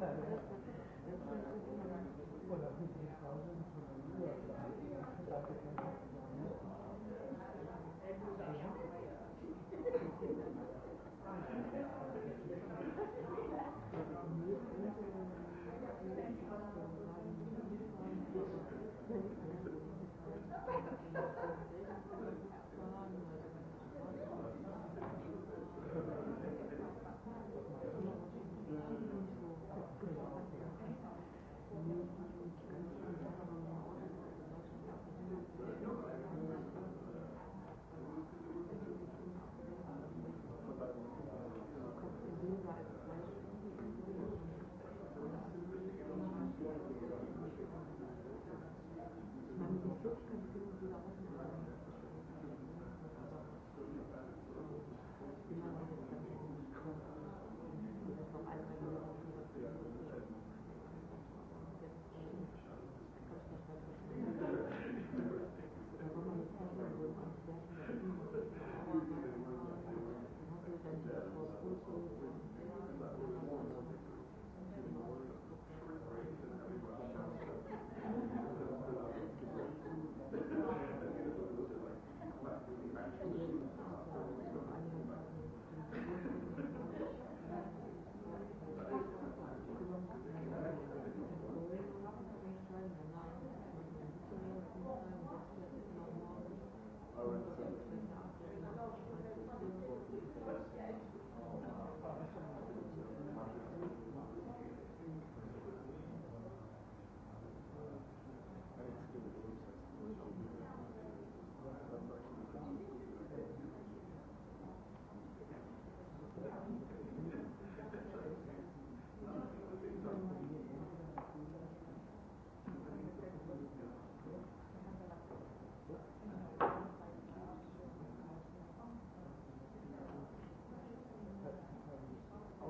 det var det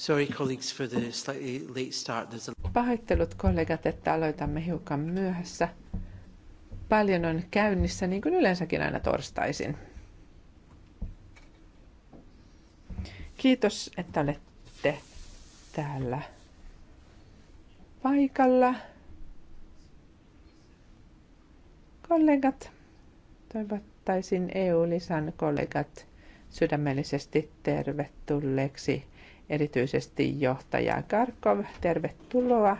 Sorry colleagues for the slightly late start. There's a... Pahoittelut kollegat, että aloitamme hiukan myöhässä. Paljon on käynnissä, niin kuin yleensäkin aina torstaisin. Kiitos, että olette täällä paikalla. Kollegat, toivottaisin EU-lisän kollegat sydämellisesti tervetulleeksi erityisesti johtaja Karkov. Tervetuloa.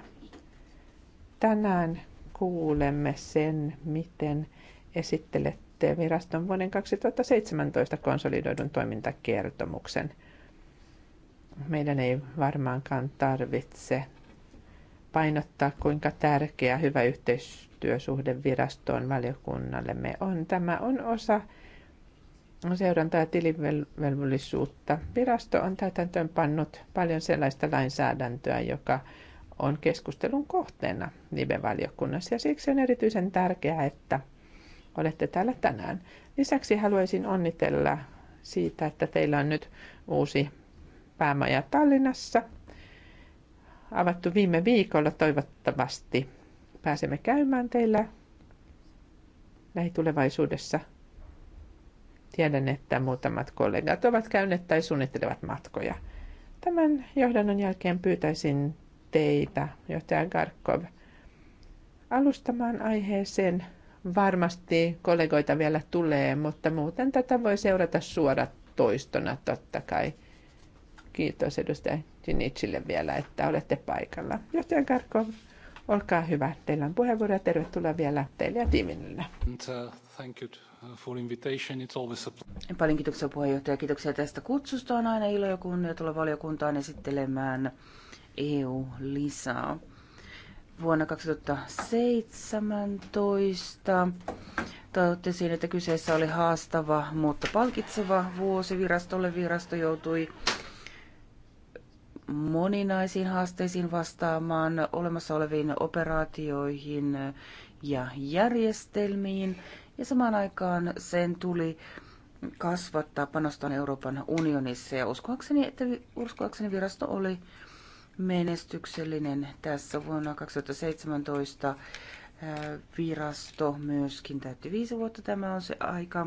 Tänään kuulemme sen, miten esittelette viraston vuoden 2017 konsolidoidun toimintakertomuksen. Meidän ei varmaankaan tarvitse painottaa, kuinka tärkeä hyvä yhteistyösuhde virastoon valiokunnallemme on. Tämä on osa seurantaa ja tilivelvollisuutta. Virasto on täytäntöön pannut paljon sellaista lainsäädäntöä, joka on keskustelun kohteena live-valiokunnassa ja siksi on erityisen tärkeää, että olette täällä tänään. Lisäksi haluaisin onnitella siitä, että teillä on nyt uusi päämaja Tallinnassa. Avattu viime viikolla toivottavasti pääsemme käymään teillä lähitulevaisuudessa – Tiedän, että muutamat kollegat ovat käyneet tai suunnittelevat matkoja. Tämän johdannon jälkeen pyytäisin teitä, johtaja Garkov, alustamaan aiheeseen. Varmasti kollegoita vielä tulee, mutta muuten tätä voi seurata suora toistona totta kai. Kiitos edustaja Sinitsille vielä, että olette paikalla. Johtaja Garkov, olkaa hyvä. Teillä on puheenvuoro ja tervetuloa vielä teille ja tiiminnille. uh, thank you Uh, for invitation. It's always a... Paljon kiitoksia puheenjohtaja. Kiitoksia tästä kutsusta. On aina ilo ja kunnia tulla valiokuntaan esittelemään EU-lisää. Vuonna 2017 toivottiin, että kyseessä oli haastava, mutta palkitseva vuosi virastolle. Virasto joutui moninaisiin haasteisiin vastaamaan olemassa oleviin operaatioihin ja järjestelmiin ja samaan aikaan sen tuli kasvattaa panostaan Euroopan unionissa ja uskoakseni, että uskoakseni virasto oli menestyksellinen tässä vuonna 2017. Äh, virasto myöskin täytti viisi vuotta. Tämä on se aika,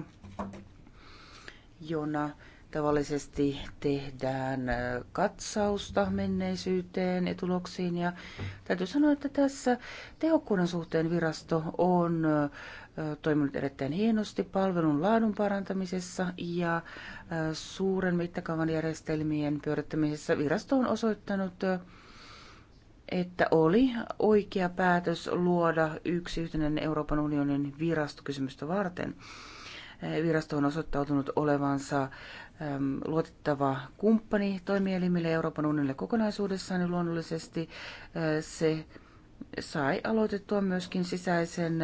jona tavallisesti tehdään äh, katsausta menneisyyteen ja tuloksiin. Ja täytyy sanoa, että tässä tehokkuuden suhteen virasto on äh, toiminut erittäin hienosti palvelun laadun parantamisessa ja suuren mittakaavan järjestelmien pyörittämisessä. Virasto on osoittanut, että oli oikea päätös luoda yksi yhtenäinen Euroopan unionin virastokysymystä varten. Virasto on osoittautunut olevansa luotettava kumppani toimielimille Euroopan unionille kokonaisuudessaan ja niin luonnollisesti se sai aloitettua myöskin sisäisen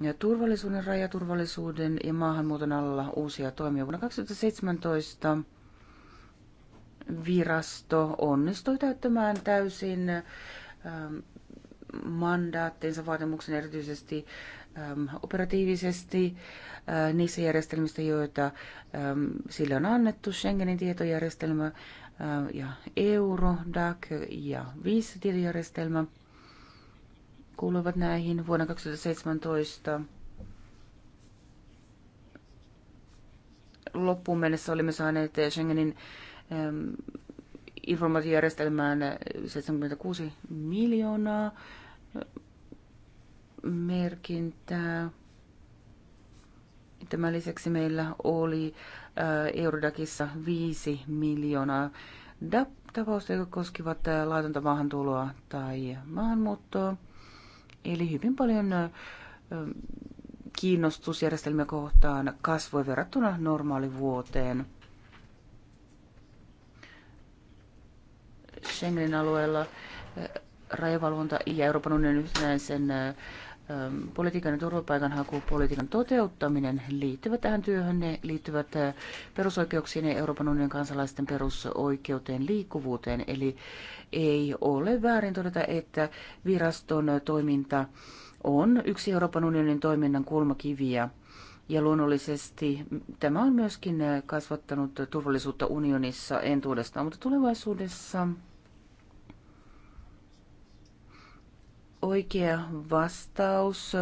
ja turvallisuuden, rajaturvallisuuden ja maahanmuuton alla uusia toimia. Vuonna 2017 virasto onnistui täyttämään täysin ähm, mandaattinsa vaatimuksen erityisesti ähm, operatiivisesti äh, niissä järjestelmistä, joita ähm, sille on annettu, Schengenin tietojärjestelmä äh, ja Eurodac ja tietojärjestelmä kuuluivat näihin vuonna 2017. Loppuun mennessä olimme saaneet eh, Schengenin informaatiojärjestelmään 76 eh, miljoonaa merkintää. Tämän lisäksi meillä oli eh, Eurodakissa 5 miljoonaa tapausta, jotka koskivat laitonta maahantuloa tai maahanmuuttoa. Eli hyvin paljon kiinnostusjärjestelmiä kohtaan kasvoi verrattuna normaalivuoteen. Schengenin alueella rajavalvonta ja Euroopan unionin yhtenäisen politiikan ja politiikan toteuttaminen liittyvät tähän työhön. Ne liittyvät perusoikeuksiin ja Euroopan unionin kansalaisten perusoikeuteen liikkuvuuteen. Eli ei ole väärin todeta, että viraston toiminta on yksi Euroopan unionin toiminnan kulmakiviä. Ja luonnollisesti tämä on myöskin kasvattanut turvallisuutta unionissa entuudestaan, mutta tulevaisuudessa oikea vastaus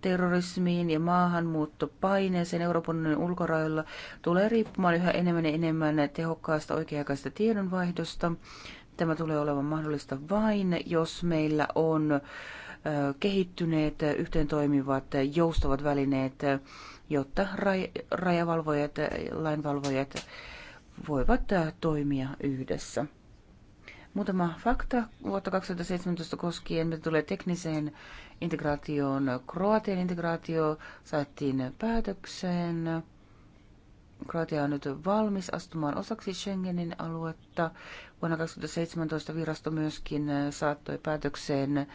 terrorismiin ja maahanmuuttopaineeseen Euroopan unionin ulkorajoilla tulee riippumaan yhä enemmän ja enemmän tehokkaasta oikea-aikaisesta tiedonvaihdosta. Tämä tulee olemaan mahdollista vain, jos meillä on kehittyneet, yhteen toimivat, joustavat välineet, jotta raj- rajavalvojat, lainvalvojat voivat toimia yhdessä. Muutama fakta vuotta 2017 koskien, Me tulee tekniseen integraatioon. Kroatian integraatio saatiin päätökseen. Kroatia on nyt valmis astumaan osaksi Schengenin aluetta. Vuonna 2017 virasto myöskin äh, saattoi päätökseen ähm,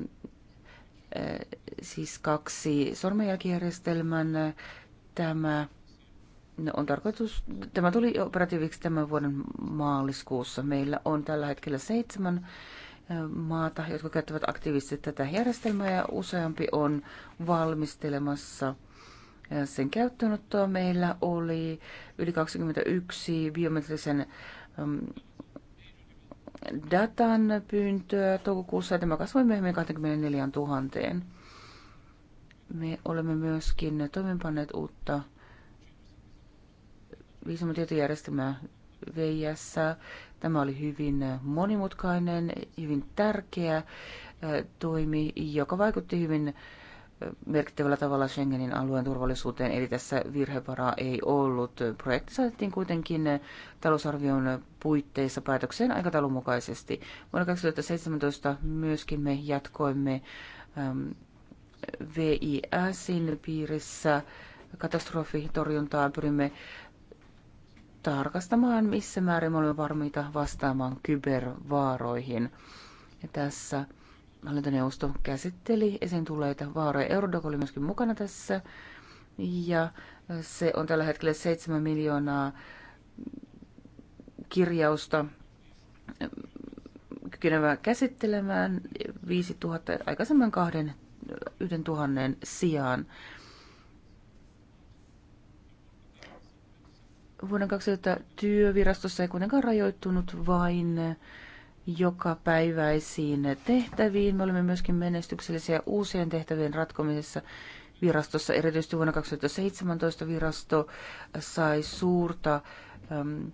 äh, siis kaksi sormenjälkijärjestelmän. Tämä No, on tarkoitus, tämä tuli operatiiviksi tämän vuoden maaliskuussa. Meillä on tällä hetkellä seitsemän maata, jotka käyttävät aktiivisesti tätä järjestelmää ja useampi on valmistelemassa sen käyttöönottoa. Meillä oli yli 21 biometrisen datan pyyntöä toukokuussa ja tämä kasvoi myöhemmin 24 000. Me olemme myöskin toimenpanneet uutta viisumitietojärjestelmää VIS. Tämä oli hyvin monimutkainen, hyvin tärkeä toimi, joka vaikutti hyvin merkittävällä tavalla Schengenin alueen turvallisuuteen, eli tässä virhevaraa ei ollut. Projekti saatettiin kuitenkin talousarvion puitteissa päätökseen aikataulun mukaisesti. Vuonna 2017 myöskin me jatkoimme äm, VISin piirissä katastrofitorjuntaa. Pyrimme tarkastamaan, missä määrin me olemme varmiita vastaamaan kybervaaroihin. Ja tässä hallintoneuvosto käsitteli esiin tulleita vaaroja. Eurodoc oli myöskin mukana tässä. Ja se on tällä hetkellä 7 miljoonaa kirjausta kykenevää käsittelemään 5000 aikaisemman kahden, yhden tuhannen sijaan. vuonna 2000 työvirastossa ei kuitenkaan rajoittunut vain joka päiväisiin tehtäviin. Me olemme myöskin menestyksellisiä uusien tehtävien ratkomisessa virastossa. Erityisesti vuonna 2017 virasto sai suurta äm,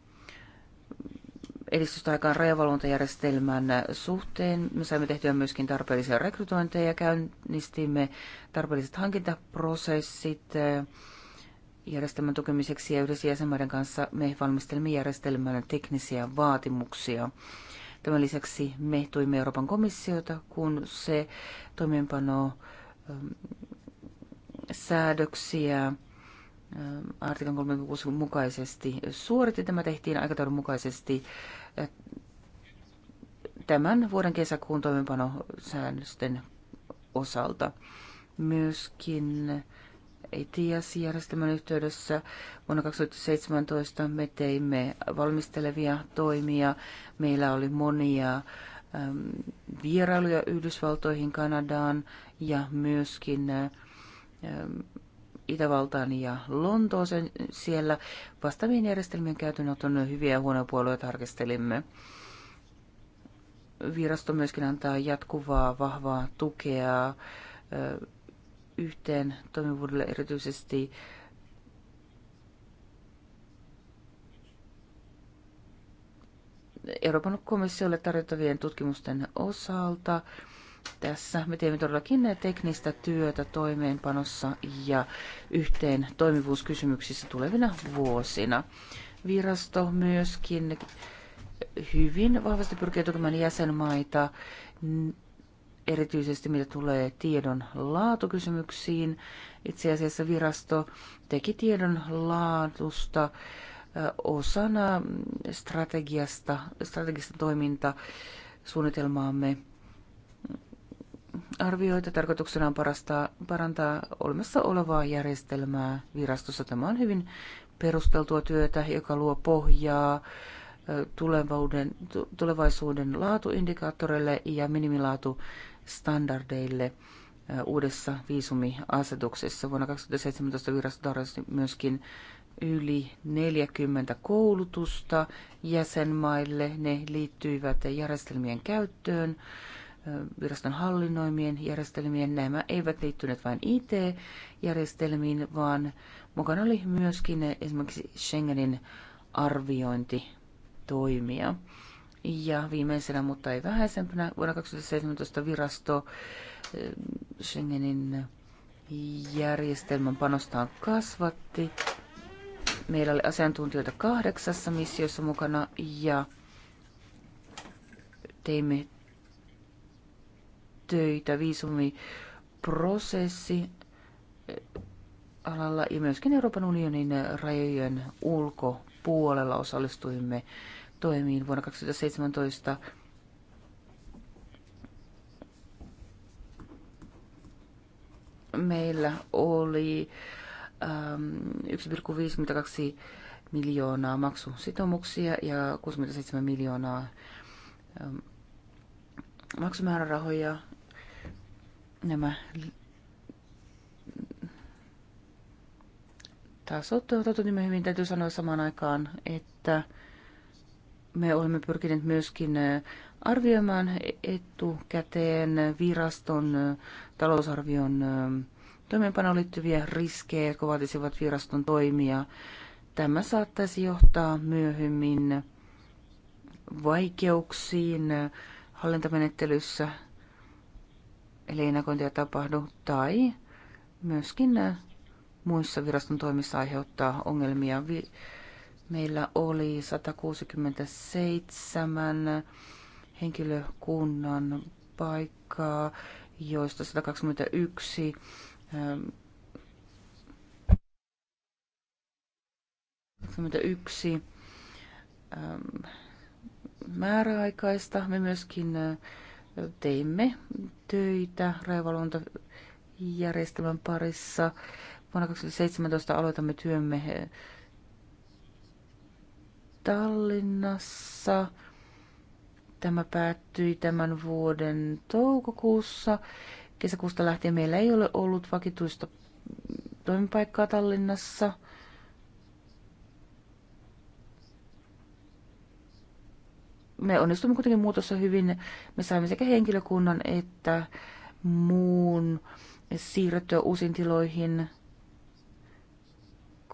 edistystä aikaan rajavalvontajärjestelmän suhteen. Me saimme tehtyä myöskin tarpeellisia rekrytointeja, käynnistimme tarpeelliset hankintaprosessit, järjestelmän tukemiseksi ja yhdessä jäsenmaiden kanssa me valmistelemme järjestelmällä teknisiä vaatimuksia. Tämän lisäksi me tuimme Euroopan komissiota, kun se toimeenpano ähm, säädöksiä ähm, artiklan 36 mukaisesti suoritti. Tämä tehtiin aikataulun mukaisesti äh, tämän vuoden kesäkuun toimeenpanosäännösten osalta. Myöskin ETIAS-järjestelmän yhteydessä vuonna 2017 me teimme valmistelevia toimia. Meillä oli monia vierailuja Yhdysvaltoihin, Kanadaan ja myöskin Itävaltaan ja Lontooseen. Siellä vastaavien järjestelmien käytönoton hyviä ja huonoja puolia tarkistelimme. Virasto myöskin antaa jatkuvaa, vahvaa tukea yhteen toimivuudelle erityisesti Euroopan komissiolle tarjottavien tutkimusten osalta. Tässä me teemme todellakin teknistä työtä toimeenpanossa ja yhteen toimivuuskysymyksissä tulevina vuosina. Virasto myöskin hyvin vahvasti pyrkii tukemaan jäsenmaita erityisesti mitä tulee tiedon laatukysymyksiin. Itse asiassa virasto teki tiedon laatusta osana strategiasta, strategista toimintasuunnitelmaamme suunnitelmaamme arvioita. Tarkoituksena on parastaa, parantaa olemassa olevaa järjestelmää virastossa. Tämä on hyvin perusteltua työtä, joka luo pohjaa tulevaisuuden laatuindikaattoreille ja minimilaatu standardeille äh, uudessa viisumiasetuksessa. Vuonna 2017 virasto tarjosi myöskin yli 40 koulutusta jäsenmaille. Ne liittyivät järjestelmien käyttöön, äh, viraston hallinnoimien järjestelmien. Nämä eivät liittyneet vain IT-järjestelmiin, vaan mukana oli myöskin esimerkiksi Schengenin arviointitoimia. Ja viimeisenä, mutta ei vähäisempänä, vuonna 2017 virasto eh, Schengenin järjestelmän panostaan kasvatti. Meillä oli asiantuntijoita kahdeksassa missiossa mukana ja teimme töitä viisumiprosessi eh, alalla ja myöskin Euroopan unionin rajojen ulkopuolella osallistuimme toimiin vuonna 2017. Meillä oli 1,52 ähm, miljoonaa maksusitoumuksia ja 67 miljoonaa ähm, maksumäärärahoja. Nämä tasot totutimme niin hyvin. Täytyy sanoa samaan aikaan, että me olemme pyrkineet myöskin arvioimaan etukäteen viraston talousarvion toimeenpanoon liittyviä riskejä, jotka vaatisivat viraston toimia. Tämä saattaisi johtaa myöhemmin vaikeuksiin hallintamenettelyssä, eli ennakointia tapahdu, tai myöskin muissa viraston toimissa aiheuttaa ongelmia. Vi- meillä oli 167 henkilökunnan paikkaa, joista 121 21 ähm, ähm, määräaikaista. Me myöskin äh, teimme töitä rajavalvontajärjestelmän parissa. Vuonna 2017 aloitamme työmme äh, Tallinnassa. Tämä päättyi tämän vuoden toukokuussa. Kesäkuusta lähtien meillä ei ole ollut vakituista toimipaikkaa Tallinnassa. Me onnistumme kuitenkin muutossa hyvin. Me saimme sekä henkilökunnan että muun siirrettyä uusiin tiloihin.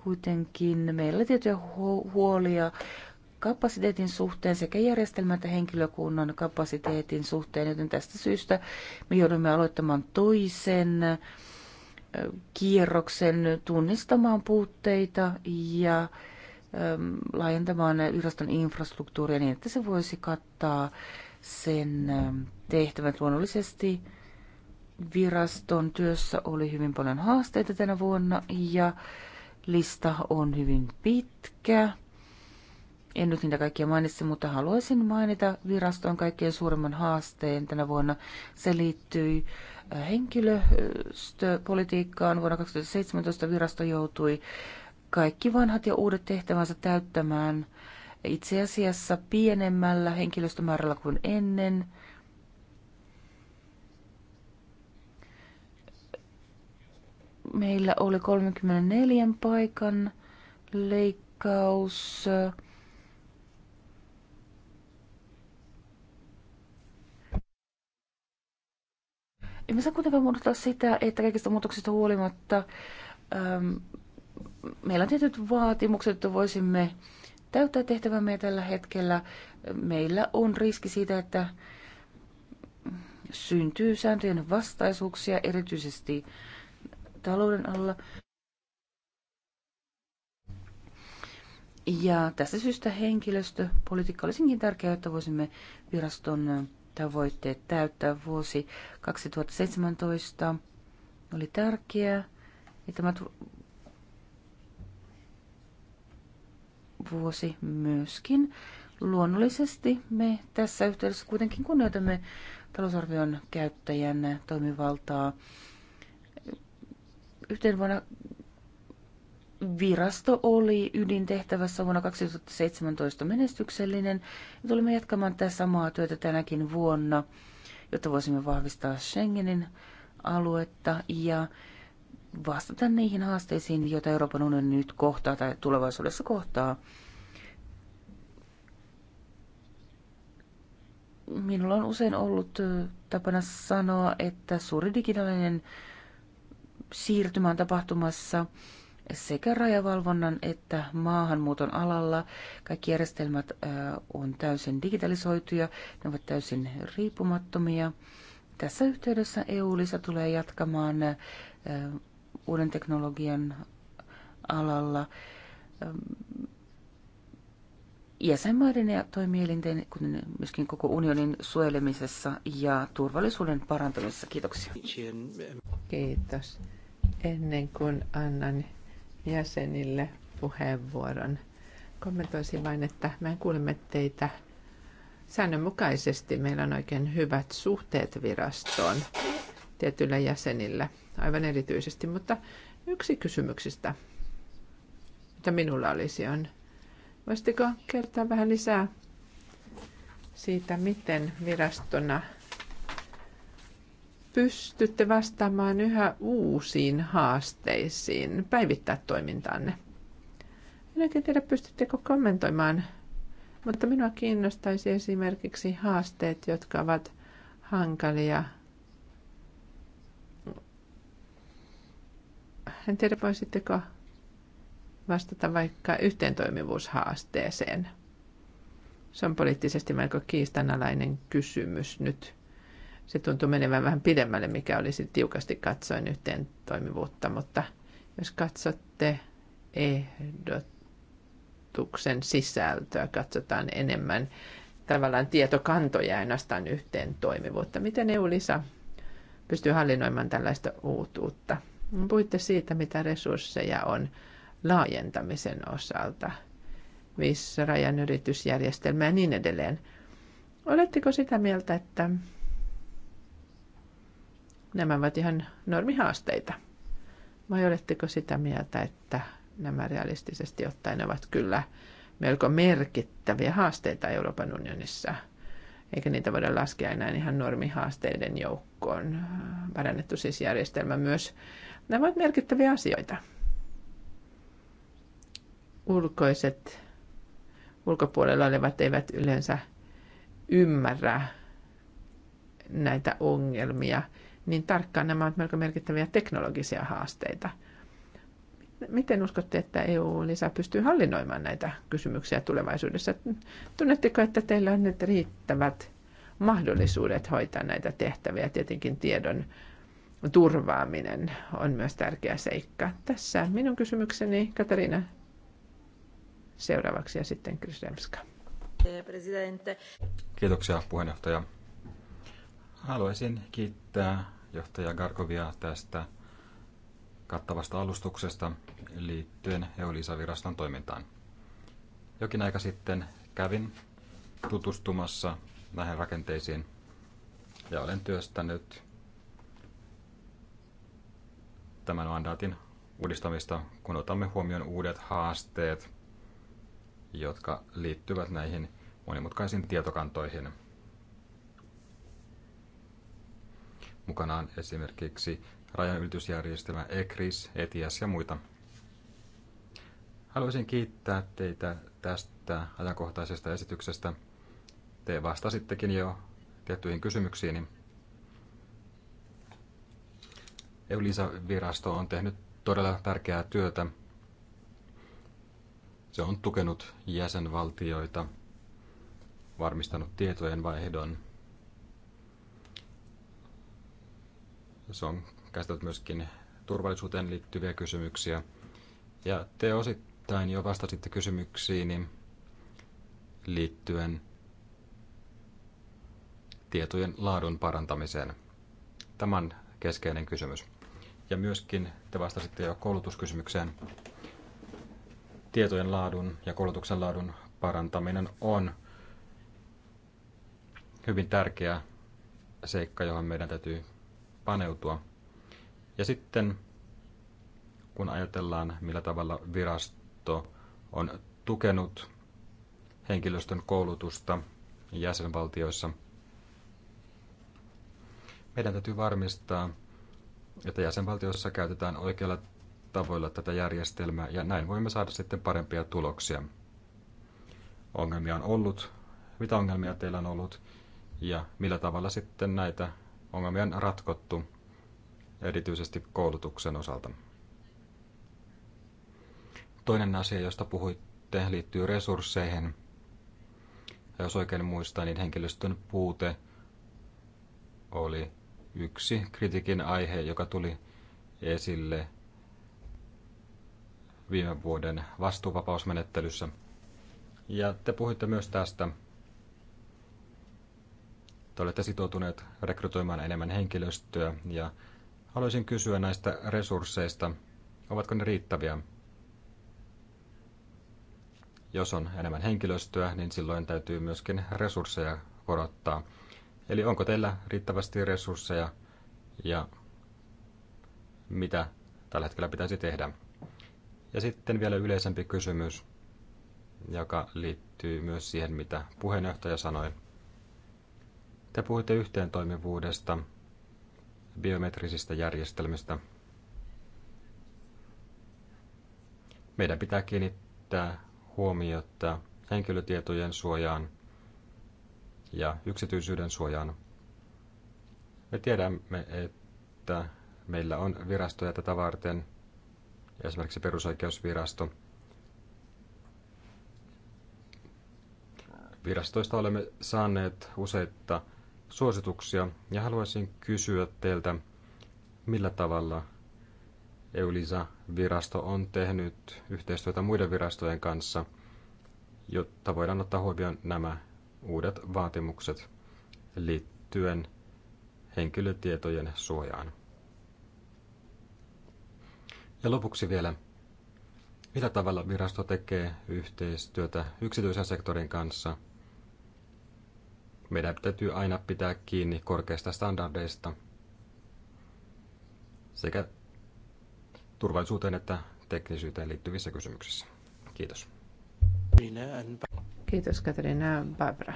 Kuitenkin meillä tiettyjä huolia kapasiteetin suhteen sekä järjestelmän että henkilökunnan kapasiteetin suhteen, joten tästä syystä me joudumme aloittamaan toisen kierroksen tunnistamaan puutteita ja laajentamaan viraston infrastruktuuria niin, että se voisi kattaa sen tehtävät. Luonnollisesti viraston työssä oli hyvin paljon haasteita tänä vuonna ja Lista on hyvin pitkä. En nyt niitä kaikkia mainitse, mutta haluaisin mainita viraston kaikkein suurimman haasteen tänä vuonna. Se liittyy äh, henkilöstöpolitiikkaan. Vuonna 2017 virasto joutui kaikki vanhat ja uudet tehtävänsä täyttämään itse asiassa pienemmällä henkilöstömäärällä kuin ennen – meillä oli 34 paikan leikkaus. Emme saa kuitenkaan muodostaa sitä, että kaikista muutoksista huolimatta äm, meillä on tietyt vaatimukset, että voisimme täyttää tehtävämme tällä hetkellä. Meillä on riski siitä, että syntyy sääntöjen vastaisuuksia, erityisesti äh, talouden alla. Ja tästä syystä henkilöstöpolitiikka olisinkin tärkeää, että voisimme viraston tavoitteet täyttää. Vuosi 2017 oli tärkeä ja tämä vuosi myöskin. Luonnollisesti me tässä yhteydessä kuitenkin kunnioitamme talousarvion käyttäjän toimivaltaa yhteen vuonna virasto oli ydintehtävässä vuonna 2017 menestyksellinen ja tulemme jatkamaan tätä samaa työtä tänäkin vuonna, jotta voisimme vahvistaa Schengenin aluetta ja vastata niihin haasteisiin, joita Euroopan unioni nyt kohtaa tai tulevaisuudessa kohtaa. Minulla on usein ollut tapana sanoa, että suuri digitaalinen siirtymä on tapahtumassa sekä rajavalvonnan että maahanmuuton alalla. Kaikki järjestelmät on täysin digitalisoituja, ne ovat täysin riippumattomia. Tässä yhteydessä eu lisä tulee jatkamaan uuden teknologian alalla jäsenmaiden ja toimielinten, kuten myöskin koko unionin suojelemisessa ja turvallisuuden parantamisessa. Kiitoksia. Kiitos. Ennen kuin annan jäsenille puheenvuoron, kommentoisin vain, että me kuulemme teitä säännönmukaisesti. Meillä on oikein hyvät suhteet virastoon tietyillä jäsenillä, aivan erityisesti. Mutta yksi kysymyksistä, mitä minulla olisi, on Voisitteko kertoa vähän lisää siitä, miten virastona pystytte vastaamaan yhä uusiin haasteisiin, päivittää toimintaanne? En oikein tiedä, pystyttekö kommentoimaan, mutta minua kiinnostaisi esimerkiksi haasteet, jotka ovat hankalia. En tiedä, voisitteko vastata vaikka yhteentoimivuushaasteeseen. Se on poliittisesti melko kiistanalainen kysymys nyt. Se tuntuu menevän vähän pidemmälle, mikä olisi tiukasti katsoen yhteen toimivuutta, mutta jos katsotte ehdotuksen sisältöä, katsotaan enemmän tavallaan tietokantoja ja ainoastaan yhteen toimivuutta. Miten EU-lisa pystyy hallinnoimaan tällaista uutuutta? Puhuitte siitä, mitä resursseja on laajentamisen osalta, rajan yritysjärjestelmä ja niin edelleen. Oletteko sitä mieltä, että nämä ovat ihan normihaasteita? Vai oletteko sitä mieltä, että nämä realistisesti ottaen ovat kyllä melko merkittäviä haasteita Euroopan unionissa? Eikä niitä voida laskea enää ihan normihaasteiden joukkoon. Parannettu siis järjestelmä myös. Nämä ovat merkittäviä asioita ulkoiset ulkopuolella olevat eivät yleensä ymmärrä näitä ongelmia niin tarkkaan. Nämä ovat melko merkittäviä teknologisia haasteita. Miten uskotte, että EU lisää pystyy hallinnoimaan näitä kysymyksiä tulevaisuudessa? Tunnetteko, että teillä on nyt riittävät mahdollisuudet hoitaa näitä tehtäviä? Tietenkin tiedon turvaaminen on myös tärkeä seikka. Tässä minun kysymykseni, Katariina, seuraavaksi ja sitten Kryslemska. Kiitoksia puheenjohtaja. Haluaisin kiittää johtaja Garkovia tästä kattavasta alustuksesta liittyen eu viraston toimintaan. Jokin aika sitten kävin tutustumassa näihin rakenteisiin ja olen työstänyt tämän mandaatin uudistamista, kun otamme huomioon uudet haasteet, jotka liittyvät näihin monimutkaisiin tietokantoihin. Mukanaan esimerkiksi rajanylitysjärjestelmä ECRIS, ETIAS ja muita. Haluaisin kiittää teitä tästä ajankohtaisesta esityksestä. Te vastasittekin jo tiettyihin kysymyksiini. EULISA-virasto on tehnyt todella tärkeää työtä se on tukenut jäsenvaltioita, varmistanut tietojen vaihdon. Se on käsitellyt myöskin turvallisuuteen liittyviä kysymyksiä. Ja te osittain jo vastasitte kysymyksiin liittyen tietojen laadun parantamiseen. Tämän keskeinen kysymys. Ja myöskin te vastasitte jo koulutuskysymykseen tietojen laadun ja koulutuksen laadun parantaminen on hyvin tärkeä seikka, johon meidän täytyy paneutua. Ja sitten kun ajatellaan, millä tavalla virasto on tukenut henkilöstön koulutusta jäsenvaltioissa, meidän täytyy varmistaa, että jäsenvaltioissa käytetään oikealla tavoilla tätä järjestelmää ja näin voimme saada sitten parempia tuloksia. Ongelmia on ollut, mitä ongelmia teillä on ollut ja millä tavalla sitten näitä ongelmia on ratkottu, erityisesti koulutuksen osalta. Toinen asia, josta puhuitte, liittyy resursseihin. Ja jos oikein muistan, niin henkilöstön puute oli yksi kritiikin aihe, joka tuli esille viime vuoden vastuuvapausmenettelyssä. Ja te puhuitte myös tästä. Te olette sitoutuneet rekrytoimaan enemmän henkilöstöä ja haluaisin kysyä näistä resursseista. Ovatko ne riittäviä? Jos on enemmän henkilöstöä, niin silloin täytyy myöskin resursseja korottaa. Eli onko teillä riittävästi resursseja ja mitä tällä hetkellä pitäisi tehdä? Ja sitten vielä yleisempi kysymys, joka liittyy myös siihen, mitä puheenjohtaja sanoi. Te puhuitte yhteentoimivuudesta, biometrisistä järjestelmistä. Meidän pitää kiinnittää huomiota henkilötietojen suojaan ja yksityisyyden suojaan. Me tiedämme, että meillä on virastoja tätä varten – esimerkiksi perusoikeusvirasto. Virastoista olemme saaneet useita suosituksia ja haluaisin kysyä teiltä, millä tavalla EULISA-virasto on tehnyt yhteistyötä muiden virastojen kanssa, jotta voidaan ottaa huomioon nämä uudet vaatimukset liittyen henkilötietojen suojaan. Ja lopuksi vielä, millä tavalla virasto tekee yhteistyötä yksityisen sektorin kanssa? Meidän täytyy aina pitää kiinni korkeista standardeista sekä turvallisuuteen että teknisyyteen liittyvissä kysymyksissä. Kiitos. Kiitos Katarina Barbara.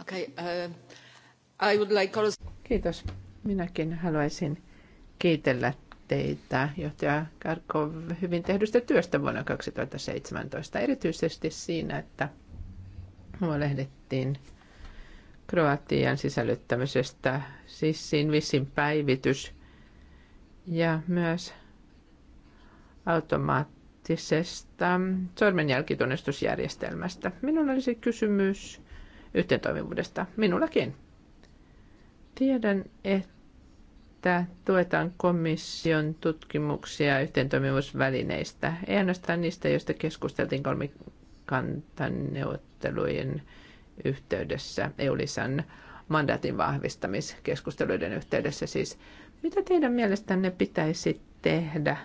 Okay, uh, I would like also... Kiitos. Minäkin haluaisin kiitellä teitä, johtaja Karkov, hyvin tehdystä työstä vuonna 2017, erityisesti siinä, että huolehdittiin Kroatian sisällyttämisestä, Sissin vissin päivitys ja myös automaattisesta sormenjälkitunnistusjärjestelmästä. Minulla olisi kysymys toimivuudesta. Minullakin. Tiedän, että että tuetaan komission tutkimuksia yhteentoimivuusvälineistä, ei ainoastaan niistä, joista keskusteltiin kolmikantaneuvottelujen yhteydessä, EU-lisän mandaatin vahvistamiskeskusteluiden yhteydessä siis. Mitä teidän mielestänne pitäisi tehdä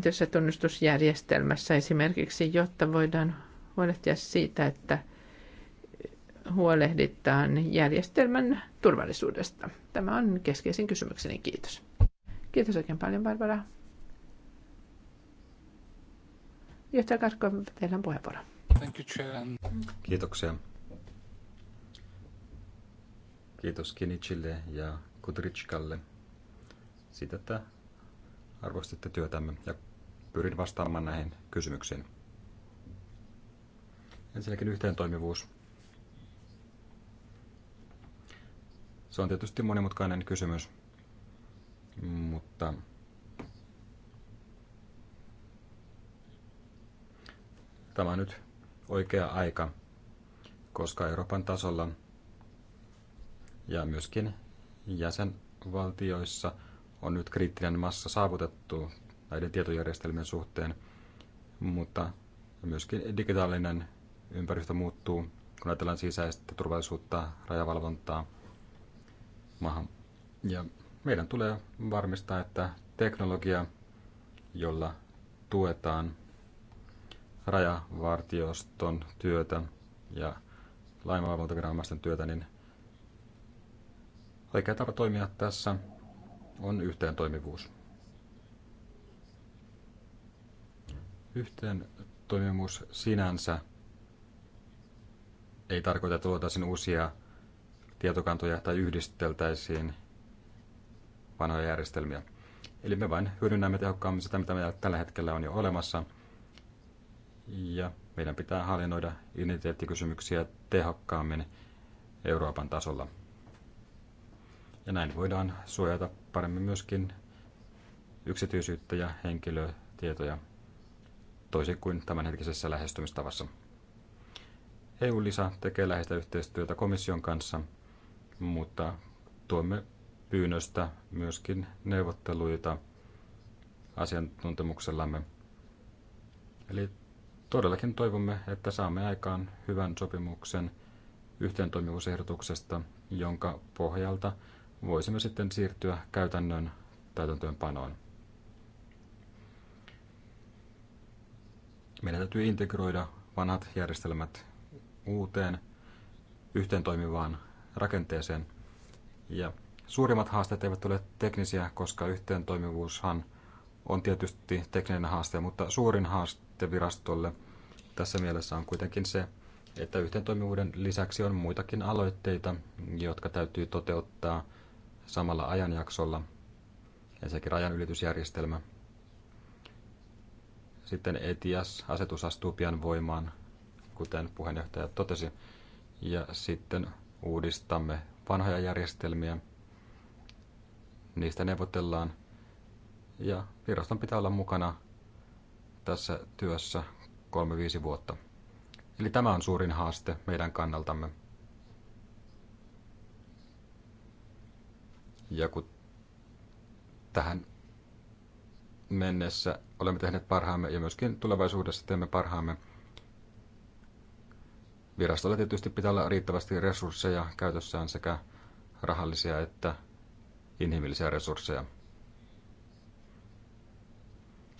tässä tunnustusjärjestelmässä esimerkiksi, jotta voidaan huolehtia siitä, että – huolehditaan järjestelmän turvallisuudesta? Tämä on keskeisin kysymykseni. Kiitos. Kiitos oikein paljon, Barbara. Johtaja Karkko, teillä on puheenvuoro. Thank you, Chair. Kiitoksia. Kiitos Kinichille ja Kudrichkalle siitä, että arvostitte työtämme ja pyrin vastaamaan näihin kysymyksiin. Ensinnäkin yhteentoimivuus. Se on tietysti monimutkainen kysymys, mutta tämä on nyt oikea aika, koska Euroopan tasolla ja myöskin jäsenvaltioissa on nyt kriittinen massa saavutettu näiden tietojärjestelmien suhteen, mutta myöskin digitaalinen ympäristö muuttuu, kun ajatellaan sisäistä turvallisuutta, rajavalvontaa maahan. Ja meidän tulee varmistaa, että teknologia, jolla tuetaan rajavartioston työtä ja laimavalvontaviranomaisten työtä, niin oikea tapa toimia tässä on yhteen toimivuus. Yhteen toimivuus sinänsä ei tarkoita, että luotaisiin uusia tietokantoja tai yhdisteltäisiin vanhoja järjestelmiä. Eli me vain hyödynnämme tehokkaammin sitä, mitä meillä tällä hetkellä on jo olemassa. Ja meidän pitää hallinnoida identiteettikysymyksiä tehokkaammin Euroopan tasolla. Ja näin voidaan suojata paremmin myöskin yksityisyyttä ja henkilötietoja toisin kuin tämänhetkisessä lähestymistavassa. EU-LISA tekee läheistä yhteistyötä komission kanssa – mutta tuemme pyynnöstä myöskin neuvotteluita asiantuntemuksellamme. Eli todellakin toivomme, että saamme aikaan hyvän sopimuksen yhteentoimivuusehdotuksesta, jonka pohjalta voisimme sitten siirtyä käytännön täytäntöönpanoon. Meidän täytyy integroida vanhat järjestelmät uuteen yhteentoimivaan rakenteeseen. Ja suurimmat haasteet eivät ole teknisiä, koska yhteen toimivuushan on tietysti tekninen haaste, mutta suurin haaste virastolle tässä mielessä on kuitenkin se, että yhteen toimivuuden lisäksi on muitakin aloitteita, jotka täytyy toteuttaa samalla ajanjaksolla. Ensinnäkin rajanylitysjärjestelmä. Sitten ETIAS-asetus astuu pian voimaan, kuten puheenjohtaja totesi. Ja sitten uudistamme vanhoja järjestelmiä, niistä neuvotellaan ja viraston pitää olla mukana tässä työssä 3-5 vuotta. Eli tämä on suurin haaste meidän kannaltamme. Ja kun tähän mennessä olemme tehneet parhaamme ja myöskin tulevaisuudessa teemme parhaamme, Virastolla tietysti pitää olla riittävästi resursseja käytössään sekä rahallisia että inhimillisiä resursseja.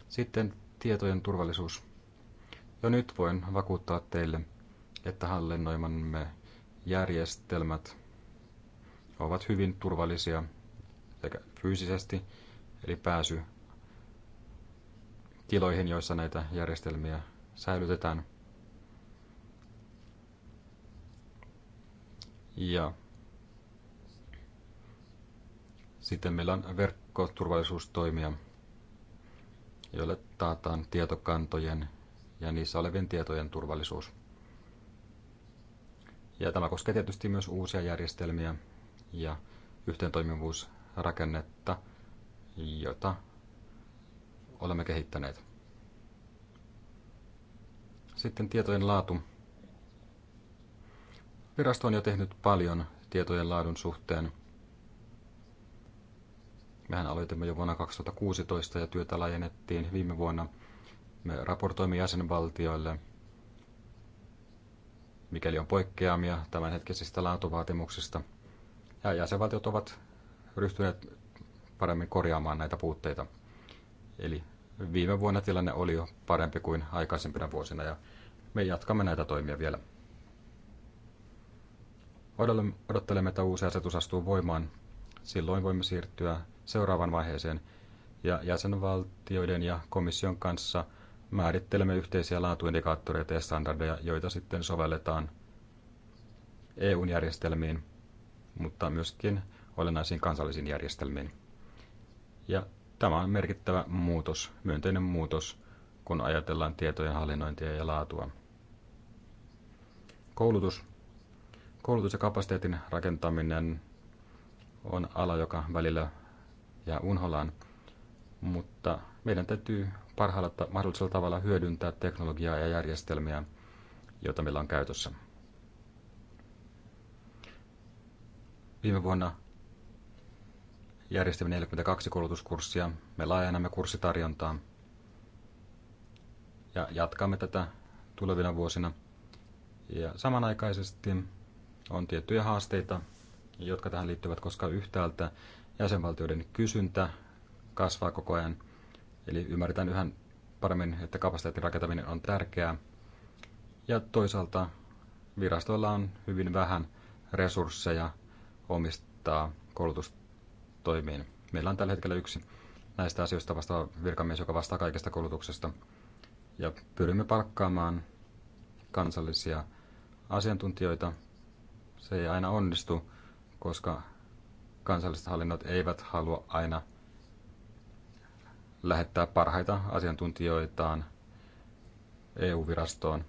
Sitten tietojen turvallisuus. Jo nyt voin vakuuttaa teille, että hallinnoimamme järjestelmät ovat hyvin turvallisia sekä fyysisesti, eli pääsy tiloihin, joissa näitä järjestelmiä säilytetään – Ja sitten meillä on verkkoturvallisuustoimia, joille taataan tietokantojen ja niissä olevien tietojen turvallisuus. Ja tämä koskee tietysti myös uusia järjestelmiä ja yhteentoimivuusrakennetta, jota olemme kehittäneet. Sitten tietojen laatu Virasto on jo tehnyt paljon tietojen laadun suhteen. Mehän aloitimme jo vuonna 2016 ja työtä laajennettiin viime vuonna. Me raportoimme jäsenvaltioille, mikäli on poikkeamia tämänhetkisistä laatuvaatimuksista. Ja jäsenvaltiot ovat ryhtyneet paremmin korjaamaan näitä puutteita. Eli viime vuonna tilanne oli jo parempi kuin aikaisempina vuosina ja me jatkamme näitä toimia vielä odottelemme, että uusi asetus astuu voimaan. Silloin voimme siirtyä seuraavaan vaiheeseen ja jäsenvaltioiden ja komission kanssa määrittelemme yhteisiä laatuindikaattoreita ja standardeja, joita sitten sovelletaan EUn järjestelmiin, mutta myöskin olennaisiin kansallisiin järjestelmiin. Ja tämä on merkittävä muutos, myönteinen muutos, kun ajatellaan tietojen hallinnointia ja laatua. Koulutus Koulutus ja kapasiteetin rakentaminen on ala, joka välillä jää unholaan, mutta meidän täytyy parhaalla mahdollisella tavalla hyödyntää teknologiaa ja järjestelmiä, joita meillä on käytössä. Viime vuonna järjestimme 42 koulutuskurssia. Me laajennamme kurssitarjontaa ja jatkamme tätä tulevina vuosina. Ja samanaikaisesti on tiettyjä haasteita, jotka tähän liittyvät, koska yhtäältä jäsenvaltioiden kysyntä kasvaa koko ajan. Eli ymmärretään yhä paremmin, että kapasiteetin rakentaminen on tärkeää. Ja toisaalta virastoilla on hyvin vähän resursseja omistaa koulutustoimiin. Meillä on tällä hetkellä yksi näistä asioista vastaava virkamies, joka vastaa kaikesta koulutuksesta. Ja pyrimme palkkaamaan kansallisia asiantuntijoita, se ei aina onnistu, koska kansalliset hallinnot eivät halua aina lähettää parhaita asiantuntijoitaan EU-virastoon.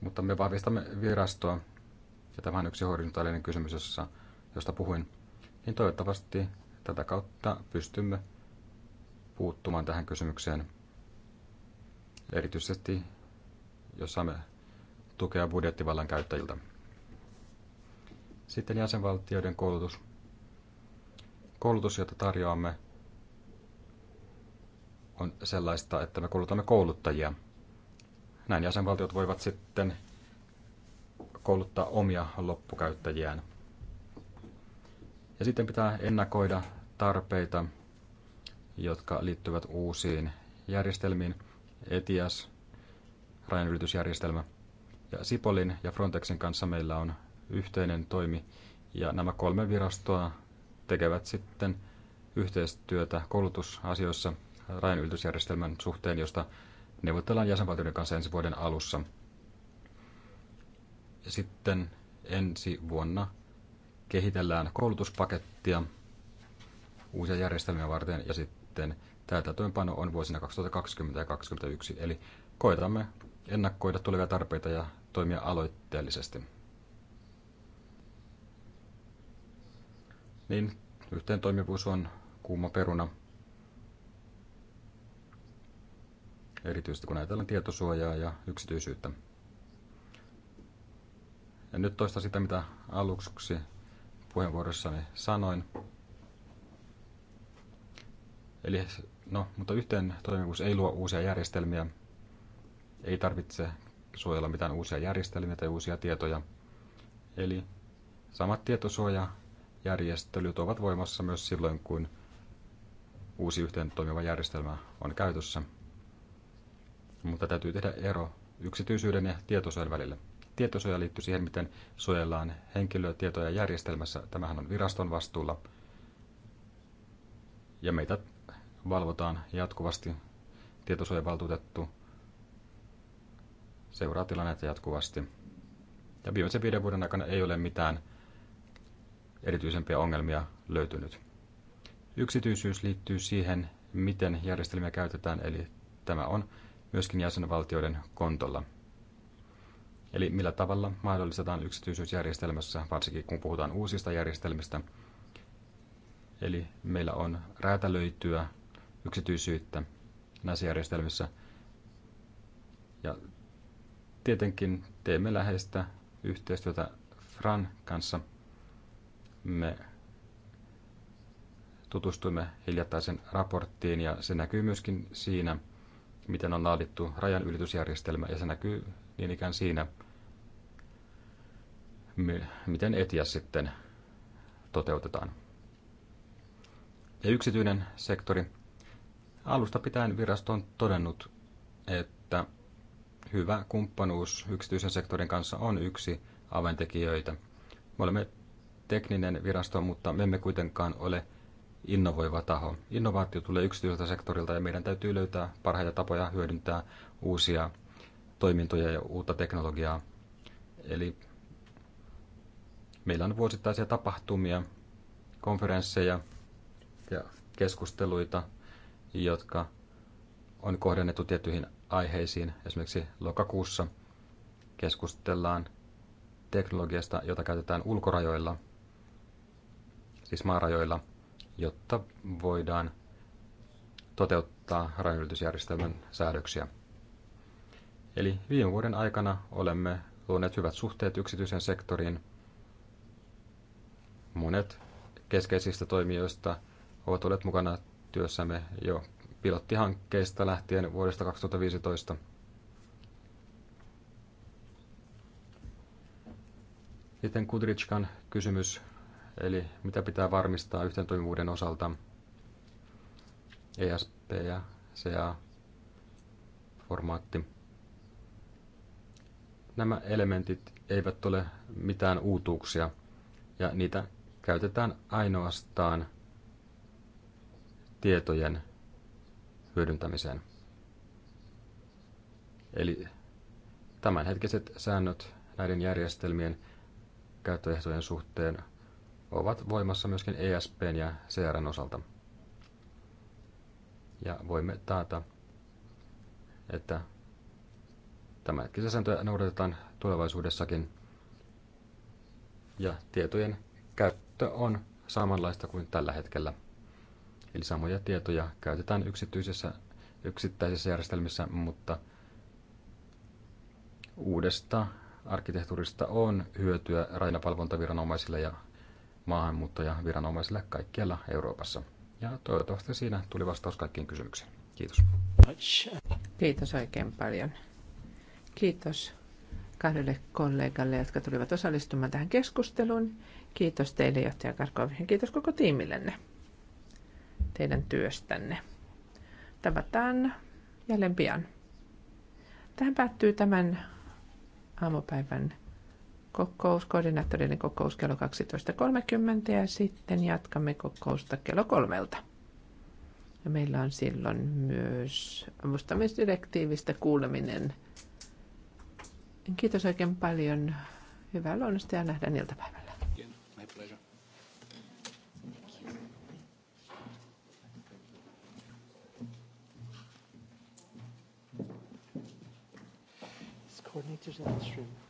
Mutta me vahvistamme virastoa, ja tämä on yksi horisontaalinen kysymys, jossa, josta puhuin, niin toivottavasti tätä kautta pystymme puuttumaan tähän kysymykseen erityisesti jos saamme tukea budjettivallan käyttäjiltä. Sitten jäsenvaltioiden koulutus. Koulutus, jota tarjoamme, on sellaista, että me koulutamme kouluttajia. Näin jäsenvaltiot voivat sitten kouluttaa omia loppukäyttäjiään. Ja sitten pitää ennakoida tarpeita, jotka liittyvät uusiin järjestelmiin. ETIAS rajanylitysjärjestelmä. Ja Sipolin ja Frontexin kanssa meillä on yhteinen toimi, ja nämä kolme virastoa tekevät sitten yhteistyötä koulutusasioissa rajanylitysjärjestelmän suhteen, josta neuvotellaan jäsenvaltioiden kanssa ensi vuoden alussa. Sitten ensi vuonna kehitellään koulutuspakettia uusia järjestelmiä varten ja sitten täytäntöönpano on vuosina 2020 ja 2021. Eli koetamme ennakoida tulevia tarpeita ja toimia aloitteellisesti. Niin, yhteen toimivuus on kuuma peruna. Erityisesti kun ajatellaan tietosuojaa ja yksityisyyttä. Ja nyt toista sitä, mitä aluksi puheenvuorossani sanoin. Eli, no, mutta yhteen toimivuus ei luo uusia järjestelmiä, ei tarvitse suojella mitään uusia järjestelmiä tai uusia tietoja. Eli samat tietosuojajärjestelyt ovat voimassa myös silloin, kun uusi yhteen toimiva järjestelmä on käytössä. Mutta täytyy tehdä ero yksityisyyden ja tietosuojan välillä. Tietosuoja liittyy siihen, miten suojellaan henkilötietoja järjestelmässä. Tämähän on viraston vastuulla. Ja meitä valvotaan jatkuvasti. Tietosuojavaltuutettu seuraa tilannetta jatkuvasti. Ja viimeisen viiden vuoden aikana ei ole mitään erityisempiä ongelmia löytynyt. Yksityisyys liittyy siihen, miten järjestelmiä käytetään, eli tämä on myöskin jäsenvaltioiden kontolla. Eli millä tavalla mahdollistetaan yksityisyysjärjestelmässä, varsinkin kun puhutaan uusista järjestelmistä. Eli meillä on räätälöityä yksityisyyttä näissä järjestelmissä. Ja Tietenkin teemme läheistä yhteistyötä Fran kanssa. Me tutustuimme hiljattaisen raporttiin ja se näkyy myöskin siinä, miten on laadittu rajanylitysjärjestelmä ja se näkyy niin ikään siinä, miten etiä sitten toteutetaan. Ja yksityinen sektori. Alusta pitäen virasto on todennut, että hyvä kumppanuus yksityisen sektorin kanssa on yksi avaintekijöitä. Me olemme tekninen virasto, mutta me emme kuitenkaan ole innovoiva taho. Innovaatio tulee yksityiseltä sektorilta ja meidän täytyy löytää parhaita tapoja hyödyntää uusia toimintoja ja uutta teknologiaa. Eli meillä on vuosittaisia tapahtumia, konferensseja ja keskusteluita, jotka on kohdennettu tiettyihin aiheisiin. Esimerkiksi lokakuussa keskustellaan teknologiasta, jota käytetään ulkorajoilla, siis maarajoilla, jotta voidaan toteuttaa rajanylitysjärjestelmän säädöksiä. Eli viime vuoden aikana olemme luoneet hyvät suhteet yksityisen sektoriin. Monet keskeisistä toimijoista ovat olleet mukana työssämme jo pilottihankkeista lähtien vuodesta 2015. Sitten Kudritskan kysymys, eli mitä pitää varmistaa toimivuuden osalta ESP ja CA-formaatti. Nämä elementit eivät ole mitään uutuuksia, ja niitä käytetään ainoastaan tietojen hyödyntämiseen. Eli tämänhetkiset säännöt näiden järjestelmien käyttöehtojen suhteen ovat voimassa myöskin ESPn ja CRN osalta. Ja voimme taata, että tämänhetkisiä sääntöjä noudatetaan tulevaisuudessakin ja tietojen käyttö on samanlaista kuin tällä hetkellä. Eli samoja tietoja käytetään yksityisissä, yksittäisissä järjestelmissä, mutta uudesta arkkitehtuurista on hyötyä rajanvalvontaviranomaisille ja maahanmuuttajaviranomaisille kaikkialla Euroopassa. Ja toivottavasti siinä tuli vastaus kaikkiin kysymyksiin. Kiitos. Kiitos oikein paljon. Kiitos kahdelle kollegalle, jotka tulivat osallistumaan tähän keskusteluun. Kiitos teille, johtaja Karkovihin. Kiitos koko tiimillenne teidän työstänne. Tavataan jälleen pian. Tähän päättyy tämän aamupäivän kokous, koordinaattorinen kokous kello 12.30 ja sitten jatkamme kokousta kello kolmelta. Ja meillä on silloin myös avustamisdirektiivistä kuuleminen. Kiitos oikein paljon. Hyvää luonnosta ja nähdään iltapäivällä. coordinators in this room.